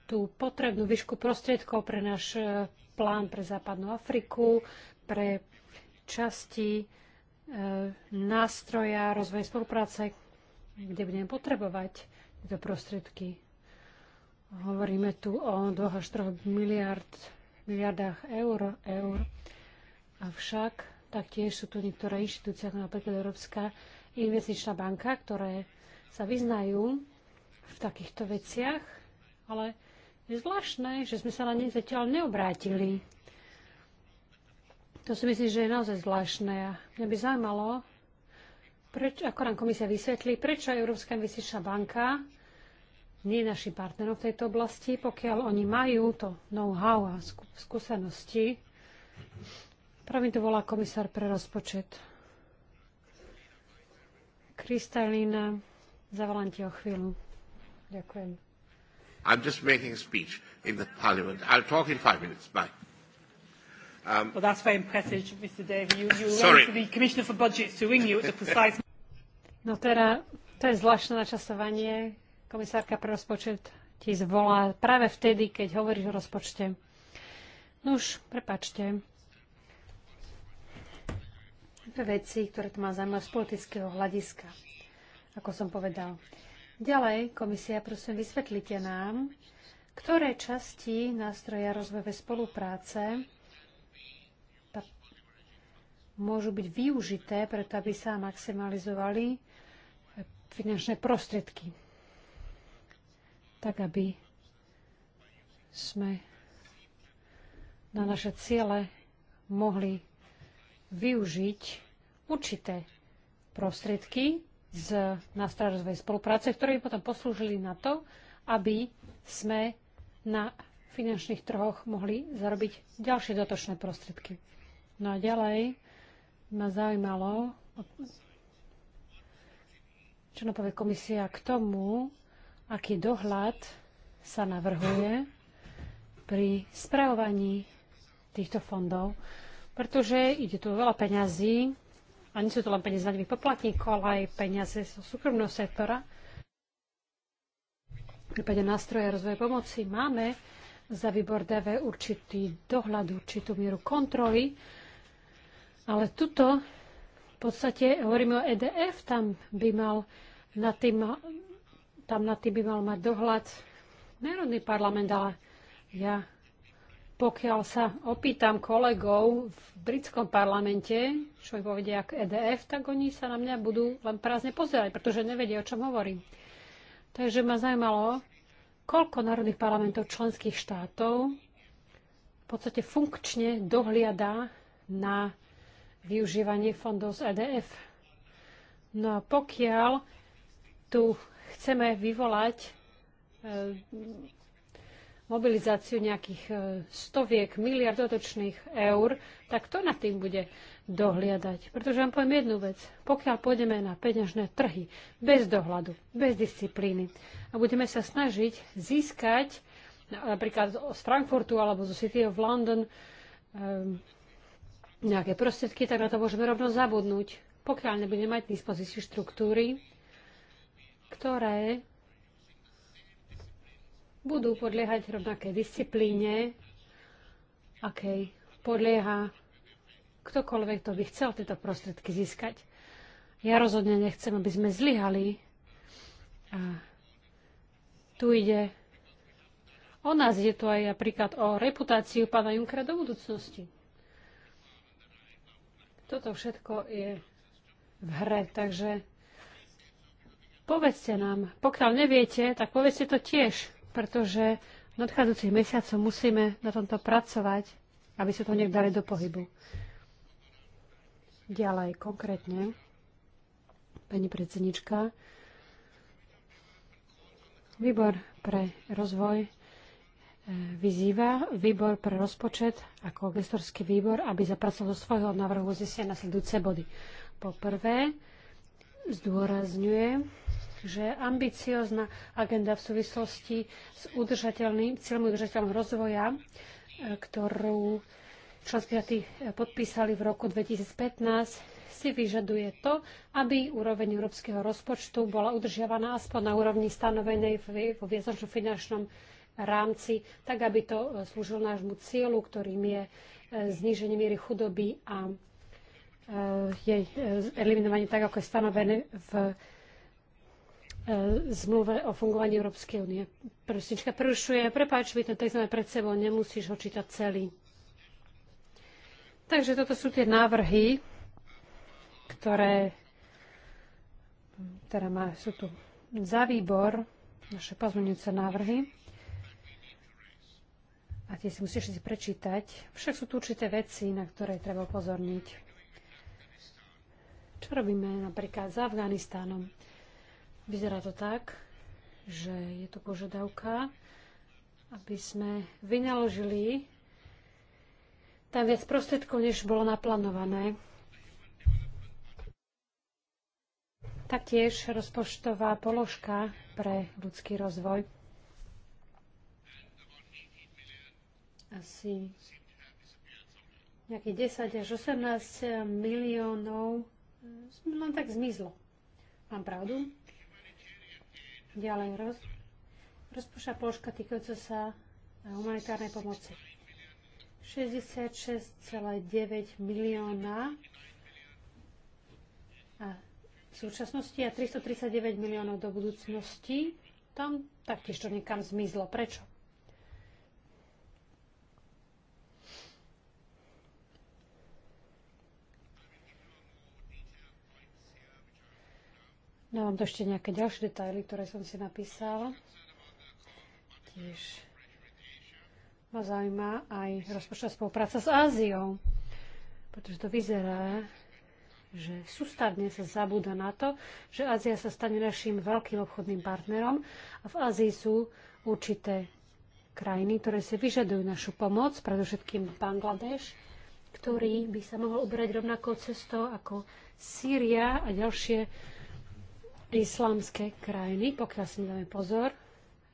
tú potrebnú výšku prostriedkov pre náš e, plán pre Západnú Afriku, pre časti e, nástroja rozvoja spolupráce, kde budeme potrebovať tieto prostriedky. Hovoríme tu o 2 až 3 miliard, miliardách eur, eur. Avšak taktiež sú tu niektoré inštitúcie, ako napríklad Európska investičná banka, ktoré sa vyznajú v takýchto veciach, ale je zvláštne, že sme sa na ne zatiaľ neobrátili. To si myslím, že je naozaj zvláštne. mňa by zaujímalo, preč, ako nám komisia vysvetlí, prečo Európska investičná banka nie je našim partnerom v tejto oblasti, pokiaľ oni majú to know-how a skúsenosti. Pravý to volá komisár pre rozpočet. Kristalina, zavolám ti o chvíľu. Ďakujem. I'm just making a speech in the parliament. I'll talk in five minutes. Bye. Um, well, that's very impressive, Mr. Davey. You, you sorry. the Commissioner for Budget to ring you at the precise... [LAUGHS] No teda, to je zvláštne načasovanie. Komisárka pre rozpočet ti zvolá práve vtedy, keď hovoríš o rozpočte. No už, prepačte. Dve veci, ktoré to má zaujímavé z politického hľadiska, ako som povedal. Ďalej, komisia, prosím, vysvetlite nám, ktoré časti nástroja rozvojovej spolupráce môžu byť využité preto, aby sa maximalizovali finančné prostriedky. Tak, aby sme na naše ciele mohli využiť určité prostriedky z nástražovej spolupráce, ktoré by potom poslúžili na to, aby sme na finančných trhoch mohli zarobiť ďalšie dotočné prostriedky. No a ďalej ma zaujímalo, čo nám povie komisia k tomu, aký dohľad sa navrhuje pri spravovaní týchto fondov, pretože ide tu veľa peňazí a nie sú to len peniaze daňových poplatníkov, ale aj peniaze zo súkromného sektora. V prípade nástroja rozvoja pomoci máme za výbor DV určitý dohľad, určitú mieru kontroly ale tuto v podstate hovoríme o EDF, tam by mal nad tým, tam nad tým by mal mať dohľad Národný parlament, ale ja pokiaľ sa opýtam kolegov v britskom parlamente, čo mi povedia ako EDF, tak oni sa na mňa budú len prázdne pozerať, pretože nevedia, o čom hovorím. Takže ma zaujímalo, koľko národných parlamentov členských štátov v podstate funkčne dohliada na využívanie fondov z EDF. No a pokiaľ tu chceme vyvolať eh, mobilizáciu nejakých eh, stoviek miliard dotočných eur, tak to nad tým bude dohliadať? Pretože vám poviem jednu vec. Pokiaľ pôjdeme na peňažné trhy bez dohľadu, bez disciplíny a budeme sa snažiť získať napríklad z Frankfurtu alebo zo City of London um, nejaké prostriedky, tak na to môžeme rovno zabudnúť, pokiaľ nebudeme mať k dispozícii štruktúry, ktoré budú podliehať rovnaké disciplíne, akej podlieha ktokoľvek, kto by chcel tieto prostriedky získať. Ja rozhodne nechcem, aby sme zlyhali. A tu ide o nás, ide tu aj napríklad o reputáciu pána Junkera do budúcnosti. Toto všetko je v hre, takže povedzte nám, pokiaľ neviete, tak povedzte to tiež, pretože v nadchádzajúcich mesiacoch musíme na tomto pracovať, aby sa to nejak dali do pohybu. Ďalej, konkrétne, pani predsednička, Výbor pre rozvoj E, vyzýva výbor pre rozpočet ako gestorský výbor, aby zapracoval do svojho návrhu uznesenia nasledujúce body. Po prvé, zdôrazňuje, že ambiciozna agenda v súvislosti s udržateľným, cieľom udržateľného rozvoja, e, ktorú členské štáty e, podpísali v roku 2015, si vyžaduje to, aby úroveň európskeho rozpočtu bola udržiavaná aspoň na úrovni stanovenej vo viacročnom finančnom rámci, tak aby to e, slúžilo nášmu cieľu, ktorým je e, zníženie miery chudoby a e, jej eliminovanie tak, ako je stanovené v zmluve o fungovaní Európskej únie. Prstička prerušuje, prepáč, vy ten text máme pred sebou, nemusíš ho čítať celý. Takže toto sú tie návrhy, ktoré teda má, sú tu za výbor naše pozmeňujúce návrhy a tie si musíte si prečítať. Však sú tu určité veci, na ktoré treba upozorniť. Čo robíme napríklad s Afganistánom? Vyzerá to tak, že je tu požiadavka, aby sme vynaložili tam viac prostriedkov, než bolo naplánované. Taktiež rozpočtová položka pre ľudský rozvoj asi nejakých 10 až 18 miliónov len tak zmizlo. Mám pravdu? Ďalej roz, rozpoša položka týkajúca sa eh, humanitárnej pomoci. 66,9 milióna a v súčasnosti a 339 miliónov do budúcnosti. Tam taktiež to niekam zmizlo. Prečo? Dávam to ešte nejaké ďalšie detaily, ktoré som si napísala. Tiež ma zaujíma aj rozpočtová spolupráca s Áziou, pretože to vyzerá, že sústavne sa zabúda na to, že Ázia sa stane našim veľkým obchodným partnerom a v Ázii sú určité krajiny, ktoré si vyžadujú našu pomoc, predovšetkým Bangladeš, ktorý by sa mohol obrať rovnakou cestou ako Sýria a ďalšie islamské krajiny, pokiaľ si dáme pozor.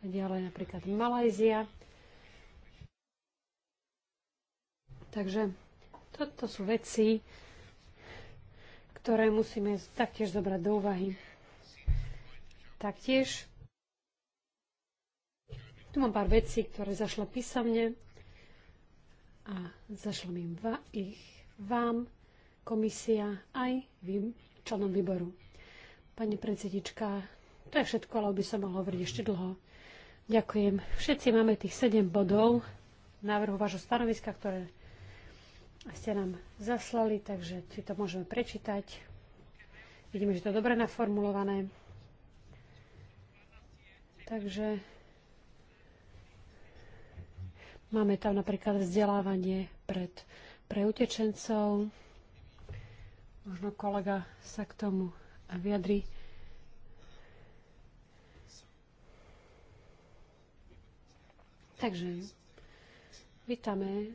Ďalej napríklad Malajzia. Takže toto sú veci, ktoré musíme taktiež zobrať do úvahy. Taktiež tu mám pár vecí, ktoré zašla písomne a zašla mi ich vám, komisia, aj vím, členom výboru. Pani predsedička, to je všetko, ale by som mohla hovoriť ešte dlho. Ďakujem. Všetci máme tých 7 bodov návrhu vášho stanoviska, ktoré ste nám zaslali, takže si to môžeme prečítať. Vidíme, že to je dobre naformulované. Takže máme tam napríklad vzdelávanie pred, pre utečencov. Možno kolega sa k tomu vyjadri. Takže vítame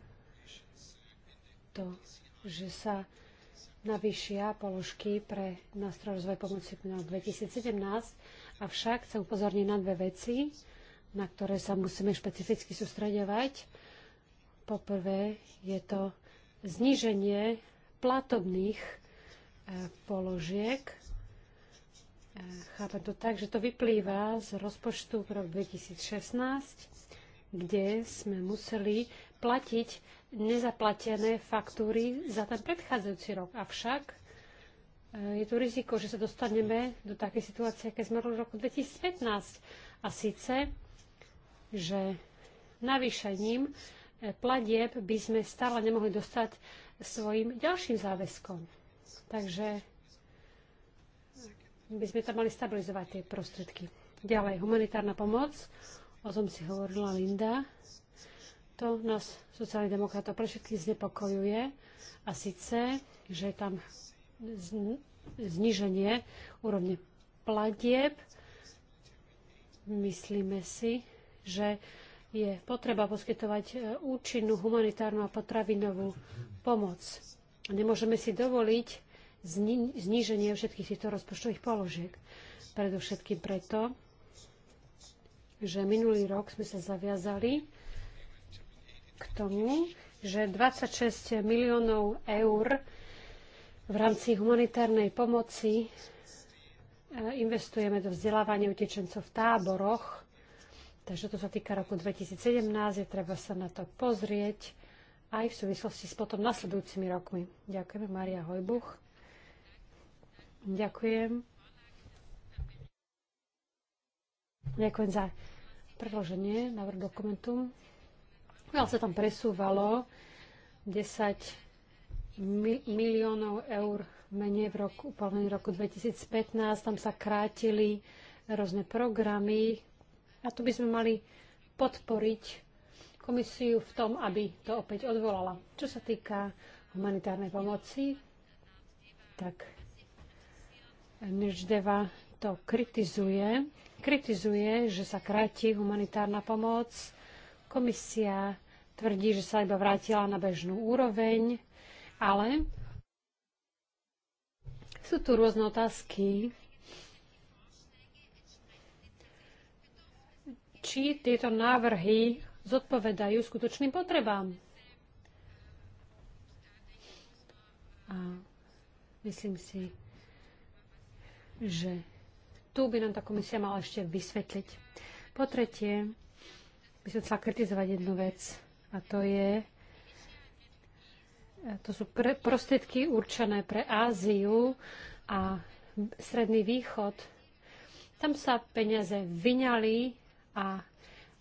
to, že sa navýšia položky pre nástroj rozvoj pomoci na 2017, avšak chcem upozorniť na dve veci, na ktoré sa musíme špecificky sústredovať. Poprvé je to zníženie platobných e, položiek Chápem to tak, že to vyplýva z rozpočtu v roku 2016, kde sme museli platiť nezaplatené faktúry za ten predchádzajúci rok. Avšak eh, je tu riziko, že sa dostaneme do takej situácie, aké sme v roku 2015. A síce, že navýšením eh, platieb by sme stále nemohli dostať svojim ďalším záväzkom. Takže by sme tam mali stabilizovať tie prostriedky. Ďalej, humanitárna pomoc, o tom si hovorila Linda. To nás, sociálnych demokratov, pre všetkých znepokojuje. A síce, že je tam zniženie úrovne platieb. Myslíme si, že je potreba poskytovať e, účinnú humanitárnu a potravinovú pomoc. Nemôžeme si dovoliť zníženie všetkých týchto rozpočtových položiek. Predovšetkým preto, že minulý rok sme sa zaviazali k tomu, že 26 miliónov eur v rámci humanitárnej pomoci e, investujeme do vzdelávania utečencov v táboroch. Takže to sa týka roku 2017, je treba sa na to pozrieť aj v súvislosti s potom nasledujúcimi rokmi. Ďakujeme, Maria Hojbuch. Ďakujem. Ďakujem za predloženie návrh dokumentu. Veľa sa tam presúvalo 10 miliónov eur menej v roku, úplne roku 2015. Tam sa krátili rôzne programy a tu by sme mali podporiť komisiu v tom, aby to opäť odvolala. Čo sa týka humanitárnej pomoci, tak Neždeva to kritizuje. Kritizuje, že sa kráti humanitárna pomoc. Komisia tvrdí, že sa iba vrátila na bežnú úroveň, ale sú tu rôzne otázky, či tieto návrhy zodpovedajú skutočným potrebám. A myslím si, že tu by nám tá komisia mala ešte vysvetliť. Po tretie, by som chcela kritizovať jednu vec a to je, e, to sú pre, prostriedky určené pre Áziu a Stredný východ. Tam sa peniaze vyňali a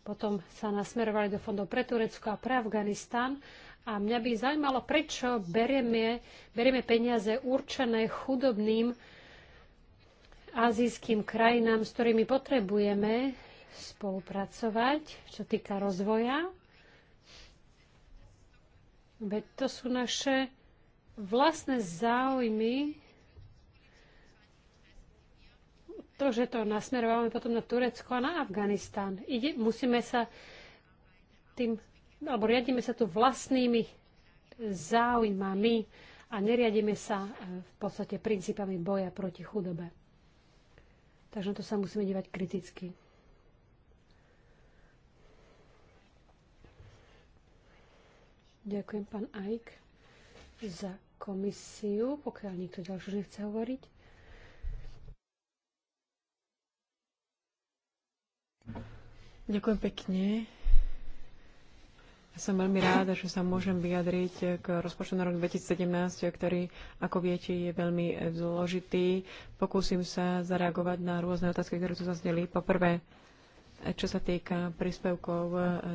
potom sa nasmerovali do fondov pre Turecko a pre Afganistan. A mňa by zaujímalo, prečo berieme, berieme peniaze určené chudobným azijským krajinám, s ktorými potrebujeme spolupracovať, čo týka rozvoja. Veď to sú naše vlastné záujmy, to, že to nasmerováme potom na Turecko a na Afganistán. Ide, musíme sa tým, alebo riadíme sa tu vlastnými záujmami a neriadíme sa eh, v podstate princípami boja proti chudobe. Takže na to sa musíme dívať kriticky. Ďakujem pán Ajk za komisiu, pokiaľ nikto ďalší už nechce hovoriť. Ďakujem pekne. Som veľmi ráda, že sa môžem vyjadriť k rozpočtu na rok 2017, ktorý, ako viete, je veľmi zložitý. Pokúsim sa zareagovať na rôzne otázky, ktoré tu zazneli. Poprvé, čo sa týka príspevkov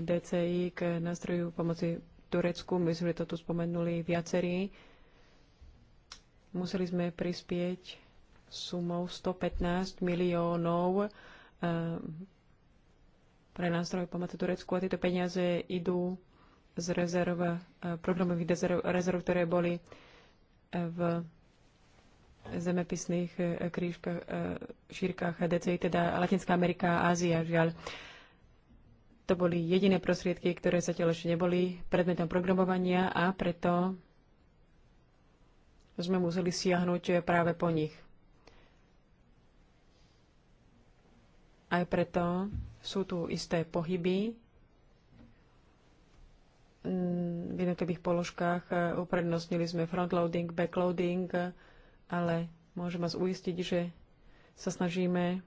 DCI k nástroju pomoci Turecku, myslím, že to tu spomenuli viacerí, museli sme prispieť sumou 115 miliónov eh, pre nástroj pomoci Turecku a tieto peniaze idú z rezerv, e, programových rezerv, rezerv ktoré boli e, v zemepisných e, krížkach, šírkach DCI, teda Latinská Amerika a Ázia, žiaľ. To boli jediné prostriedky, ktoré zatiaľ ešte neboli predmetom programovania a preto sme museli siahnuť práve po nich. Aj preto sú tu isté pohyby Mm, v jednotlivých položkách e, uprednostnili sme frontloading, backloading, e, ale môžem vás uistiť, že sa snažíme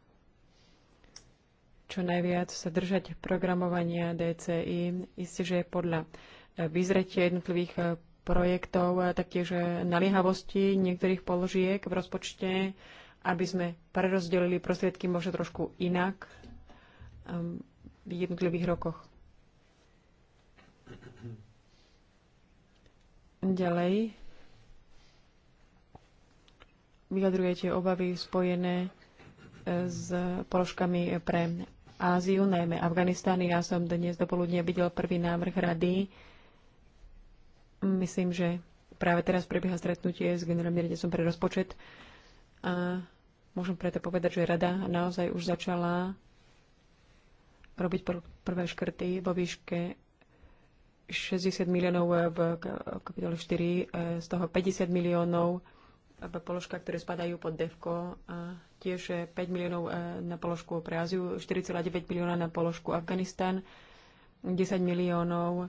čo najviac sa držať programovania DCI. Isté, že podľa e, vyzretia jednotlivých projektov, a taktiež naliehavosti niektorých položiek v rozpočte, aby sme prerozdelili prostriedky možno trošku inak v jednotlivých rokoch. Ďalej vyjadrujete obavy spojené e, s položkami pre Áziu, najmä Afganistán. Ja som dnes dopoludne videl prvý návrh rady. Myslím, že práve teraz prebieha stretnutie s generálnym riaditeľom pre rozpočet. A môžem preto povedať, že rada naozaj už začala robiť prvé škrty vo výške 60 miliónov v kapitole 4, e, z toho 50 miliónov v položkách, ktoré spadajú pod DEFCO, a tiež 5 e, miliónov e, na položku pre Aziu, 4,9 milióna na položku Afganistan, 10 miliónov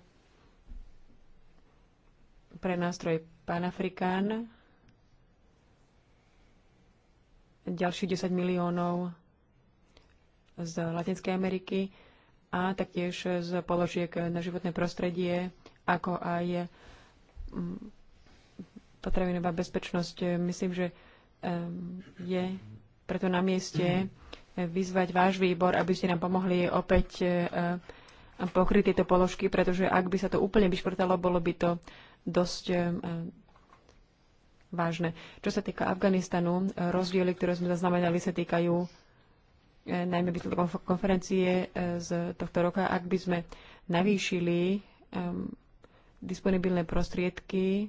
pre nástroj Panafrikán, ďalších 10 miliónov z Latinskej Ameriky, a taktiež z položiek na životné prostredie, ako aj mm, potravinová bezpečnosť. Myslím, že je preto na mieste vyzvať váš výbor, aby ste nám pomohli opäť e, pokryť tieto položky, pretože ak by sa to úplne vyškrtalo, bolo by to dosť e, vážne. Čo sa týka Afganistanu, rozdiely, ktoré sme zaznamenali, sa týkajú E, najmä výsledkom konferencie e, z tohto roka, ak by sme navýšili disponibilné prostriedky,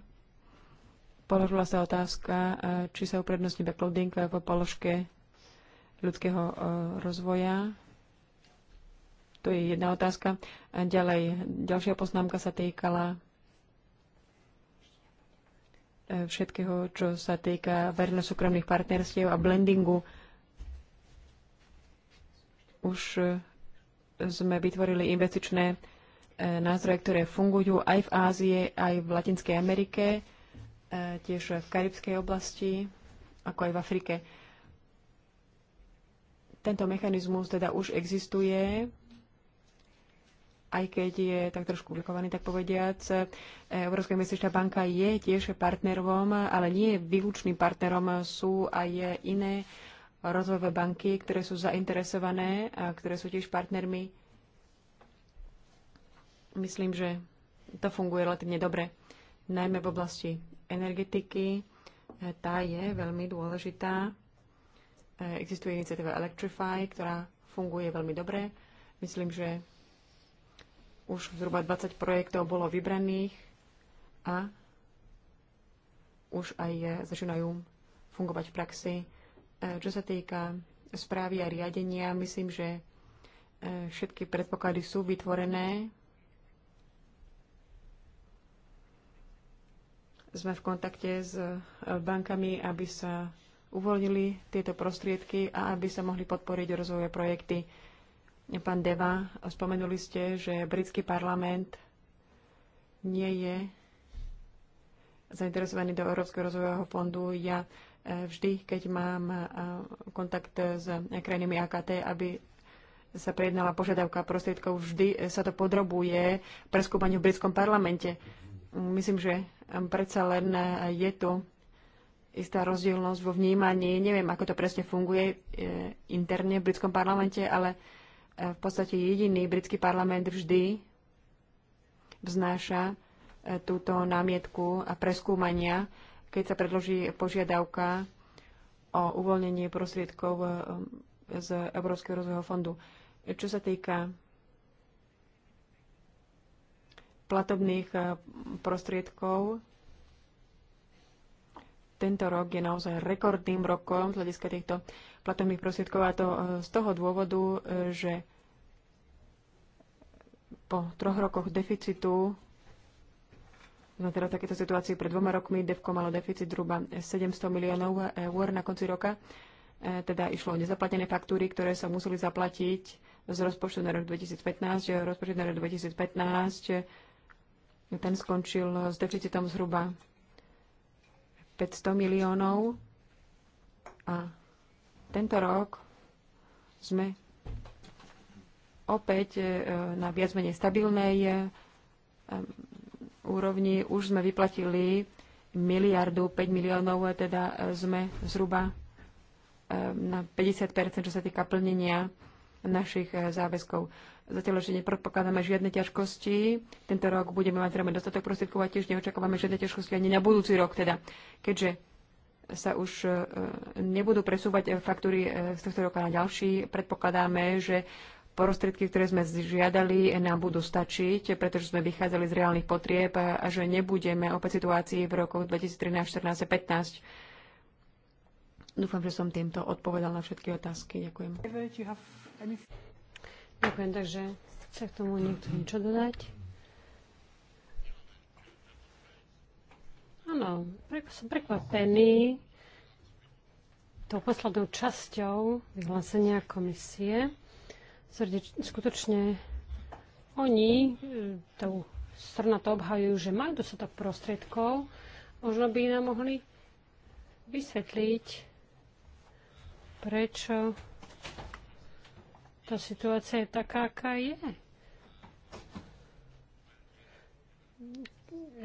položila sa otázka, e, či sa uprednostní backloading v položke ľudského rozvoja. To je jedna otázka. A ďalej, ďalšia poznámka sa týkala všetkého, čo sa týka verejno-súkromných partnerstiev a blendingu už e, sme vytvorili investičné e, nástroje, ktoré fungujú aj v Ázie, aj v Latinskej Amerike, e, tiež v Karibskej oblasti, ako aj v Afrike. Tento mechanizmus teda už existuje, aj keď je tak trošku komplikovaný, tak povediac. Európska investičná banka je tiež partnerom, ale nie je výlučným partnerom, sú aj iné rozvojové banky, ktoré sú zainteresované a ktoré sú tiež partnermi. Myslím, že to funguje relatívne dobre, najmä v oblasti energetiky. Tá je veľmi dôležitá. Existuje iniciatíva Electrify, ktorá funguje veľmi dobre. Myslím, že už zhruba 20 projektov bolo vybraných a už aj začínajú fungovať v praxi čo sa týka správy a riadenia, myslím, že e, všetky predpoklady sú vytvorené. Sme v kontakte s e, bankami, aby sa uvoľnili tieto prostriedky a aby sa mohli podporiť rozvojové projekty. Pán Deva, spomenuli ste, že britský parlament nie je zainteresovaný do Európskeho rozvojového fondu. Ja vždy, keď mám e, kontakt s krajinami AKT, aby sa prejednala požiadavka prostriedkov, vždy sa to podrobuje preskúmaniu v britskom parlamente. Myslím, že predsa len je tu istá rozdielnosť vo vnímaní. Neviem, ako to presne funguje e, interne v britskom parlamente, ale e, v podstate jediný britský parlament vždy vznáša túto námietku a preskúmania keď sa predloží požiadavka o uvoľnenie prostriedkov um, z Európskeho rozvojho fondu. Čo sa týka platobných uh, prostriedkov, tento rok je naozaj rekordným rokom z hľadiska týchto platobných prostriedkov a to uh, z toho dôvodu, uh, že po troch rokoch deficitu No teda takéto situácie pred dvoma rokmi DEFCO malo deficit zhruba 700 e, miliónov e, eur na konci roka. E, teda išlo o nezaplatené faktúry, ktoré sa museli zaplatiť z rozpočtu na rok 2015. Rozpočet na rok 2015 ten skončil s deficitom zhruba 500 miliónov a tento rok sme opäť na viac menej stabilnej úrovni už sme vyplatili miliardu, 5 miliónov, eh, teda eh, sme zhruba eh, na 50 čo sa týka plnenia našich záväzkov. Zatiaľ ešte nepredpokladáme žiadne ťažkosti. Tento rok budeme mať veľmi dostatok prostriedkov a tiež neočakávame žiadne ťažkosti ani na budúci rok. Teda. Keďže sa už nebudú presúvať faktúry z tohto roka na ďalší, predpokladáme, že prostriedky, ktoré sme žiadali, nám budú stačiť, pretože sme vychádzali z reálnych potrieb a že nebudeme opäť situácii v rokoch 2013, 14, 2015. Dúfam, že som týmto odpovedal na všetky otázky. Ďakujem. Ďakujem, takže chce k tomu niekto niečo dodať? Áno, som prekvapený tou poslednou časťou vyhlásenia komisie srdeč, skutočne oni e, tou strana to obhajujú, že majú dostatok prostriedkov, možno by nám mohli vysvetliť, prečo tá situácia je taká, aká je.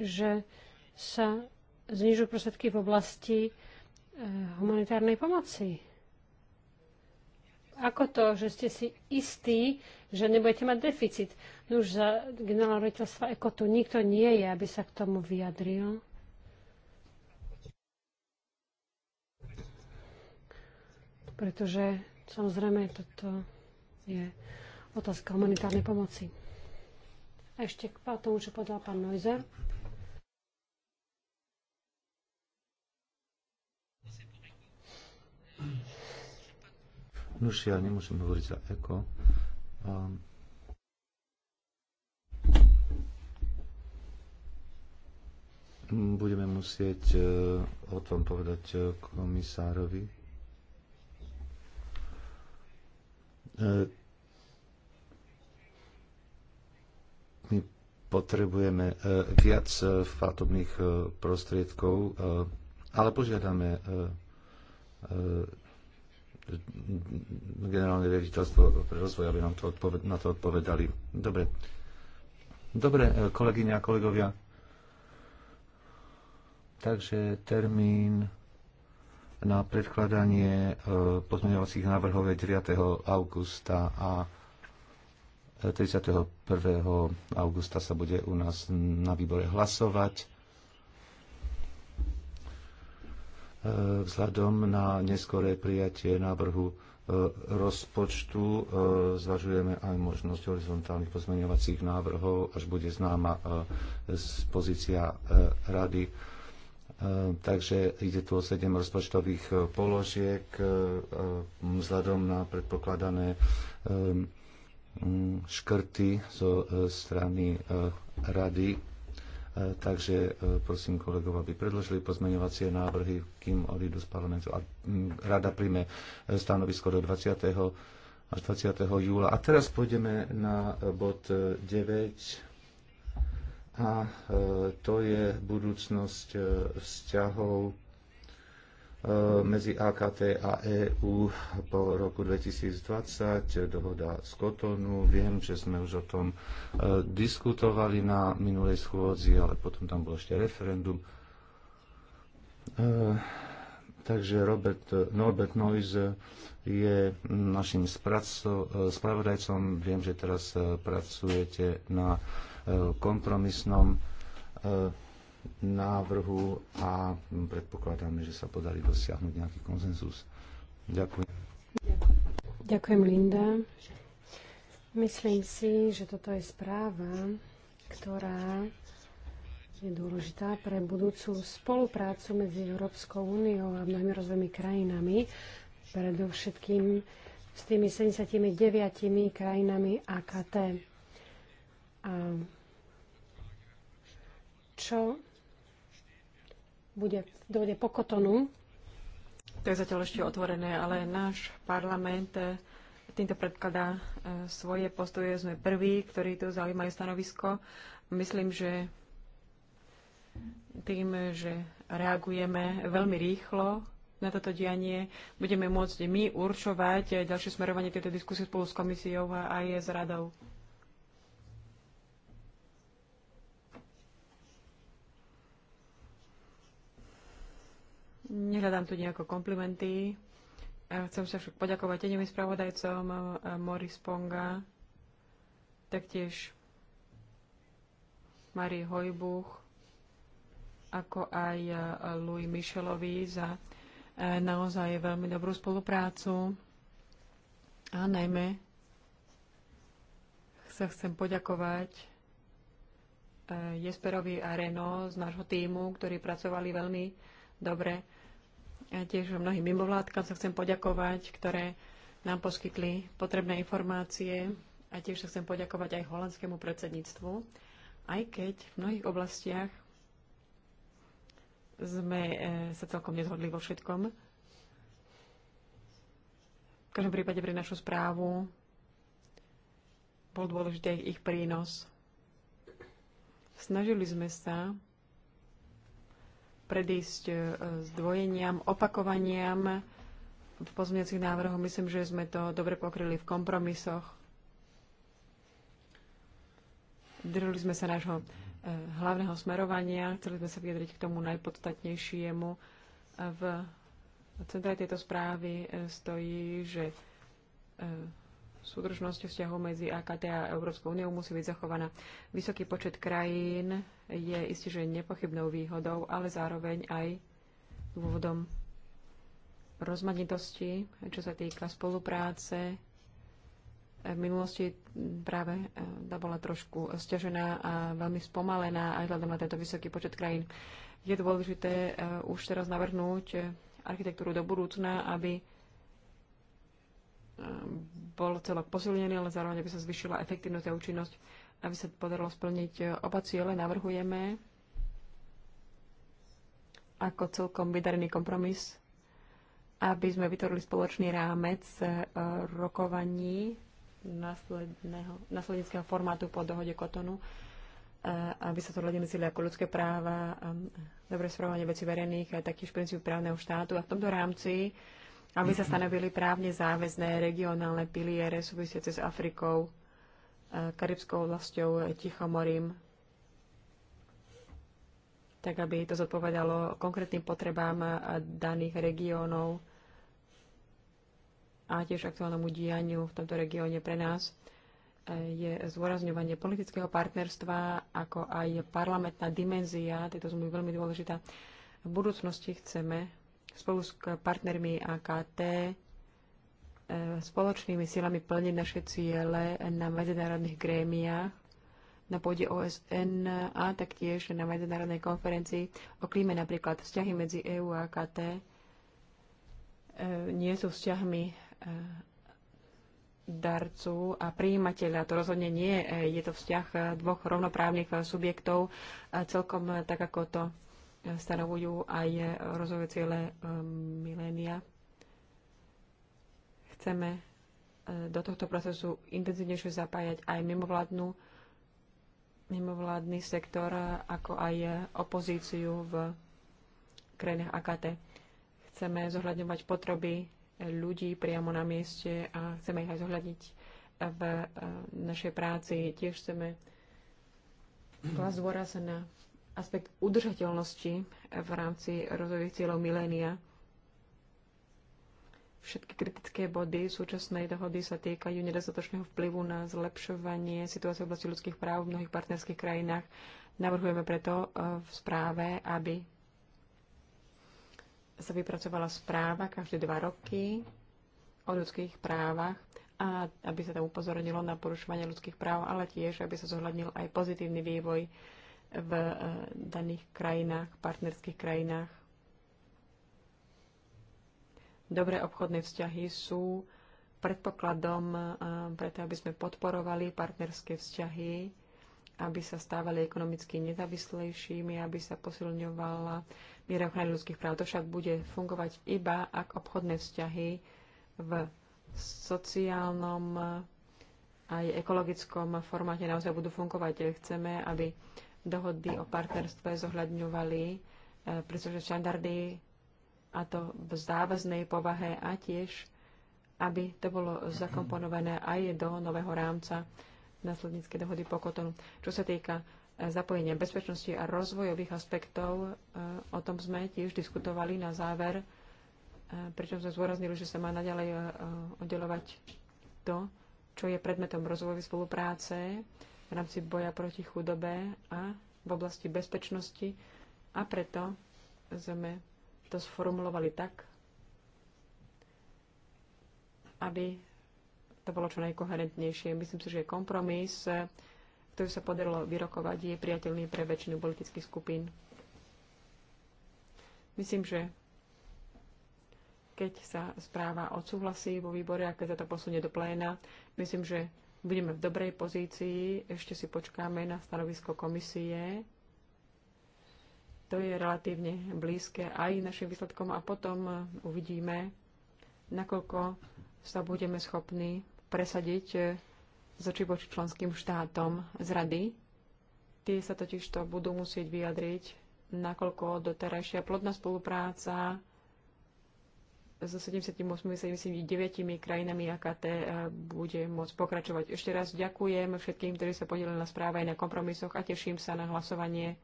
Že sa znižujú prostriedky v oblasti e, humanitárnej pomoci. Ako to, že ste si istí, že nebudete mať deficit? No už za generálne rejiteľstva ECO tu nikto nie je, aby sa k tomu vyjadril. Pretože samozrejme toto je otázka humanitárnej pomoci. A ešte k tomu, čo povedal pán Neuser. Nuž, ja nemôžem hovoriť za eko. Um, budeme musieť e, o tom povedať e, komisárovi. E, my potrebujeme viac uh, prostriedkov, ale požiadame generálne riaditeľstvo pre rozvoj, aby nám to odpoved- na to odpovedali. Dobre. Dobre, e, kolegyne a kolegovia. Takže termín na predkladanie e, pozmeňovacích návrhov je 9. augusta a 31. E, augusta sa bude u nás na výbore hlasovať. E, vzhľadom na neskoré prijatie návrhu e, rozpočtu e, zvažujeme aj možnosť horizontálnych pozmeňovacích návrhov, až bude známa pozícia rady. Takže ide tu o 7 rozpočtových položiek vzhľadom na predpokladané škrty zo strany rady E, takže e, prosím kolegov, aby predložili pozmeňovacie návrhy, kým odídu z parlamentu. A rada príjme e, stanovisko do 20 až 20. júla. A teraz pôjdeme na bod 9 a to je budúcnosť vzťahov E, medzi AKT a EÚ po roku 2020, dohoda z Kotonu. Viem, že sme už o tom e, diskutovali na minulej schôdzi, ale potom tam bolo ešte referendum. E, takže Robert, Norbert Noise je našim spravodajcom. Viem, že teraz pracujete na kompromisnom návrhu a predpokladáme, že sa podarí dosiahnuť nejaký konsenzus. Ďakujem. Ďakujem, Linda. Myslím si, že toto je správa, ktorá je dôležitá pre budúcu spoluprácu medzi Európskou úniou a mnohými rozvojmi krajinami, predovšetkým s tými 79 krajinami AKT. A čo bude, dojde po kotonu. To je zatiaľ ešte otvorené, ale náš parlament eh, týmto predkladá eh, svoje postoje. Sme prví, ktorí tu zaujímajú stanovisko. Myslím, že tým, že reagujeme veľmi rýchlo na toto dianie, budeme môcť my určovať eh, ďalšie smerovanie tejto diskusie spolu s komisiou a aj s radou. Nehľadám tu nejako komplimenty. Chcem sa však poďakovať tenevým spravodajcom eh, Moris Ponga, taktiež Marie Hojbuch, ako aj eh, Louis Michelovi za eh, naozaj veľmi dobrú spoluprácu. A najmä sa chcem poďakovať Jesperovi a Reno z nášho týmu, ktorí pracovali veľmi dobre a tiež mnohým mimovládkam sa chcem poďakovať, ktoré nám poskytli potrebné informácie a tiež sa chcem poďakovať aj holandskému predsedníctvu, aj keď v mnohých oblastiach sme e, sa celkom nezhodli vo všetkom. V každom prípade pre našu správu bol dôležitý ich prínos. Snažili sme sa predísť e, zdvojeniam, opakovaniam v pozmiacich návrhoch. Myslím, že sme to dobre pokryli v kompromisoch. Držali sme sa nášho e, hlavného smerovania, chceli sme sa vyjadriť k tomu najpodstatnejšiemu. V centre tejto správy e, stojí, že súdržnosť vzťahov medzi AKT a Európskou úniou musí byť zachovaná. Vysoký počet krajín je isté, že nepochybnou výhodou, ale zároveň aj dôvodom rozmanitosti, čo sa týka spolupráce. V minulosti práve e, tá bola trošku stiažená a veľmi spomalená aj hľadom na tento vysoký počet krajín. Je dôležité e, už teraz navrhnúť architektúru do budúcna, aby bol celok posilnený, ale zároveň aby sa zvyšila efektivnosť a účinnosť, aby sa podarilo splniť e, oba ciele. Navrhujeme ako celkom vydarený kompromis, aby sme vytvorili spoločný rámec e, rokovaní následnického formátu po dohode Kotonu, e, aby sa to hľadili cíle ako ľudské práva, dobre správanie veci verejných a taktiež princíp právneho štátu. A v tomto rámci aby sa stanovili právne záväzné regionálne piliere súvisiace s Afrikou, e, Karibskou oblasťou, e, Tichomorím, tak aby to zodpovedalo konkrétnym potrebám e, daných regiónov a tiež aktuálnemu dianiu v tomto regióne pre nás je zdôrazňovanie politického partnerstva, ako aj parlamentná dimenzia. Tieto sú veľmi dôležitá. V budúcnosti chceme spolu s partnermi AKT e, spoločnými silami plniť naše ciele na medzinárodných grémiách, na pôde OSN a taktiež na medzinárodnej konferencii o klíme napríklad. Vzťahy medzi EU a AKT e, nie sú vzťahmi e, darcu a príjimateľa. To rozhodne nie. Je to vzťah dvoch rovnoprávnych subjektov, celkom tak, ako to stanovujú aj rozvojové ciele eh, milénia. Chceme eh, do tohto procesu intenzívnejšie zapájať aj mimovládnu, mimovládny sektor, ako aj opozíciu v krajinách AKT. Chceme zohľadňovať potreby ľudí priamo na mieste a chceme ich aj zohľadniť v eh, našej práci. Tiež chceme klasť dôraz na aspekt udržateľnosti v rámci rozvojových cieľov milénia. Všetky kritické body súčasnej dohody sa týkajú nedostatočného vplyvu na zlepšovanie situácie v oblasti ľudských práv v mnohých partnerských krajinách. Navrhujeme preto e, v správe, aby sa vypracovala správa každé dva roky o ľudských právach a aby sa tam upozornilo na porušovanie ľudských práv, ale tiež, aby sa zohľadnil aj pozitívny vývoj v eh, daných krajinách, partnerských krajinách. Dobré obchodné vzťahy sú predpokladom eh, preto, aby sme podporovali partnerské vzťahy, aby sa stávali ekonomicky nezávislejšími, aby sa posilňovala miera ochrany ľudských práv. To však bude fungovať iba, ak obchodné vzťahy v sociálnom eh, aj ekologickom formáte naozaj budú fungovať. Chceme, aby dohody o partnerstve zohľadňovali e, pretože štandardy a to v záväznej povahe a tiež, aby to bolo zakomponované aj do nového rámca následníckej dohody po Kotonu. Čo sa týka e, zapojenia bezpečnosti a rozvojových aspektov, e, o tom sme tiež diskutovali na záver, pričom sme zdôraznili, že sa má naďalej oddelovať to, čo je predmetom rozvojovej spolupráce v rámci boja proti chudobe a v oblasti bezpečnosti a preto sme to sformulovali tak, aby to bolo čo najkoherentnejšie. Myslím si, že kompromis, ktorý sa podarilo vyrokovať, je priateľný pre väčšinu politických skupín. Myslím, že keď sa správa odsúhlasí vo výbore a keď sa to posunie do pléna, myslím, že budeme v dobrej pozícii, ešte si počkáme na stanovisko komisie. To je relatívne blízke aj našim výsledkom a potom uvidíme, nakoľko sa budeme schopní presadiť z oči voči členským štátom z rady. Tie sa totiž to budú musieť vyjadriť, nakoľko doterajšia plodná spolupráca so 78 79 krajinami AKT eh, bude môcť pokračovať. Ešte raz ďakujem všetkým, ktorí sa podielili na správe aj na kompromisoch a teším sa na hlasovanie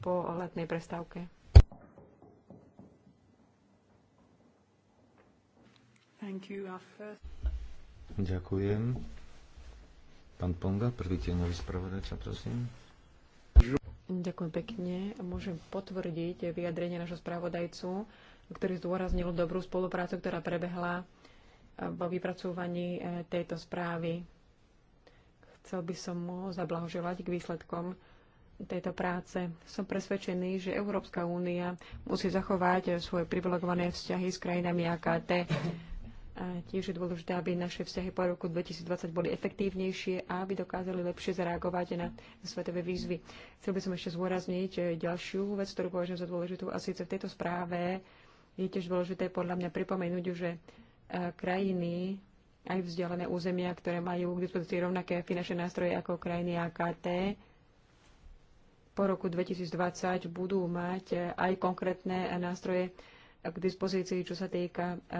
po letnej prestávke. Ďakujem. Pán Ponga, prvý tieňový spravodajca, prosím. Ďakujem pekne. Môžem potvrdiť vyjadrenie našho spravodajcu ktorý zdôraznil dobrú spoluprácu, ktorá prebehla e, vo vypracúvaní e, tejto správy. Chcel by som mu zablahoželať k výsledkom tejto práce. Som presvedčený, že Európska únia musí zachovať svoje privilegované vzťahy s krajinami AKT. A tiež je dôležité, aby naše vzťahy po roku 2020 boli efektívnejšie a aby dokázali lepšie zareagovať na svetové výzvy. Chcel by som ešte zúrazniť e, ďalšiu vec, ktorú považujem za dôležitú a síce v tejto správe je tiež dôležité podľa mňa pripomenúť, že e, krajiny, aj vzdialené územia, ktoré majú k dispozícii rovnaké finančné nástroje ako krajiny AKT, po roku 2020 budú mať e, aj konkrétne nástroje k dispozícii, čo sa týka e,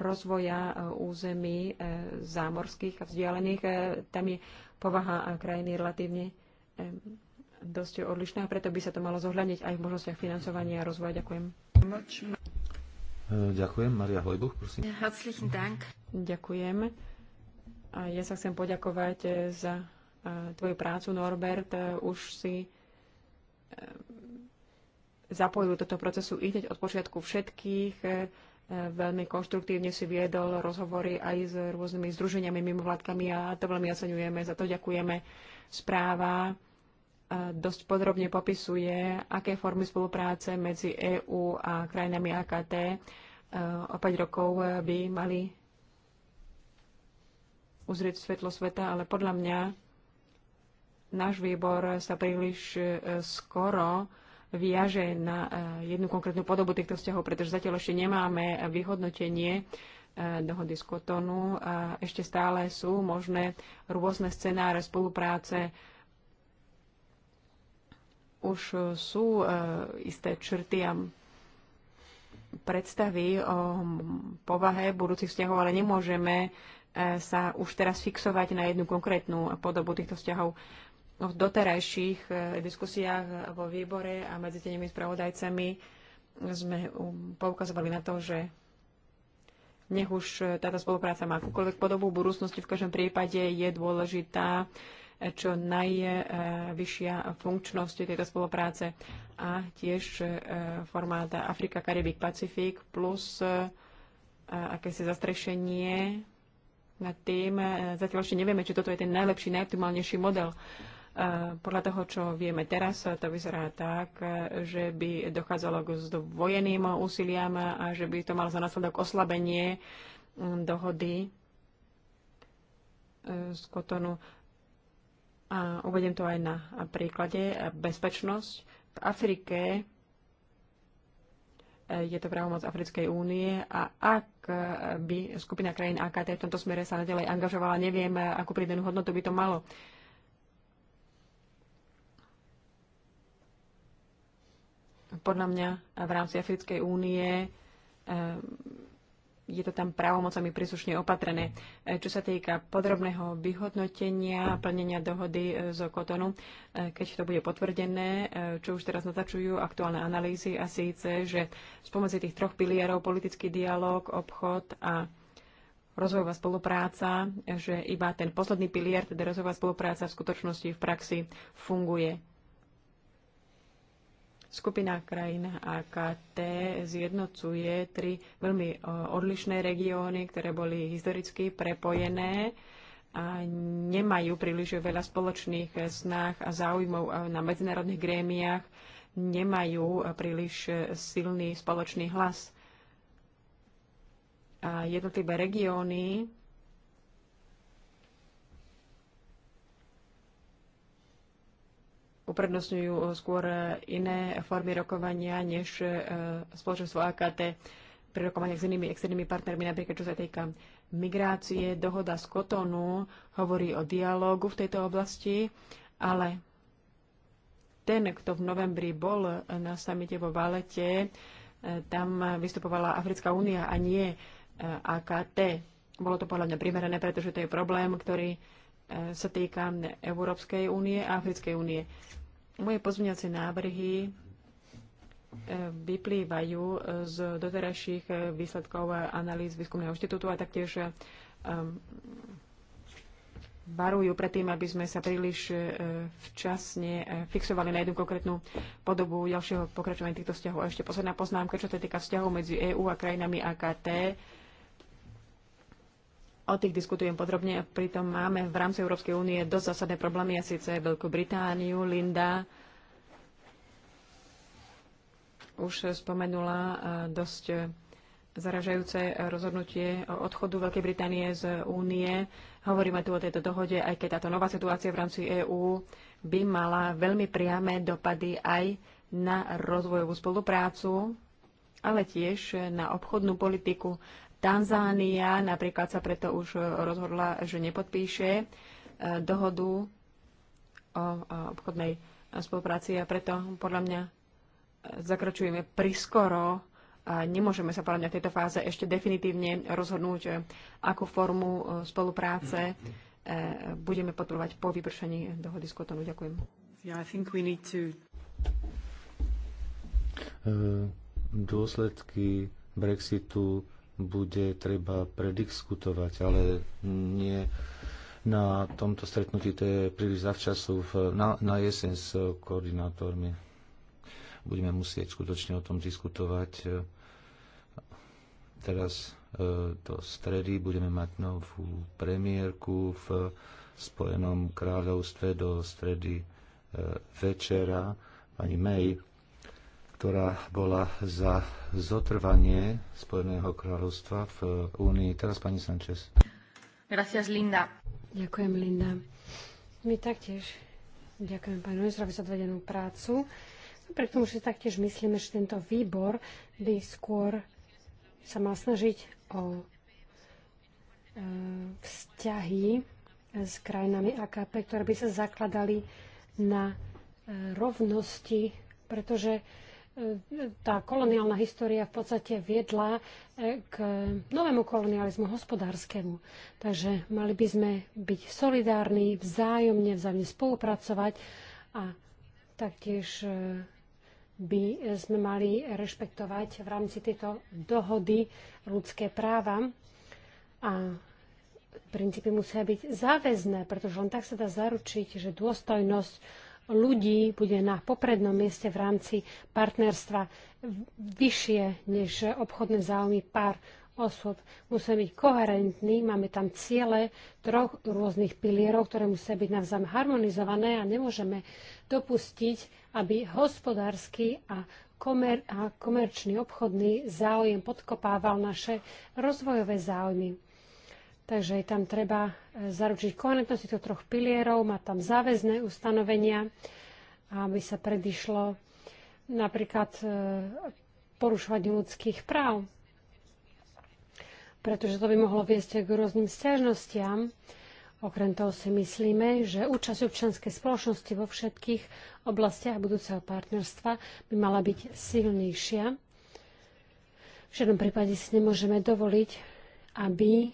rozvoja území zámorských a vzdialených. Tam je povaha krajiny relatívne dosť odlišná, preto by sa to malo zohľadniť aj v možnostiach financovania a rozvoja. Ďakujem. E, ďakujem. Maria Hojbuch, prosím. Herzlichen Dank. Ďakujem. A ja sa chcem poďakovať e, za e, tvoju prácu, Norbert. Už si zapojil do tohto procesu hneď od počiatku všetkých. Veľmi konštruktívne si viedol rozhovory aj s rôznymi združeniami, mimovládkami a to veľmi oceňujeme. Za to ďakujeme. Správa dosť podrobne popisuje, aké formy spolupráce medzi EÚ a krajinami AKT e, o 5 rokov e, by mali uzrieť svetlo sveta, ale podľa mňa náš výbor sa príliš e, skoro viaže na jednu konkrétnu podobu týchto vzťahov, pretože zatiaľ ešte nemáme vyhodnotenie dohody z Kotonu. Ešte stále sú možné rôzne scenáre spolupráce už e, sú e, isté črty a predstavy o povahe budúcich vzťahov, ale nemôžeme e, sa už teraz fixovať na jednu konkrétnu podobu týchto vzťahov. V doterajších diskusiách vo výbore a medzi tenými spravodajcami sme poukazovali na to, že nech už táto spolupráca má akúkoľvek podobu v budúcnosti, v každom prípade je dôležitá čo najvyššia funkčnosť tejto spolupráce a tiež e, formát Afrika, Karibik, Pacifik plus e, akési zastrešenie nad tým. E, zatiaľ ešte nevieme, či toto je ten najlepší, najoptimálnejší model. Podľa toho, čo vieme teraz, to vyzerá tak, že by dochádzalo k zdvojeným úsiliam a že by to malo za následok oslabenie dohody z Kotonu. A uvediem to aj na príklade. Bezpečnosť. V Afrike eh, je to právomoc Africkej únie a ak eh, by skupina krajín AKT v tomto smere sa nadalej angažovala, neviem, eh, akú prídenú hodnotu by to malo. Podľa mňa v rámci Africkej únie je to tam právomocami príslušne opatrené. E, čo sa týka podrobného vyhodnotenia plnenia dohody e, z Kotonu, e, keď to bude potvrdené, čo už teraz natačujú aktuálne analýzy a síce, že spomedzi tých troch pilierov politický dialog, obchod a rozvojová spolupráca, že iba ten posledný pilier, teda rozvojová spolupráca v skutočnosti v praxi funguje Skupina krajín AKT zjednocuje tri veľmi odlišné regióny, ktoré boli historicky prepojené a nemajú príliš veľa spoločných snách a záujmov e, na medzinárodných grémiách, nemajú e, príliš e, silný spoločný hlas. A jednotlivé regióny uprednostňujú eh, skôr eh, iné formy rokovania než eh, spoločenstvo AKT pri rokovaniach s inými externými partnermi, napríklad čo sa týka migrácie, dohoda z Kotonu hovorí o dialógu v tejto oblasti, ale ten, kto v novembri bol na samite vo Valete, tam vystupovala Africká únia a nie AKT. Bolo to podľa mňa primerané, pretože to je problém, ktorý sa týka Európskej únie a Africkej únie. Moje pozmeňovacie návrhy e, vyplývajú e, z doterajších e, výsledkov analýz výskumného inštitútu a taktiež varujú pred tým, aby sme sa príliš včasne fixovali na jednu konkrétnu podobu ďalšieho pokračovania týchto vzťahov. A ešte posledná poznámka, čo sa týka vzťahov medzi EÚ a krajinami AKT. O tých diskutujem podrobne, pritom máme v rámci Európskej únie dosť zásadné problémy, a síce Veľkú Britániu, Linda už spomenula eh, dosť zaražajúce rozhodnutie o odchodu Veľkej Británie z únie. Hovoríme tu o tejto dohode, aj keď táto nová situácia v rámci EÚ by mala veľmi priame dopady aj na rozvojovú spoluprácu, ale tiež na obchodnú politiku Tanzánia napríklad sa preto už e, rozhodla, že nepodpíše e, dohodu o obchodnej spolupráci a preto podľa mňa e, zakračujeme priskoro a nemôžeme sa podľa mňa v tejto fáze ešte definitívne rozhodnúť, akú formu spolupráce budeme potrebovať po vypršení dohody s Kotonu. Ďakujem. Yeah, I think we need to... Dôsledky Brexitu bude treba prediskutovať, ale nie na tomto stretnutí, to je príliš zavčasu, na, na jeseň s koordinátormi. Budeme musieť skutočne o tom diskutovať. Teraz e, do stredy budeme mať novú premiérku v Spojenom kráľovstve do stredy e, večera. Pani May ktorá bola za zotrvanie Spojeného kráľovstva v eh, Únii. Teraz pani Sanchez. Gracias, Linda. Ďakujem, Linda. My taktiež ďakujem pánu Nezrovi za odvedenú prácu. Napriek tomu, že taktiež myslíme, že tento výbor by skôr sa mal snažiť o eh, vzťahy s krajinami AKP, ktoré by sa zakladali na eh, rovnosti, pretože tá koloniálna história v podstate viedla e, k novému kolonializmu hospodárskému. Takže mali by sme byť solidárni, vzájomne, vzájomne spolupracovať a taktiež e, by sme mali rešpektovať v rámci tejto dohody ľudské práva a princípy musia byť záväzné, pretože len tak sa dá zaručiť, že dôstojnosť ľudí bude na poprednom mieste v rámci partnerstva vyššie než obchodné záujmy pár osôb. Musíme byť koherentní, máme tam ciele troch rôznych pilierov, ktoré musia byť navzájom harmonizované a nemôžeme dopustiť, aby hospodársky a, komer- a komerčný obchodný záujem podkopával naše rozvojové záujmy. Takže tam treba e, zaručiť koherentnosť týchto troch pilierov, má tam záväzné ustanovenia, aby sa predišlo napríklad e, porušovaniu ľudských práv. Pretože to by mohlo viesť k rôznym stiažnostiam. Okrem toho si myslíme, že účasť občianskej spoločnosti vo všetkých oblastiach budúceho partnerstva by mala byť silnejšia. V žiadnom prípade si nemôžeme dovoliť, aby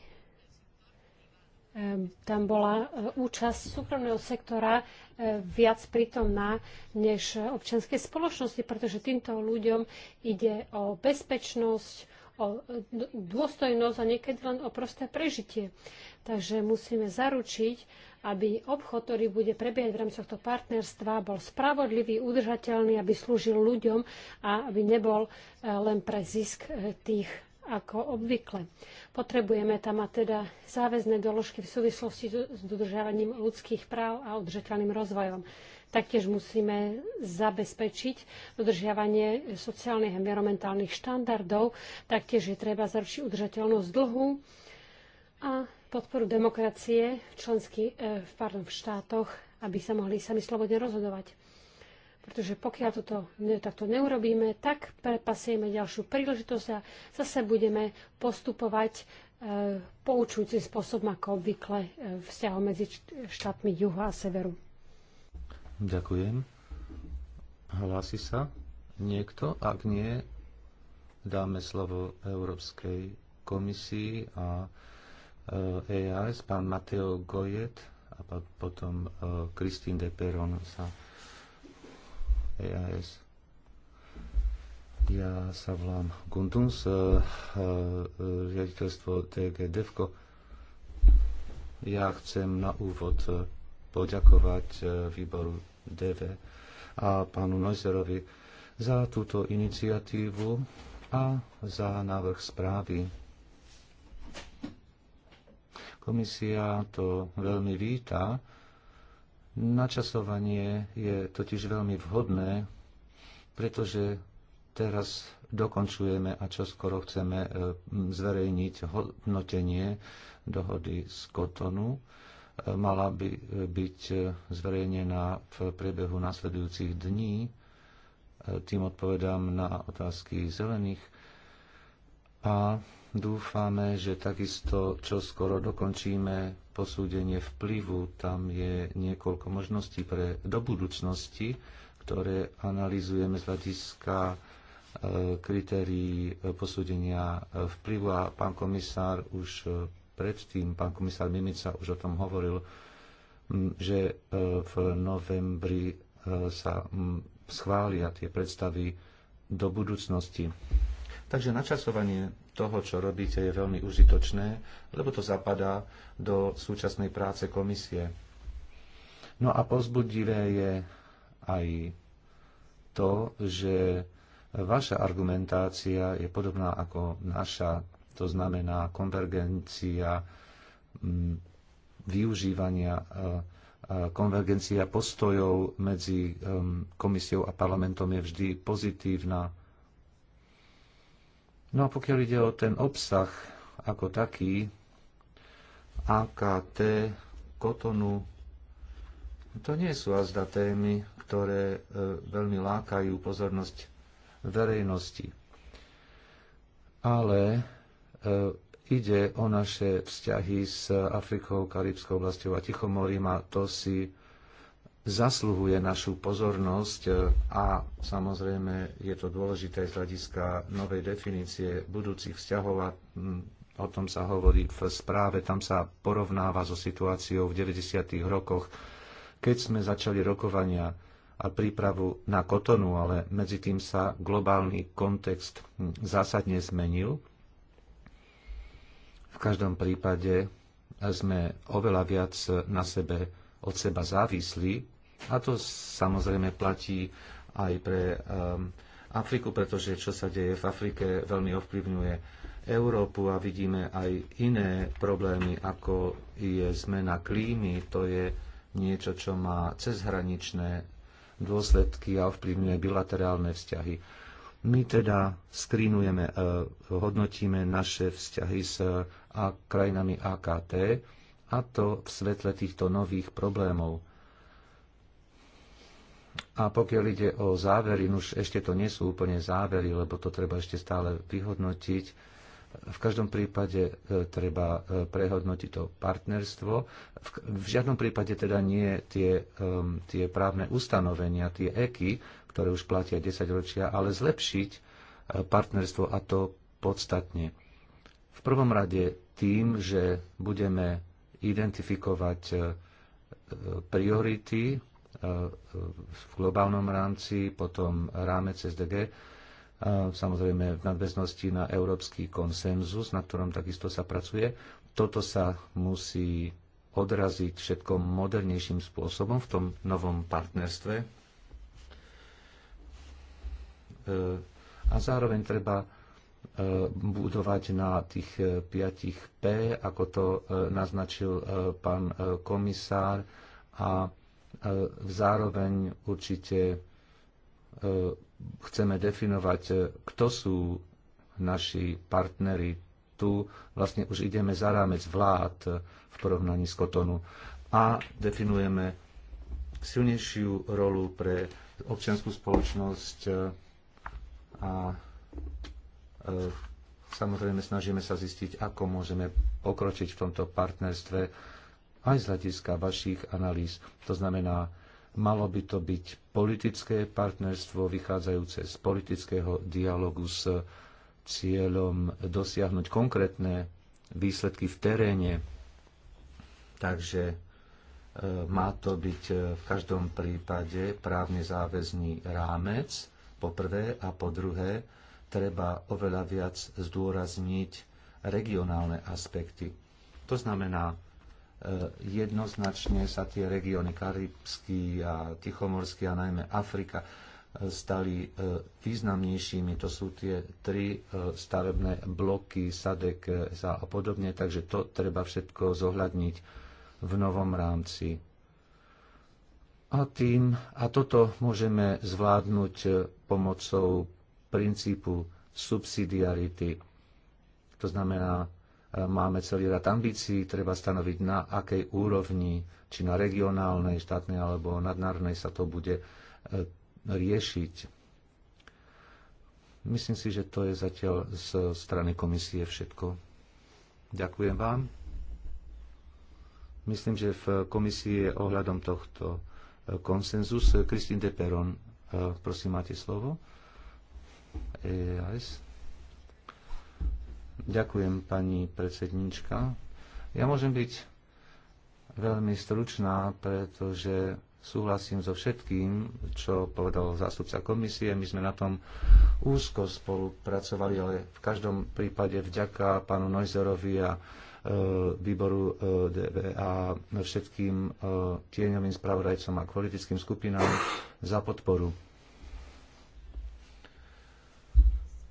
tam bola e, účasť súkromného sektora e, viac prítomná než občianskej spoločnosti, pretože týmto ľuďom ide o bezpečnosť, o e, dôstojnosť a niekedy len o prosté prežitie. Takže musíme zaručiť, aby obchod, ktorý bude prebiehať v rámci tohto partnerstva, bol spravodlivý, udržateľný, aby slúžil ľuďom a aby nebol len pre zisk tých ako obvykle. Potrebujeme tam a teda záväzné doložky v súvislosti s dodržiavaním ľudských práv a udržateľným rozvojom. Taktiež musíme zabezpečiť dodržiavanie sociálnych a environmentálnych štandardov. Taktiež je treba zaručiť udržateľnosť dlhu a podporu demokracie v, členských eh, pardon, v štátoch, aby sa mohli sami slobodne rozhodovať pretože pokiaľ toto takto neurobíme, tak prepasieme ďalšiu príležitosť a zase budeme postupovať e, poučujúcim spôsobom ako obvykle e, vzťahom medzi štátmi juhu a severu. Ďakujem. Hlási sa niekto? Ak nie, dáme slovo Európskej komisii a EAS, e pán Mateo Gojet a potom Kristín e, de Peron sa EAS. Ja sa volám Guntuns, eh, eh, riaditeľstvo TG Devko. Ja chcem na úvod eh, poďakovať výboru DV a pánu Noizerovi za túto iniciatívu a za návrh správy. Komisia to veľmi víta, Načasovanie je totiž veľmi vhodné, pretože teraz dokončujeme a čo skoro chceme e, zverejniť hodnotenie dohody z Kotonu. E, mala by e, byť zverejnená v priebehu nasledujúcich dní. Tým odpovedám na otázky zelených. A dúfame, že takisto čo skoro dokončíme posúdenie vplyvu. Tam je niekoľko možností pre do budúcnosti, ktoré analizujeme z hľadiska e, kritérií e, posúdenia e, vplyvu a pán komisár už predtým, pán komisár Mimica už o tom hovoril, že v novembri sa schvália tie predstavy do budúcnosti. Takže načasovanie toho, čo robíte, je veľmi užitočné, lebo to zapadá do súčasnej práce komisie. No a pozbudivé je aj to, že vaša argumentácia je podobná ako naša, to znamená konvergencia mm, využívania e, e, konvergencia postojov medzi e, komisiou a parlamentom je vždy pozitívna No a pokiaľ ide o ten obsah ako taký, AKT, kotonu, to nie sú azda témy, ktoré e, veľmi lákajú pozornosť verejnosti. Ale e, ide o naše vzťahy s Afrikou, Karibskou oblasťou a Tichomorím a to si zasluhuje našu pozornosť e, a samozrejme je to dôležité z hľadiska novej definície budúcich vzťahov a o tom sa hovorí v správe, tam sa porovnáva so situáciou v 90. rokoch, keď sme začali rokovania a prípravu na kotonu, ale medzi tým sa globálny kontext zásadne zmenil. V každom prípade sme oveľa viac na sebe od seba závislí a to samozrejme platí aj pre um, Afriku, pretože čo sa deje v Afrike veľmi ovplyvňuje Európu a vidíme aj iné problémy, ako je zmena klímy. To je niečo, čo má cezhraničné dôsledky a ovplyvňuje bilaterálne vzťahy. My teda skrinujeme, e, hodnotíme naše vzťahy s e, krajinami AKT a to v svetle týchto nových problémov. A pokiaľ ide o závery, no už ešte to nie sú úplne závery, lebo to treba ešte stále vyhodnotiť. V každom prípade e, treba e, prehodnotiť to partnerstvo. V žiadnom prípade teda nie tie, tie právne ustanovenia, tie eky, ktoré už platia 10 ročia, ale zlepšiť e, partnerstvo a to podstatne. V prvom rade tým, že budeme identifikovať priority v globálnom rámci, potom rámec SDG, samozrejme v nadväznosti na európsky konsenzus, na ktorom takisto sa pracuje. Toto sa musí odraziť všetko modernejším spôsobom v tom novom partnerstve. E, a zároveň treba e, budovať na tých 5 e, P, ako to naznačil pán komisár. A E, zároveň určite e, chceme definovať, e, kto sú naši partnery. Tu vlastne už ideme za rámec vlád v porovnaní s Kotonu a definujeme silnejšiu rolu pre občianskú spoločnosť a samozrejme snažíme sa zistiť, ako môžeme pokročiť v tomto partnerstve aj z hľadiska vašich analýz. To znamená, malo by to byť politické partnerstvo vychádzajúce z politického dialogu s cieľom dosiahnuť konkrétne výsledky v teréne. Takže e, má to byť e, v každom prípade právne záväzný rámec, po prvé, a po druhé, treba oveľa viac zdôrazniť regionálne aspekty. To znamená, E, jednoznačne sa tie regióny Karibský a Tichomorský a najmä Afrika e, stali e, významnejšími. To sú tie tri stavebné bloky, sadek a podobne, takže to treba všetko zohľadniť v novom rámci. A, tým, a toto môžeme zvládnuť pomocou princípu subsidiarity. To znamená, Máme celý rad ambícií, treba stanoviť na akej úrovni, či na regionálnej, štátnej alebo nadnárodnej sa to bude e, riešiť. Myslím si, že to je zatiaľ z strany komisie všetko. Ďakujem vám. Myslím, že v komisii je ohľadom tohto e, konsenzus. Kristín de Peron, e, prosím, máte slovo. EAS. Ďakujem, pani predsednička. Ja môžem byť veľmi stručná, pretože súhlasím so všetkým, čo povedal zástupca komisie. My sme na tom úzko spolupracovali, ale v každom prípade vďaka pánu Nojzerovi a e, výboru e, všetkým e, tieňovým spravodajcom a politickým skupinám za podporu.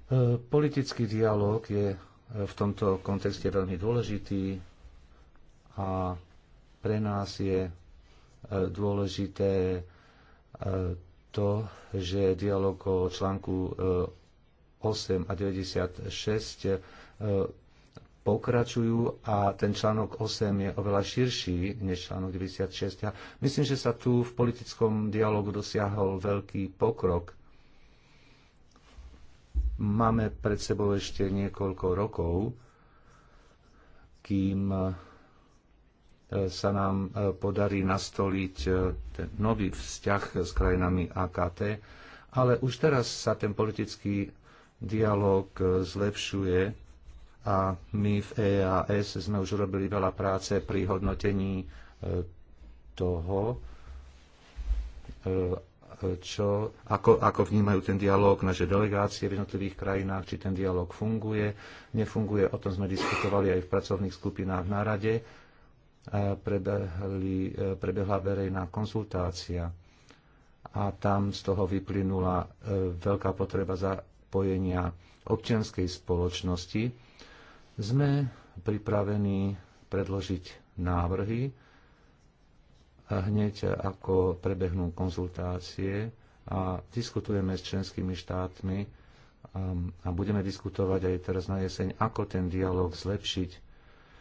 E, politický dialog je v tomto kontexte veľmi dôležitý a pre nás je e, dôležité e, to, že dialog o článku 8 e, a 96 pokračujú a ten článok 8 je oveľa širší než článok 96. myslím, že sa tu v politickom dialogu dosiahol veľký pokrok. Máme pred sebou ešte niekoľko rokov, kým e, sa nám e, podarí nastoliť e, ten nový vzťah s krajinami AKT, ale už teraz sa ten politický dialog zlepšuje a my v EAS sme už robili veľa práce pri hodnotení toho, čo, ako, ako vnímajú ten dialog naše delegácie v jednotlivých krajinách, či ten dialog funguje, nefunguje. O tom sme diskutovali aj v pracovných skupinách na rade. Prebehli, e, prebehla verejná konzultácia a tam z toho vyplynula e, veľká potreba zapojenia občianskej spoločnosti. Sme pripravení predložiť návrhy, hneď ako prebehnú konzultácie a diskutujeme s členskými štátmi um, a budeme diskutovať aj teraz na jeseň, ako ten dialog zlepšiť.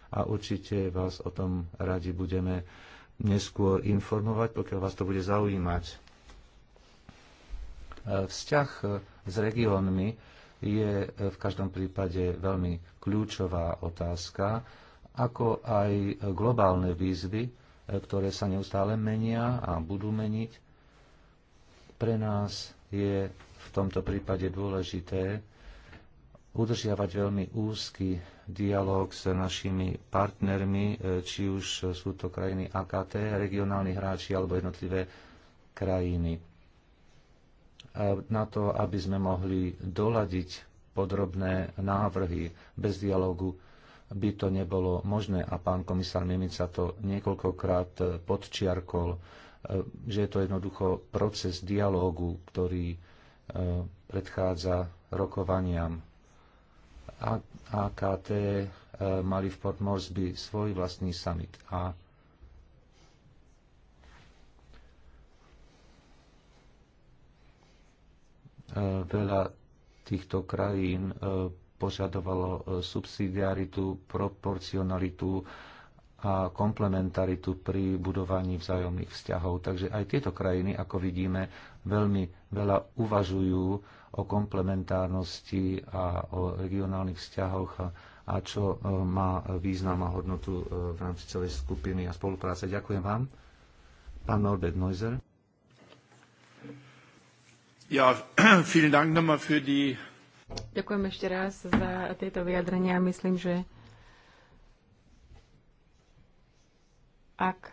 A určite vás o tom radi budeme neskôr informovať, pokiaľ vás to bude zaujímať. E, vzťah e, s regiónmi je e, v každom prípade veľmi kľúčová otázka, ako aj globálne výzvy, ktoré sa neustále menia a budú meniť. Pre nás je v tomto prípade dôležité udržiavať veľmi úzky dialog s našimi partnermi, e, či už sú to krajiny AKT, regionálni hráči alebo jednotlivé krajiny. E, na to, aby sme mohli doladiť podrobné návrhy bez dialogu, by to nebolo možné a pán komisár Mimica to niekoľkokrát e, podčiarkol, e, že je to jednoducho proces dialógu, ktorý e, predchádza rokovaniam. AKT mali v Port Morsby svoj vlastný summit a veľa týchto krajín požadovalo e, subsidiaritu, proporcionalitu a komplementaritu pri budovaní vzájomných vzťahov. Takže aj tieto krajiny, ako vidíme, veľmi veľa uvažujú o komplementárnosti a o regionálnych vzťahoch a, čo e, má význam a hodnotu e, v rámci celej skupiny a spolupráce. Ďakujem vám. Pán Norbert Neuser. Ja, [CLEARS THROAT] vielen Dank nochmal für die Ďakujem ešte raz za tieto vyjadrenia. Myslím, že ak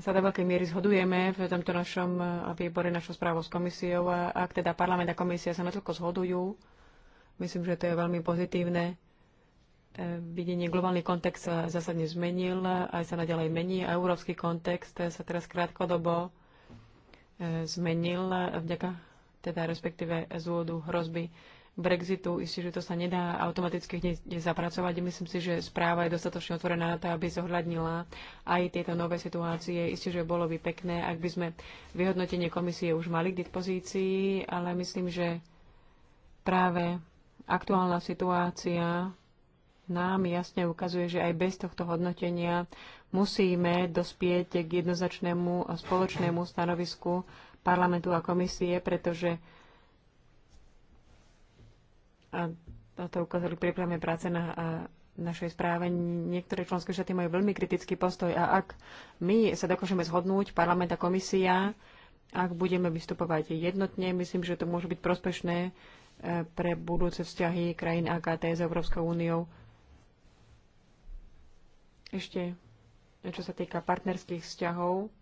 sa do veľkej miery zhodujeme v tomto našom eh, výbore, našou správou s komisiou, a ak teda parlament a komisia sa natoľko zhodujú, myslím, že to je veľmi pozitívne. Eh, videnie globálny kontext sa zásadne zmenil, aj sa naďalej mení a európsky kontext sa teraz krátkodobo eh, zmenil vďaka teda respektíve z úvodu hrozby Brexitu. Isté, že to sa nedá automaticky hneď zapracovať. Myslím si, že správa je dostatočne otvorená na to, aby zohľadnila aj tieto nové situácie. Isté, že bolo by pekné, ak by sme vyhodnotenie komisie už mali k dispozícii, ale myslím, že práve aktuálna situácia nám jasne ukazuje, že aj bez tohto hodnotenia musíme dospieť k jednoznačnému spoločnému stanovisku parlamentu a komisie, pretože a to ukázali prípravné práce na našej správe. Niektoré členské štáty majú veľmi kritický postoj a ak my sa dokážeme zhodnúť, parlament a komisia, ak budeme vystupovať jednotne, myslím, že to môže byť prospešné e, pre budúce vzťahy krajín AKT s Európskou úniou. Ešte, čo sa týka partnerských vzťahov,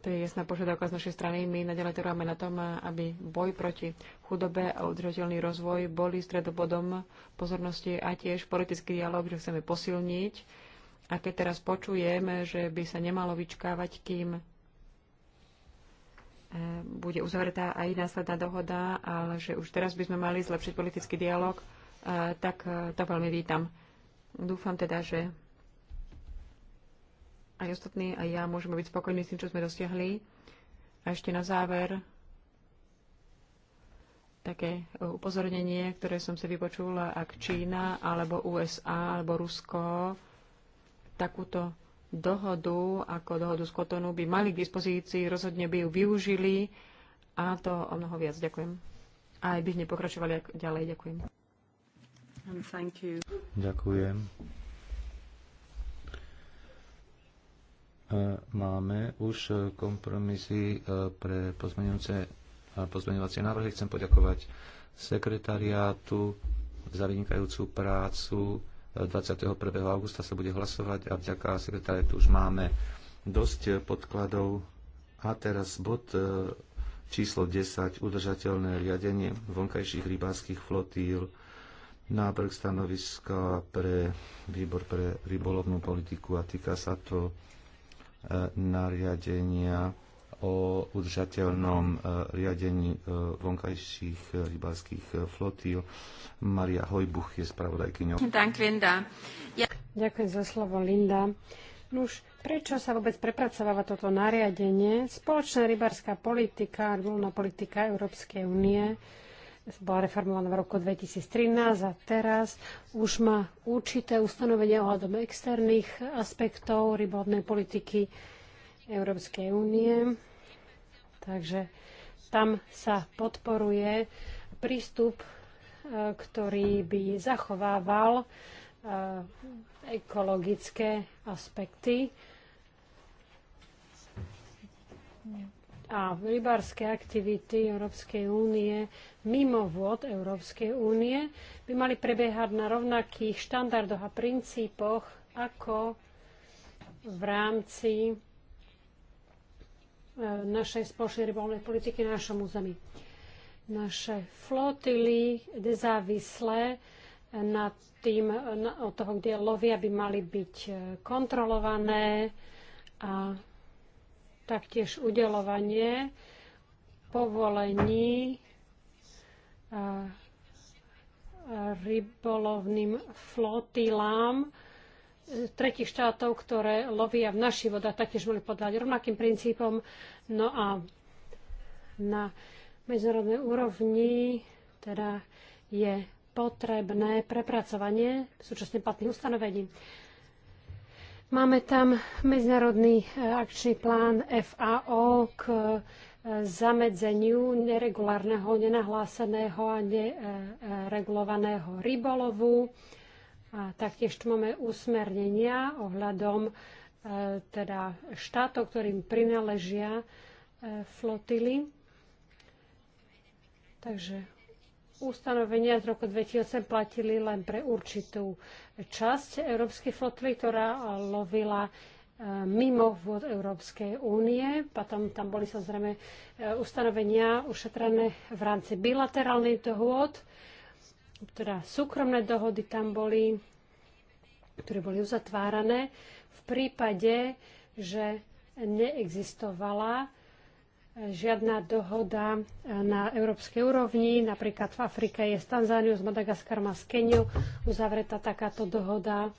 To je jasná požiadavka z našej strany. My nadalej trváme na tom, aby boj proti chudobe a udržateľný rozvoj boli stredobodom pozornosti a tiež politický dialog, že chceme posilniť. A keď teraz počujeme, že by sa nemalo vyčkávať, kým e, bude uzavretá aj následná dohoda, ale že už teraz by sme mali zlepšiť politický dialog, e, tak e, to veľmi vítam. Dúfam teda, že aj ostatní, aj ja môžeme byť spokojní s tým, čo sme dosiahli. A ešte na záver také upozornenie, ktoré som si vypočula, ak Čína alebo USA alebo Rusko takúto dohodu ako dohodu z Kotonu by mali k dispozícii, rozhodne by ju využili a to o mnoho viac. Ďakujem. A aj by nepokračovali ďalej. Ďakujem. Ďakujem. E, máme už e, kompromisy e, pre pozmeňovacie návrhy. Chcem poďakovať sekretariátu za vynikajúcu prácu. 21. augusta sa bude hlasovať a vďaka sekretariátu už máme dosť podkladov. A teraz bod číslo 10, udržateľné riadenie vonkajších rybárskych flotíl, návrh stanoviska pre výbor pre rybolovnú politiku a týka sa to E, nariadenia o udržateľnom e, riadení e, vonkajších rybárskych flotíl. Maria Hojbuch je spravodajkyňou. Ďakujem za slovo, Linda. Nuž, prečo sa vôbec prepracováva toto nariadenie? Spoločná rybárska politika, rôlna politika Európskej únie bola reformovaná v roku 2013 a teraz už má určité ustanovenia ohľadom externých aspektov rybolovnej politiky Európskej únie. Takže tam sa podporuje prístup, e, ktorý by zachovával e, ekologické aspekty a rybárske aktivity Európskej únie mimo vôd Európskej únie by mali prebiehať na rovnakých štandardoch a princípoch ako v rámci e, našej spoločnej rybolovnej politiky na našom území. Naše flotily nezávislé na tým, od toho, kde lovia, by mali byť e, kontrolované a taktiež udelovanie povolení rybolovným flotilám e, tretich štátov, ktoré lovia v naši vodách, taktiež boli podľať rovnakým princípom. No a na medzinárodnej úrovni teda je potrebné prepracovanie súčasne platných ustanovení. Máme tam medzinárodný e, akčný plán FAO k e, zamedzeniu neregulárneho, nenahláseného a neregulovaného e, rybolovu. A taktiež tu máme usmernenia ohľadom teda štátov, ktorým prináležia flotily. Takže ustanovenia z roku 2008 platili len pre určitú časť európskej flotily, ktorá lovila e, mimo vôd Európskej únie. Potom tam boli samozrejme e, ustanovenia ušetrené v rámci bilaterálnych dohôd, teda súkromné dohody tam boli, ktoré boli uzatvárané v prípade, že neexistovala žiadna dohoda na európskej úrovni. Napríklad v Afrike je s Tanzániou, s Madagaskarom a s Keniou uzavretá takáto dohoda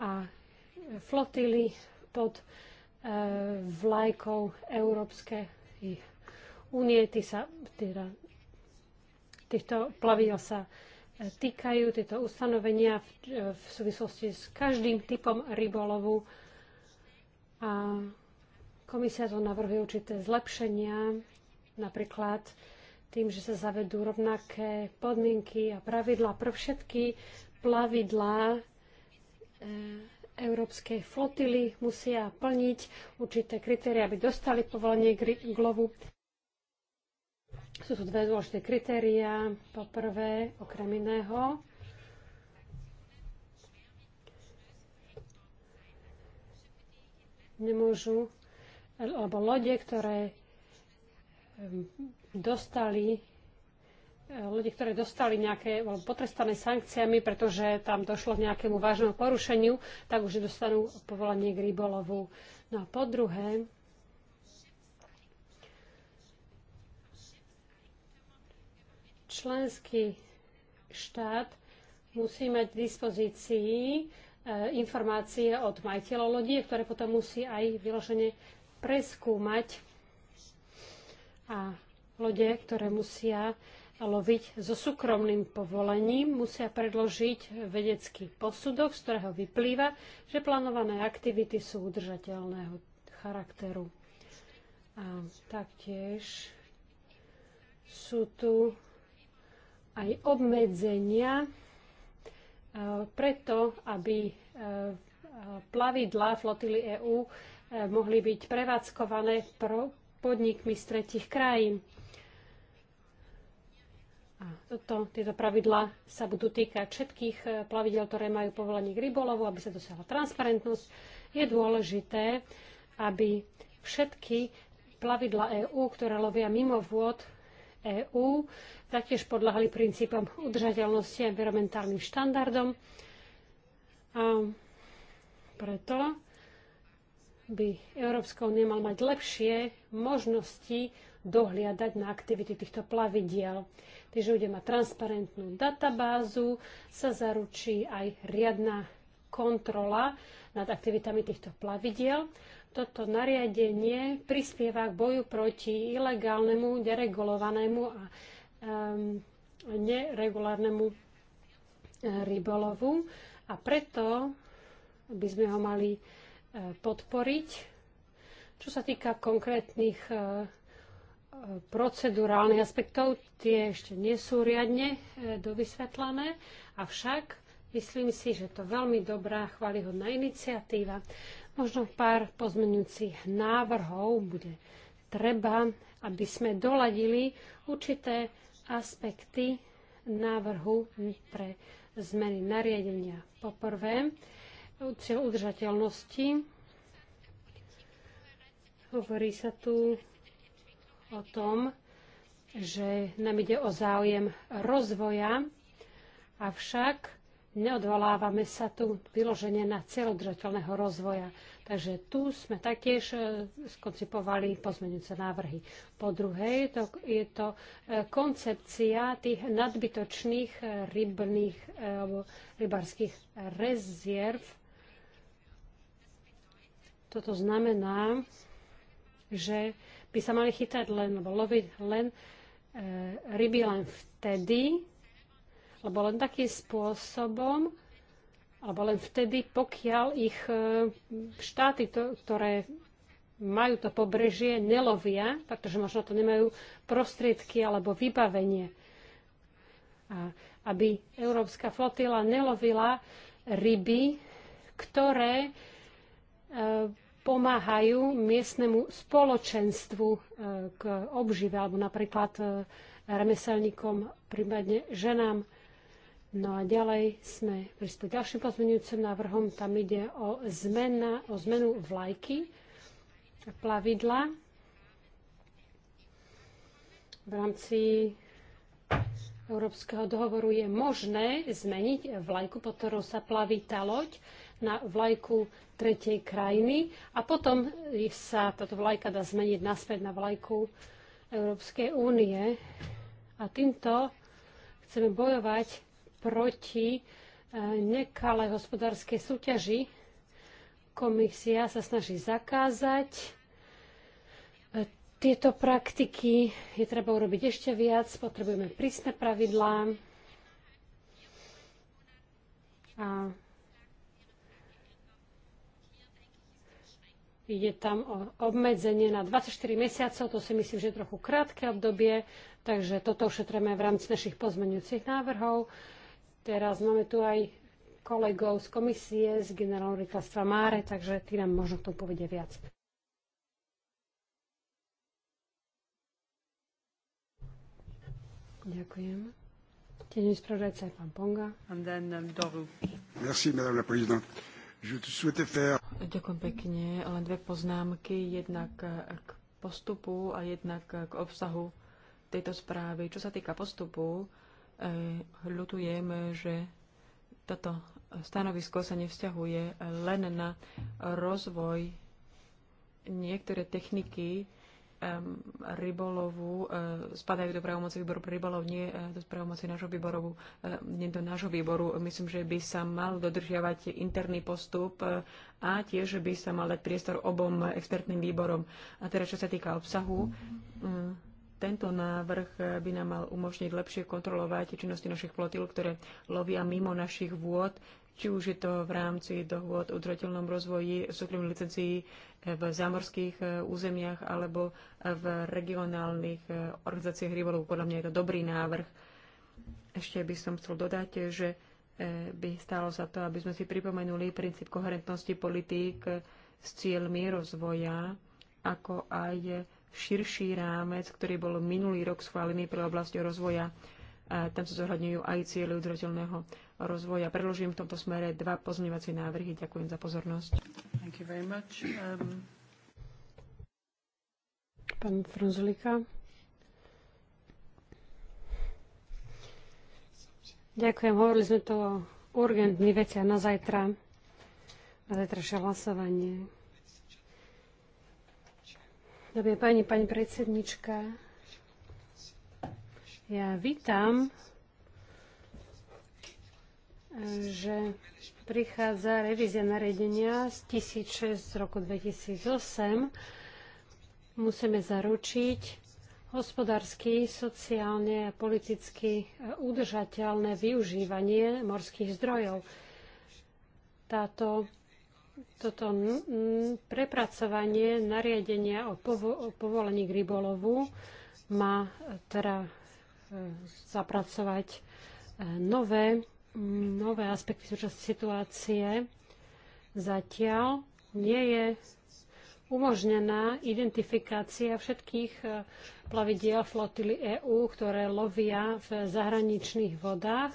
a flotily pod e, vlajkou Európskej únie. Tí sa, teda, týchto plavidel sa e, týkajú tieto ustanovenia v, e, v súvislosti s každým typom rybolovu. A Komisia to navrhuje určité zlepšenia, napríklad tým, že sa zavedú rovnaké podmienky a pravidlá pre všetky plavidlá e, európskej flotily musia plniť určité kritéria, aby dostali povolenie k lovu. Sú tu dve dôležité kritéria. Po prvé, okrem iného, nemôžu alebo lode, ktoré dostali ľudí, eh, ktorí dostali nejaké potrestané sankciami, pretože tam došlo k nejakému vážnemu porušeniu, tak už dostanú povolenie k rybolovu. No a po druhé, členský štát musí mať k dispozícii eh, informácie od majiteľov lodí, ktoré potom musí aj vyložene preskúmať a lode, ktoré musia loviť so súkromným povolením, musia predložiť vedecký posudok, z ktorého vyplýva, že plánované aktivity sú udržateľného charakteru. A taktiež sú tu aj obmedzenia, e, preto aby e, plavidlá flotily EÚ mohli byť prevádzkované pro podnikmi z tretich krajín. A toto, tieto pravidlá sa budú týkať všetkých eh, plavidel, ktoré majú povolenie k rybolovu, aby sa dosiahla transparentnosť. Je dôležité, aby všetky plavidla EÚ, ktoré lovia mimo vôd EÚ, taktiež podľahali princípom udržateľnosti a environmentálnym štandardom. A preto by Európska únia mal mať lepšie možnosti dohliadať na aktivity týchto plavidiel. Takže bude mať transparentnú databázu, sa zaručí aj riadna kontrola nad aktivitami týchto plavidiel. Toto nariadenie prispieva k boju proti ilegálnemu, deregulovanému a um, neregulárnemu eh, rybolovu a preto by sme ho mali podporiť. Čo sa týka konkrétnych e, e, procedurálnych aspektov, tie ešte nie sú riadne e, dovysvetlené, avšak myslím si, že to veľmi dobrá, chválihodná iniciatíva. Možno pár pozmenujúcich návrhov bude treba, aby sme doladili určité aspekty návrhu pre zmeny nariadenia. Poprvé, cieľ udržateľnosti. Hovorí sa tu o tom, že nám ide o záujem rozvoja, avšak neodvolávame sa tu vyloženie na cieľ udržateľného rozvoja. Takže tu sme taktiež e, skoncipovali pozmeňujúce návrhy. Po druhé, je to, je to e, koncepcia tých nadbytočných e, rybných alebo rybárskych rezerv. Toto znamená, že by sa mali chytať len, alebo loviť len e, ryby len vtedy, lebo len takým spôsobom, alebo len vtedy, pokiaľ ich e, štáty, to, ktoré majú to pobrežie, nelovia, pretože možno to nemajú prostriedky alebo vybavenie. A aby európska flotila nelovila ryby, ktoré e, pomáhajú miestnemu spoločenstvu e, k obžive, alebo napríklad e, remeselníkom, prípadne ženám. No a ďalej sme prispeli ďalším pozmeňujúcim návrhom. Tam ide o, zmena, o zmenu vlajky plavidla v rámci Európskeho dohovoru je možné zmeniť vlajku, pod ktorou sa plaví tá loď na vlajku tretej krajiny a potom sa táto vlajka dá zmeniť naspäť na vlajku Európskej únie. A týmto chceme bojovať proti e, nekalej hospodárskej súťaži. Komisia sa snaží zakázať e, tieto praktiky. Je treba urobiť ešte viac, potrebujeme prísne pravidlá. A Ide tam o obmedzenie na 24 mesiacov, to si myslím, že je trochu krátke obdobie, takže toto ušetríme v rámci našich pozmeňujúcich návrhov. Teraz máme tu aj kolegov z komisie, z generálneho rýchlostva Máre, takže tí nám možno k tomu povedie viac. Ďakujem. Tenis spravodajca je pán Ponga. And then, um, Merci, madame la présidente. Ďakujem pekne. Len dve poznámky, jednak k postupu a jednak k obsahu tejto správy. Čo sa týka postupu, eh, ľutujem, že toto stanovisko sa nevzťahuje len na rozvoj niektoré techniky, rybolovu e, spadajú do právomoci výboru pre rybolov, nie e, do právomoci nášho výboru, e, nie do nášho výboru. Myslím, že by sa mal dodržiavať interný postup a tiež by sa mal dať priestor obom expertným výborom. A teraz čo sa týka obsahu, tento návrh by nám mal umožniť lepšie kontrolovať činnosti našich flotil, ktoré lovia mimo našich vôd či už je to v rámci dohôd o udržateľnom rozvoji, súkromných licencií e, v zámorských e, územiach alebo e, v regionálnych organizáciách rybolov. Podľa mňa je to dobrý návrh. Ešte by som chcel dodať, že by stálo za to, aby sme si pripomenuli princíp koherentnosti politík s cieľmi rozvoja, ako aj širší rámec, ktorý bol minulý rok schválený pre oblasti rozvoja. Tam sa zohľadňujú aj cieľe udržateľného rozvoj a predložím v tomto smere dva pozmeňovacie návrhy. Ďakujem za pozornosť. Thank you very much. Um... Pán Frunzulika. Ďakujem. Hovorili sme to o urgentných veciach na zajtra, na zajtrašie hlasovanie. Dobre, pani, pani predsednička, ja vítam že prichádza revízia nariadenia z 1006 z roku 2008. Musíme zaručiť hospodársky, sociálne a politicky udržateľné využívanie morských zdrojov. Táto, toto prepracovanie nariadenia o, povo- o povolení k rybolovu má teda e, zapracovať e, nové nové aspekty súčasnej situácie, zatiaľ nie je umožnená identifikácia všetkých eh, plavidiel flotily EÚ, ktoré lovia v zahraničných vodách.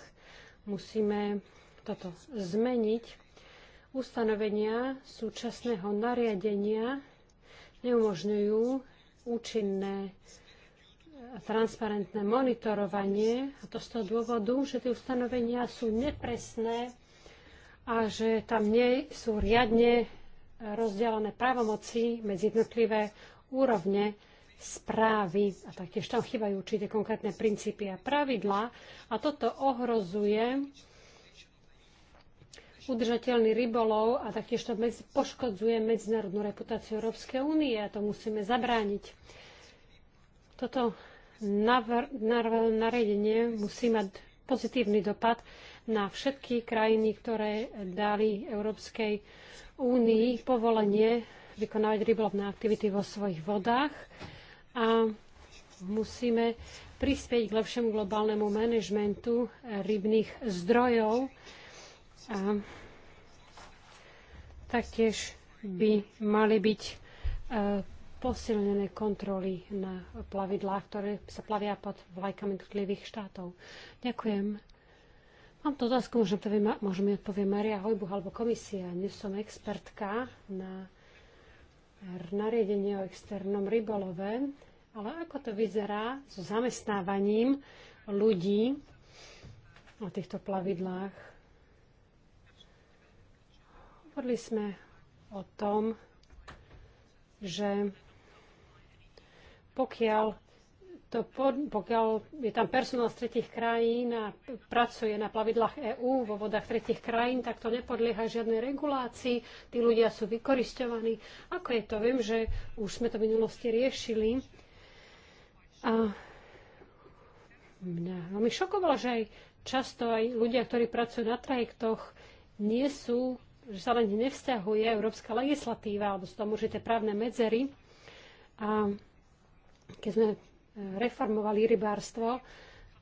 Musíme toto zmeniť. Ustanovenia súčasného nariadenia neumožňujú účinné transparentné monitorovanie a to z toho dôvodu, že tie ustanovenia sú nepresné a že tam nie sú riadne rozdelené právomoci medzi jednotlivé úrovne správy a taktiež tam chýbajú určité konkrétne princípy a pravidlá a toto ohrozuje udržateľný rybolov a taktiež to medzi, poškodzuje medzinárodnú reputáciu Európskej únie a to musíme zabrániť. Toto nariadenie musí mať pozitívny dopad na všetky krajiny, ktoré dali Európskej únii povolenie vykonávať rybolovné aktivity vo svojich vodách a musíme prispieť k lepšiemu globálnemu manažmentu rybných zdrojov. A taktiež by mali byť e, posilnené kontroly na plavidlách, ktoré sa plavia pod vlajkami jednotlivých štátov. Ďakujem. Mám tú otázku, možno, to vie, mi odpovie Maria Hojbuch alebo komisia. Nie som expertka na nariadenie o externom rybolove, ale ako to vyzerá so zamestnávaním ľudí na týchto plavidlách? Hovorili sme o tom, že pokiaľ, to, pokiaľ je tam personál z tretich krajín a pracuje na plavidlách EÚ vo vodách tretich krajín, tak to nepodlieha žiadnej regulácii. Tí ľudia sú vykoristovaní. Ako je to? Viem, že už sme to v minulosti riešili. A mňa veľmi šokovalo, že aj často aj ľudia, ktorí pracujú na trajektoch, nie sú, že sa len nevzťahuje európska legislatíva alebo sú tam určité právne medzery. A keď sme e, reformovali rybárstvo,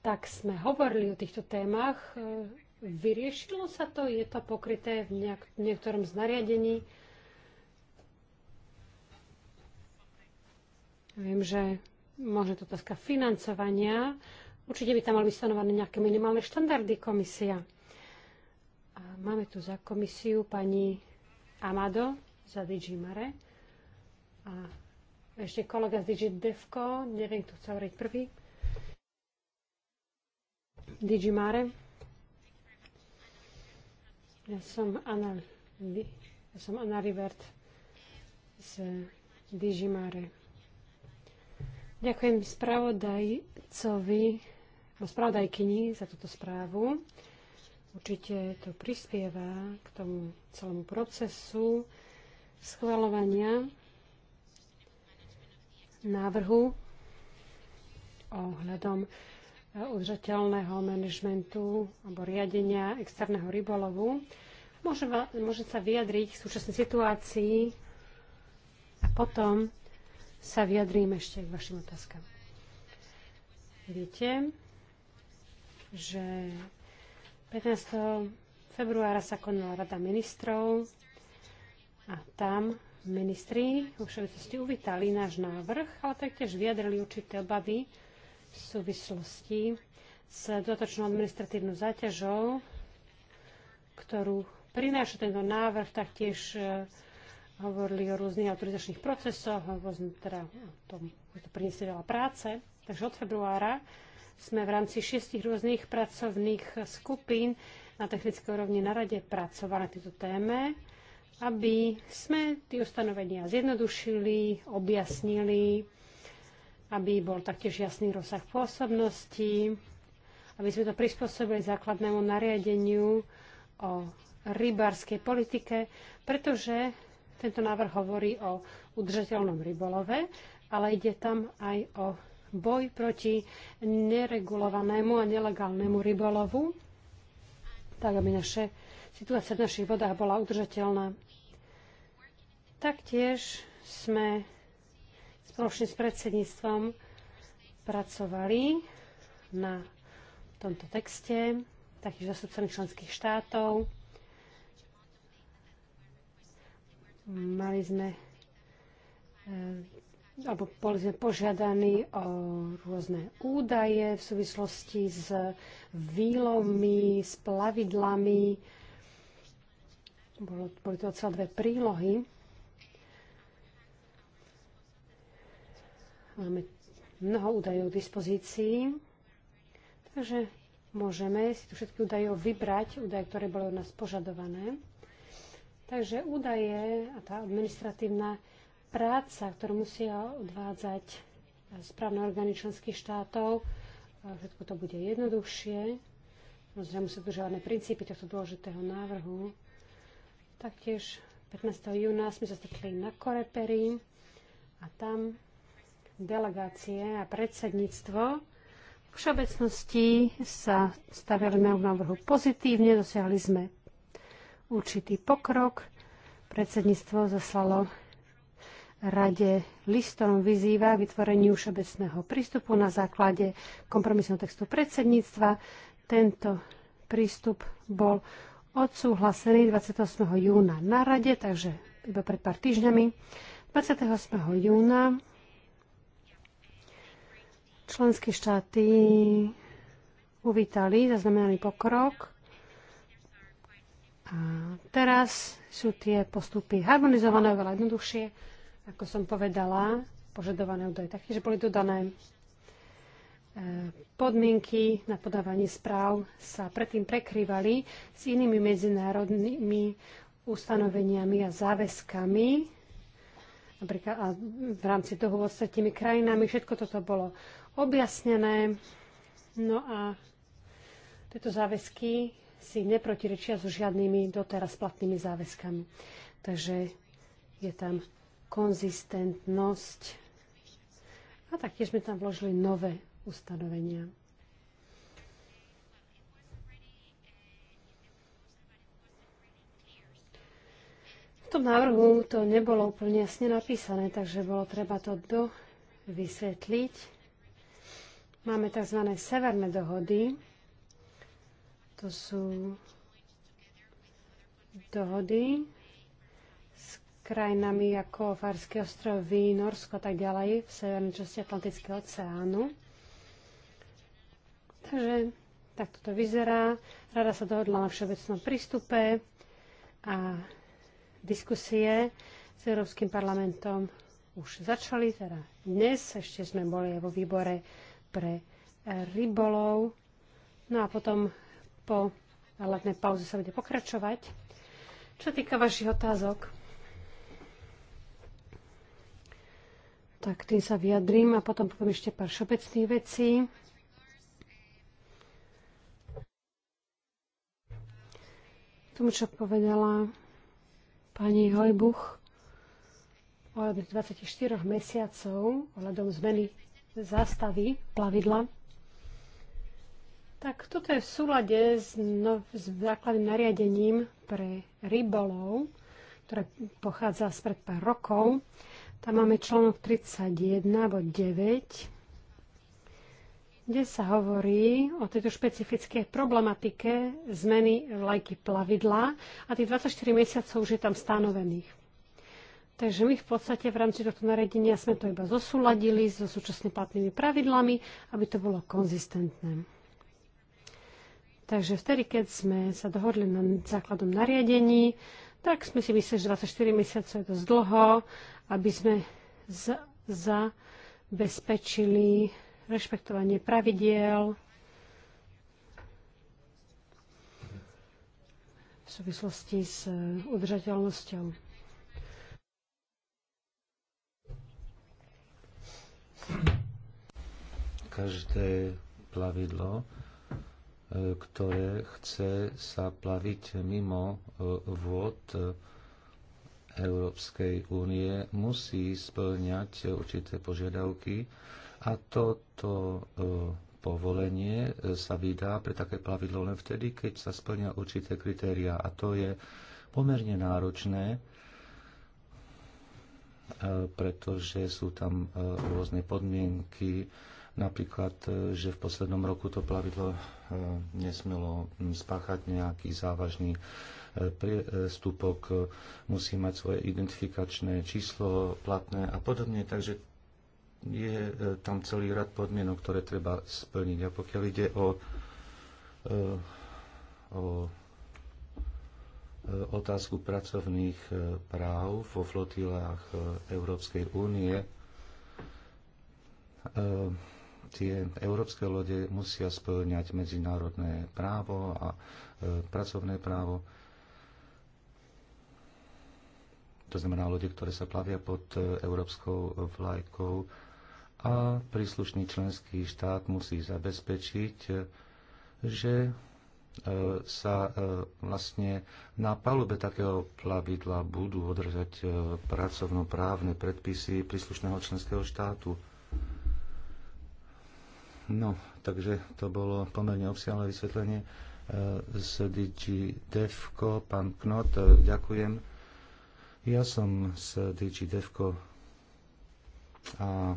tak sme hovorili o týchto témach. E, vyriešilo sa to? Je to pokryté v nejak, niektorom z nariadení? Viem, že možno to otázka financovania. Určite by tam mali byť stanovené nejaké minimálne štandardy komisia. A máme tu za komisiu pani Amado za Digimare. A ešte kolega z Digi Devco, neviem, kto chce hovoriť prvý. Digi Mare. Ja som Anna, ja som Anna Rivert z Digi Mare. Ďakujem spravodajcovi, spravodajkyni za túto správu. Určite to prispieva k tomu celému procesu schvalovania návrhu ohľadom e, udržateľného manažmentu alebo riadenia externého rybolovu. Môžem, môžem sa vyjadriť k súčasnej situácii a potom sa vyjadrím ešte k vašim otázkam. Viete, že 15. februára sa konala Rada ministrov a tam Ministri vo všeobecnosti uvítali náš návrh, ale taktiež vyjadrili určité obavy v súvislosti s dotočnou administratívnou záťažou, ktorú prináša tento návrh, taktiež e, hovorili o rôznych autorizačných procesoch, hovorili teda o tom, že to priniesie veľa práce. Takže od februára sme v rámci šiestich rôznych pracovných skupín na technickej úrovni na rade pracovali na tejto téme aby sme tie ustanovenia zjednodušili, objasnili, aby bol taktiež jasný rozsah pôsobnosti, aby sme to prispôsobili základnému nariadeniu o rybárskej politike, pretože tento návrh hovorí o udržateľnom rybolove, ale ide tam aj o boj proti neregulovanému a nelegálnemu rybolovu, tak aby naše situácia v našich vodách bola udržateľná Taktiež sme spoločne s predsedníctvom pracovali na tomto texte, taktiež zastupcami členských štátov. Mali sme eh, alebo boli sme požiadaní o rôzne údaje v súvislosti s výlomy, s plavidlami. Bolo, boli to celé dve prílohy. Máme mnoho údajov k dispozícii, takže môžeme si tu všetky údaje vybrať, údaje, ktoré boli od nás požadované. Takže údaje a tá administratívna práca, ktorú musia odvádzať správne orgány členských štátov, všetko to bude jednoduchšie. Samozrejme sú tu žiadne princípy tohto dôležitého návrhu. Taktiež 15. júna sme sa stretli na Koreperi a tam delegácie a predsedníctvo v všeobecnosti sa stavili na návrhu pozitívne, dosiahli sme určitý pokrok. Predsedníctvo zaslalo rade listom vyzýva vytvoreniu všeobecného prístupu na základe kompromisného textu predsedníctva. Tento prístup bol odsúhlasený 28. júna na rade, takže iba pred pár týždňami. 28. júna Členské štáty uvítali zaznamenaný pokrok a teraz sú tie postupy harmonizované oveľa jednoduchšie, ako som povedala, požadované údaje také, že boli dodané e, podmienky na podávanie správ sa predtým prekrývali s inými medzinárodnými ustanoveniami a záväzkami napríklad a v rámci toho s krajinami. Všetko toto bolo objasnené. No a tieto záväzky si neprotirečia so žiadnymi doteraz platnými záväzkami. Takže je tam konzistentnosť a taktiež sme tam vložili nové ustanovenia. V tom návrhu to nebolo úplne jasne napísané, takže bolo treba to dovysvetliť. Máme tzv. severné dohody. To sú dohody s krajinami ako Farské ostrovy, Norsko a tak ďalej v severnej časti Atlantického oceánu. Takže takto to vyzerá. Rada sa dohodla na všeobecnom prístupe a diskusie s Európskym parlamentom už začali, teda dnes, ešte sme boli vo výbore pre eh, rybolov. No a potom po letnej pauze sa bude pokračovať. Čo týka vašich otázok, tak tým sa vyjadrím a potom poviem ešte pár všeobecných vecí. Tomu, čo povedala pani Hojbuch, o 24 mesiacov ohľadom zmeny zastaví plavidla. Tak toto je v súlade s, no, s základným nariadením pre rybolov, ktoré pochádza spred pár rokov. Tam máme článok 31 alebo 9, kde sa hovorí o tejto špecifické problematike zmeny vlajky plavidla a tých 24 mesiacov už je tam stanovených. Takže my v podstate v rámci tohto nariadenia sme to iba zosúladili so súčasne platnými pravidlami, aby to bolo konzistentné. Takže vtedy, keď sme sa dohodli na základom nariadení, tak sme si mysleli, že 24 mesiacov je dosť dlho, aby sme zabezpečili rešpektovanie pravidiel v súvislosti s eh, udržateľnosťou Každé plavidlo, e, ktoré chce sa plaviť mimo e, vôd e, Európskej únie, musí splňať určité požiadavky a toto povolenie sa vydá pre také plavidlo len vtedy, keď sa splňa určité kritéria. A to je pomerne náročné, E, pretože sú tam e, rôzne podmienky, napríklad, e, že v poslednom roku to plavidlo nesmelo spáchať nejaký závažný priestupok, musí mať svoje identifikačné číslo platné a podobne, takže je tam celý rad podmienok, ktoré treba splniť. A pokiaľ ide o, o E, otázku pracovných e, práv vo flotilách e, Európskej únie. Tie európske lode musia spĺňať medzinárodné právo a pracovné právo. To znamená lode, ktoré sa plavia pod európskou vlajkou a príslušný členský štát musí zabezpečiť, že E, sa e, vlastne na palube takého plavidla budú održať e, pracovnoprávne predpisy príslušného členského štátu. No, takže to bolo pomerne obsiahle vysvetlenie z DG Devco. Pán Knot, ďakujem. Ja som z DG Devco a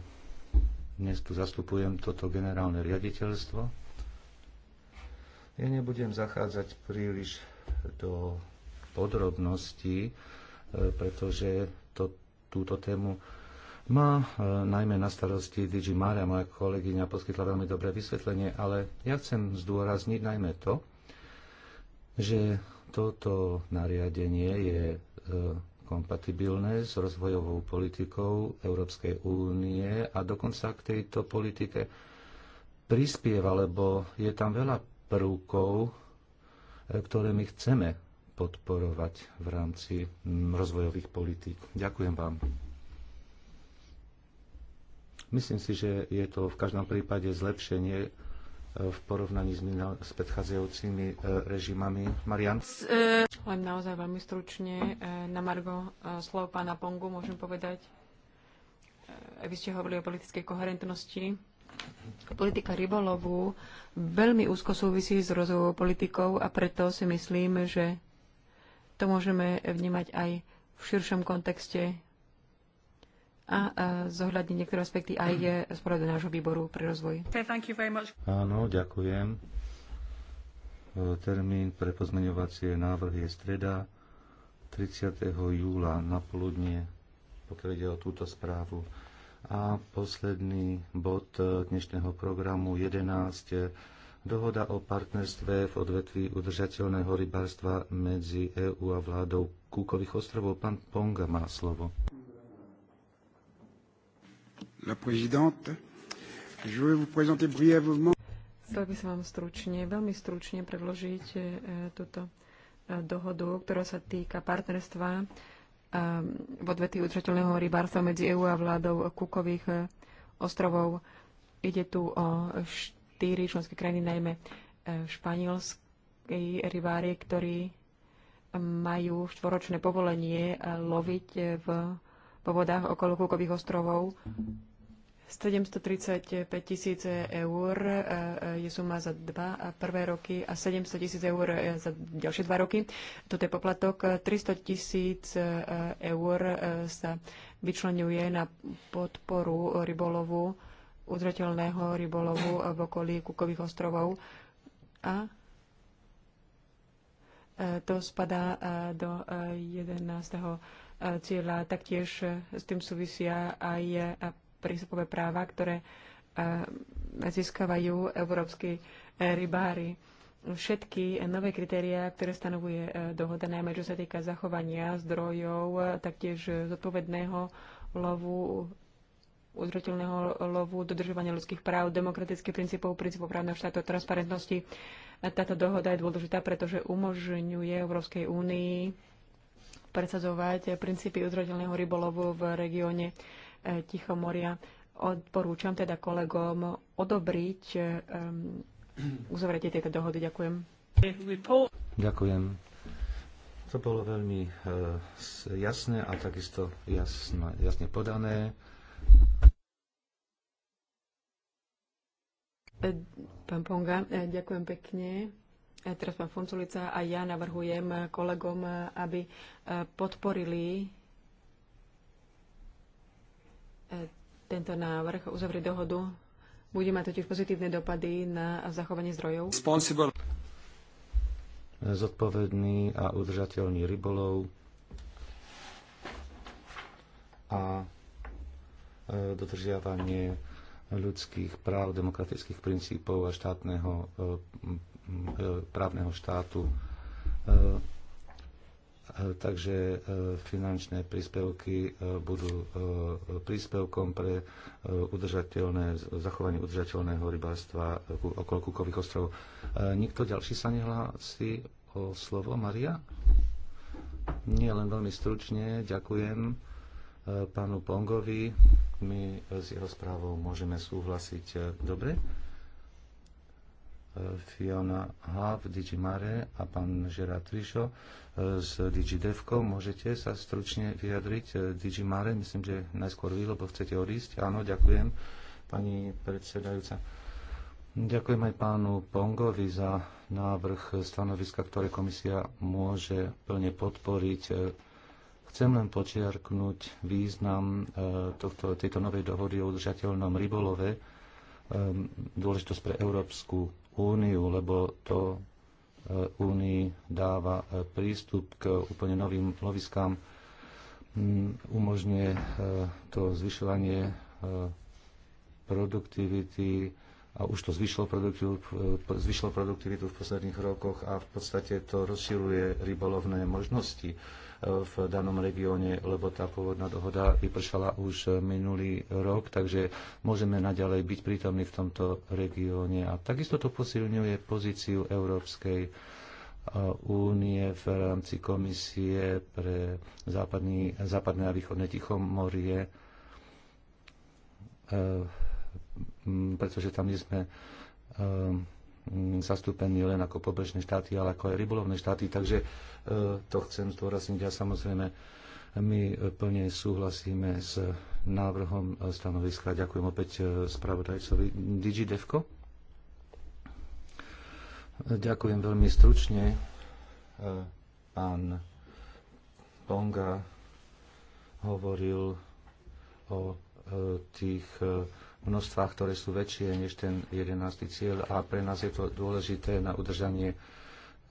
dnes tu zastupujem toto generálne riaditeľstvo ja nebudem zachádzať príliš do podrobností, e, pretože to, túto tému má e, najmä na starosti Digi Mária, moja kolegyňa poskytla veľmi dobré vysvetlenie, ale ja chcem zdôrazniť najmä to, že toto nariadenie je e, kompatibilné s rozvojovou politikou Európskej únie a dokonca k tejto politike prispieva, lebo je tam veľa prvkov, e, ktoré my chceme podporovať v rámci rozvojových politík. Ďakujem vám. Myslím si, že je to v každom prípade zlepšenie e, v porovnaní s, s predchádzajúcimi e, režimami. Marian? Len naozaj veľmi stručne na Margo slov pána Pongu môžem povedať. Vy ste hovorili o politickej koherentnosti Politika rybolovu veľmi úzko súvisí s rozvojovou politikou a preto si myslím, že to môžeme vnímať aj v širšom kontexte a, a zohľadniť niektoré aspekty aj je z pohľadu nášho výboru pre rozvoj. Áno, ďakujem. Termín pre pozmeňovacie návrhy je streda 30. júla na poludnie, pokiaľ ide o túto správu. A posledný bod dnešného programu 11. Dohoda o partnerstve v odvetví udržateľného rybárstva medzi EÚ a vládou Kúkových ostrovov. Pán Ponga má slovo. La présidente, je vais vous présenter brièvement Chcel by som vám stručne, veľmi stručne predložiť e, túto e, dohodu, ktorá sa týka partnerstva v odvety udržateľného rybárstva medzi EU a vládou Kukových e, ostrovov. Ide tu o štyri členské krajiny, najmä e, španielskí rybári, ktorí majú štvoročné povolenie loviť e, v, povodách vodách okolo Kukových ostrovov 735 tisíc eur e, e, je suma za dva prvé roky a 700 tisíc eur e, za ďalšie dva roky. Toto je poplatok. 300 tisíc eur sa vyčlenuje na podporu rybolovu, udržateľného rybolovu v okolí Kukových ostrovov. A to spadá do 11. cieľa. Taktiež s tým súvisia aj prístupové práva, ktoré e, získavajú európsky e, rybári. Všetky nové kritériá, ktoré stanovuje e, dohoda, najmä čo sa týka zachovania zdrojov, taktiež zodpovedného lovu, uzrotilného lovu, dodržovania ľudských práv, demokratických princípov, princípov právneho štátu a transparentnosti. Táto dohoda je dôležitá, pretože umožňuje Európskej únii presadzovať princípy uzrotilného rybolovu v regióne Tichomoria. Odporúčam teda kolegom odobriť uzavretie tejto dohody. Ďakujem. Ďakujem. To bolo veľmi e, jasné a takisto jasne, jasne podané. E, pán Ponga, e, ďakujem pekne. Teraz pán Fonculica a ja navrhujem kolegom, aby podporili tento návrh uzavrieť dohodu. Bude mať totiž pozitívne dopady na zachovanie zdrojov. Sponsible. Zodpovedný a udržateľný rybolov a e, dodržiavanie ľudských práv, demokratických princípov a štátneho e, e, právneho štátu E, takže e, finančné príspevky e, budú príspevkom pre udržateľné, zachovanie udržateľného rybárstva okolo Kukových ostrovov. Nikto ďalší sa nehlási o slovo? Maria? Nie, len veľmi stručne. Ďakujem pánu Pongovi. My s jeho správou môžeme súhlasiť. Dobre? Fiona Hub, Digimare a pán Žera Trišo eh, z Devko. Môžete sa stručne vyjadriť eh, Digimare? Myslím, že najskôr vy, lebo chcete odísť. Áno, ďakujem, pani predsedajúca. Ďakujem aj pánu Pongovi za návrh stanoviska, ktoré komisia môže plne podporiť. Chcem len počiarknúť význam eh, tohto, tejto novej dohody o udržateľnom rybolove, Um, dôležitosť pre Európsku úniu, lebo to uh, únii dáva uh, prístup k úplne novým loviskám, mm, umožňuje uh, to zvyšovanie produktivity a už to zvyšilo produktivitu, zvyšilo produktivitu v posledných rokoch a v podstate to rozširuje rybolovné možnosti v danom regióne, lebo tá pôvodná dohoda vypršala už minulý rok, takže môžeme naďalej byť prítomní v tomto regióne. A takisto to posilňuje pozíciu Európskej únie v rámci komisie pre západný, západné a východné Tichomorie, e, pretože tam nie sme e, Mm, zastúpení len ako pobrežné štáty, ale ako aj rybolovné štáty, takže e, to chcem zdôrazniť. A samozrejme, my plne súhlasíme s návrhom stanoviska. Ďakujem opäť e, spravodajcovi DigiDevko. Ďakujem veľmi stručne. E, pán Ponga hovoril o tých Množstvách, ktoré sú väčšie než ten 11. cieľ a pre nás je to dôležité na udržanie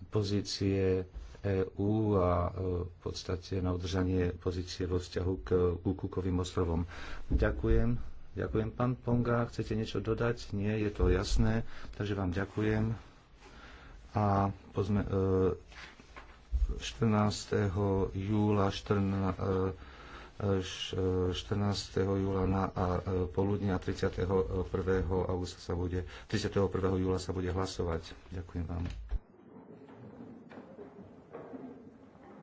pozície EÚ a e, v podstate na udržanie pozície vo vzťahu k e, Kukovým ostrovom. Ďakujem. Ďakujem, pán Ponga. Chcete niečo dodať? Nie, je to jasné. Takže vám ďakujem. A pozme, 14. E, júla 14, 14. júla na a e, poludne a 31. E, augusta sa bude, 31. júla sa bude hlasovať. Ďakujem vám.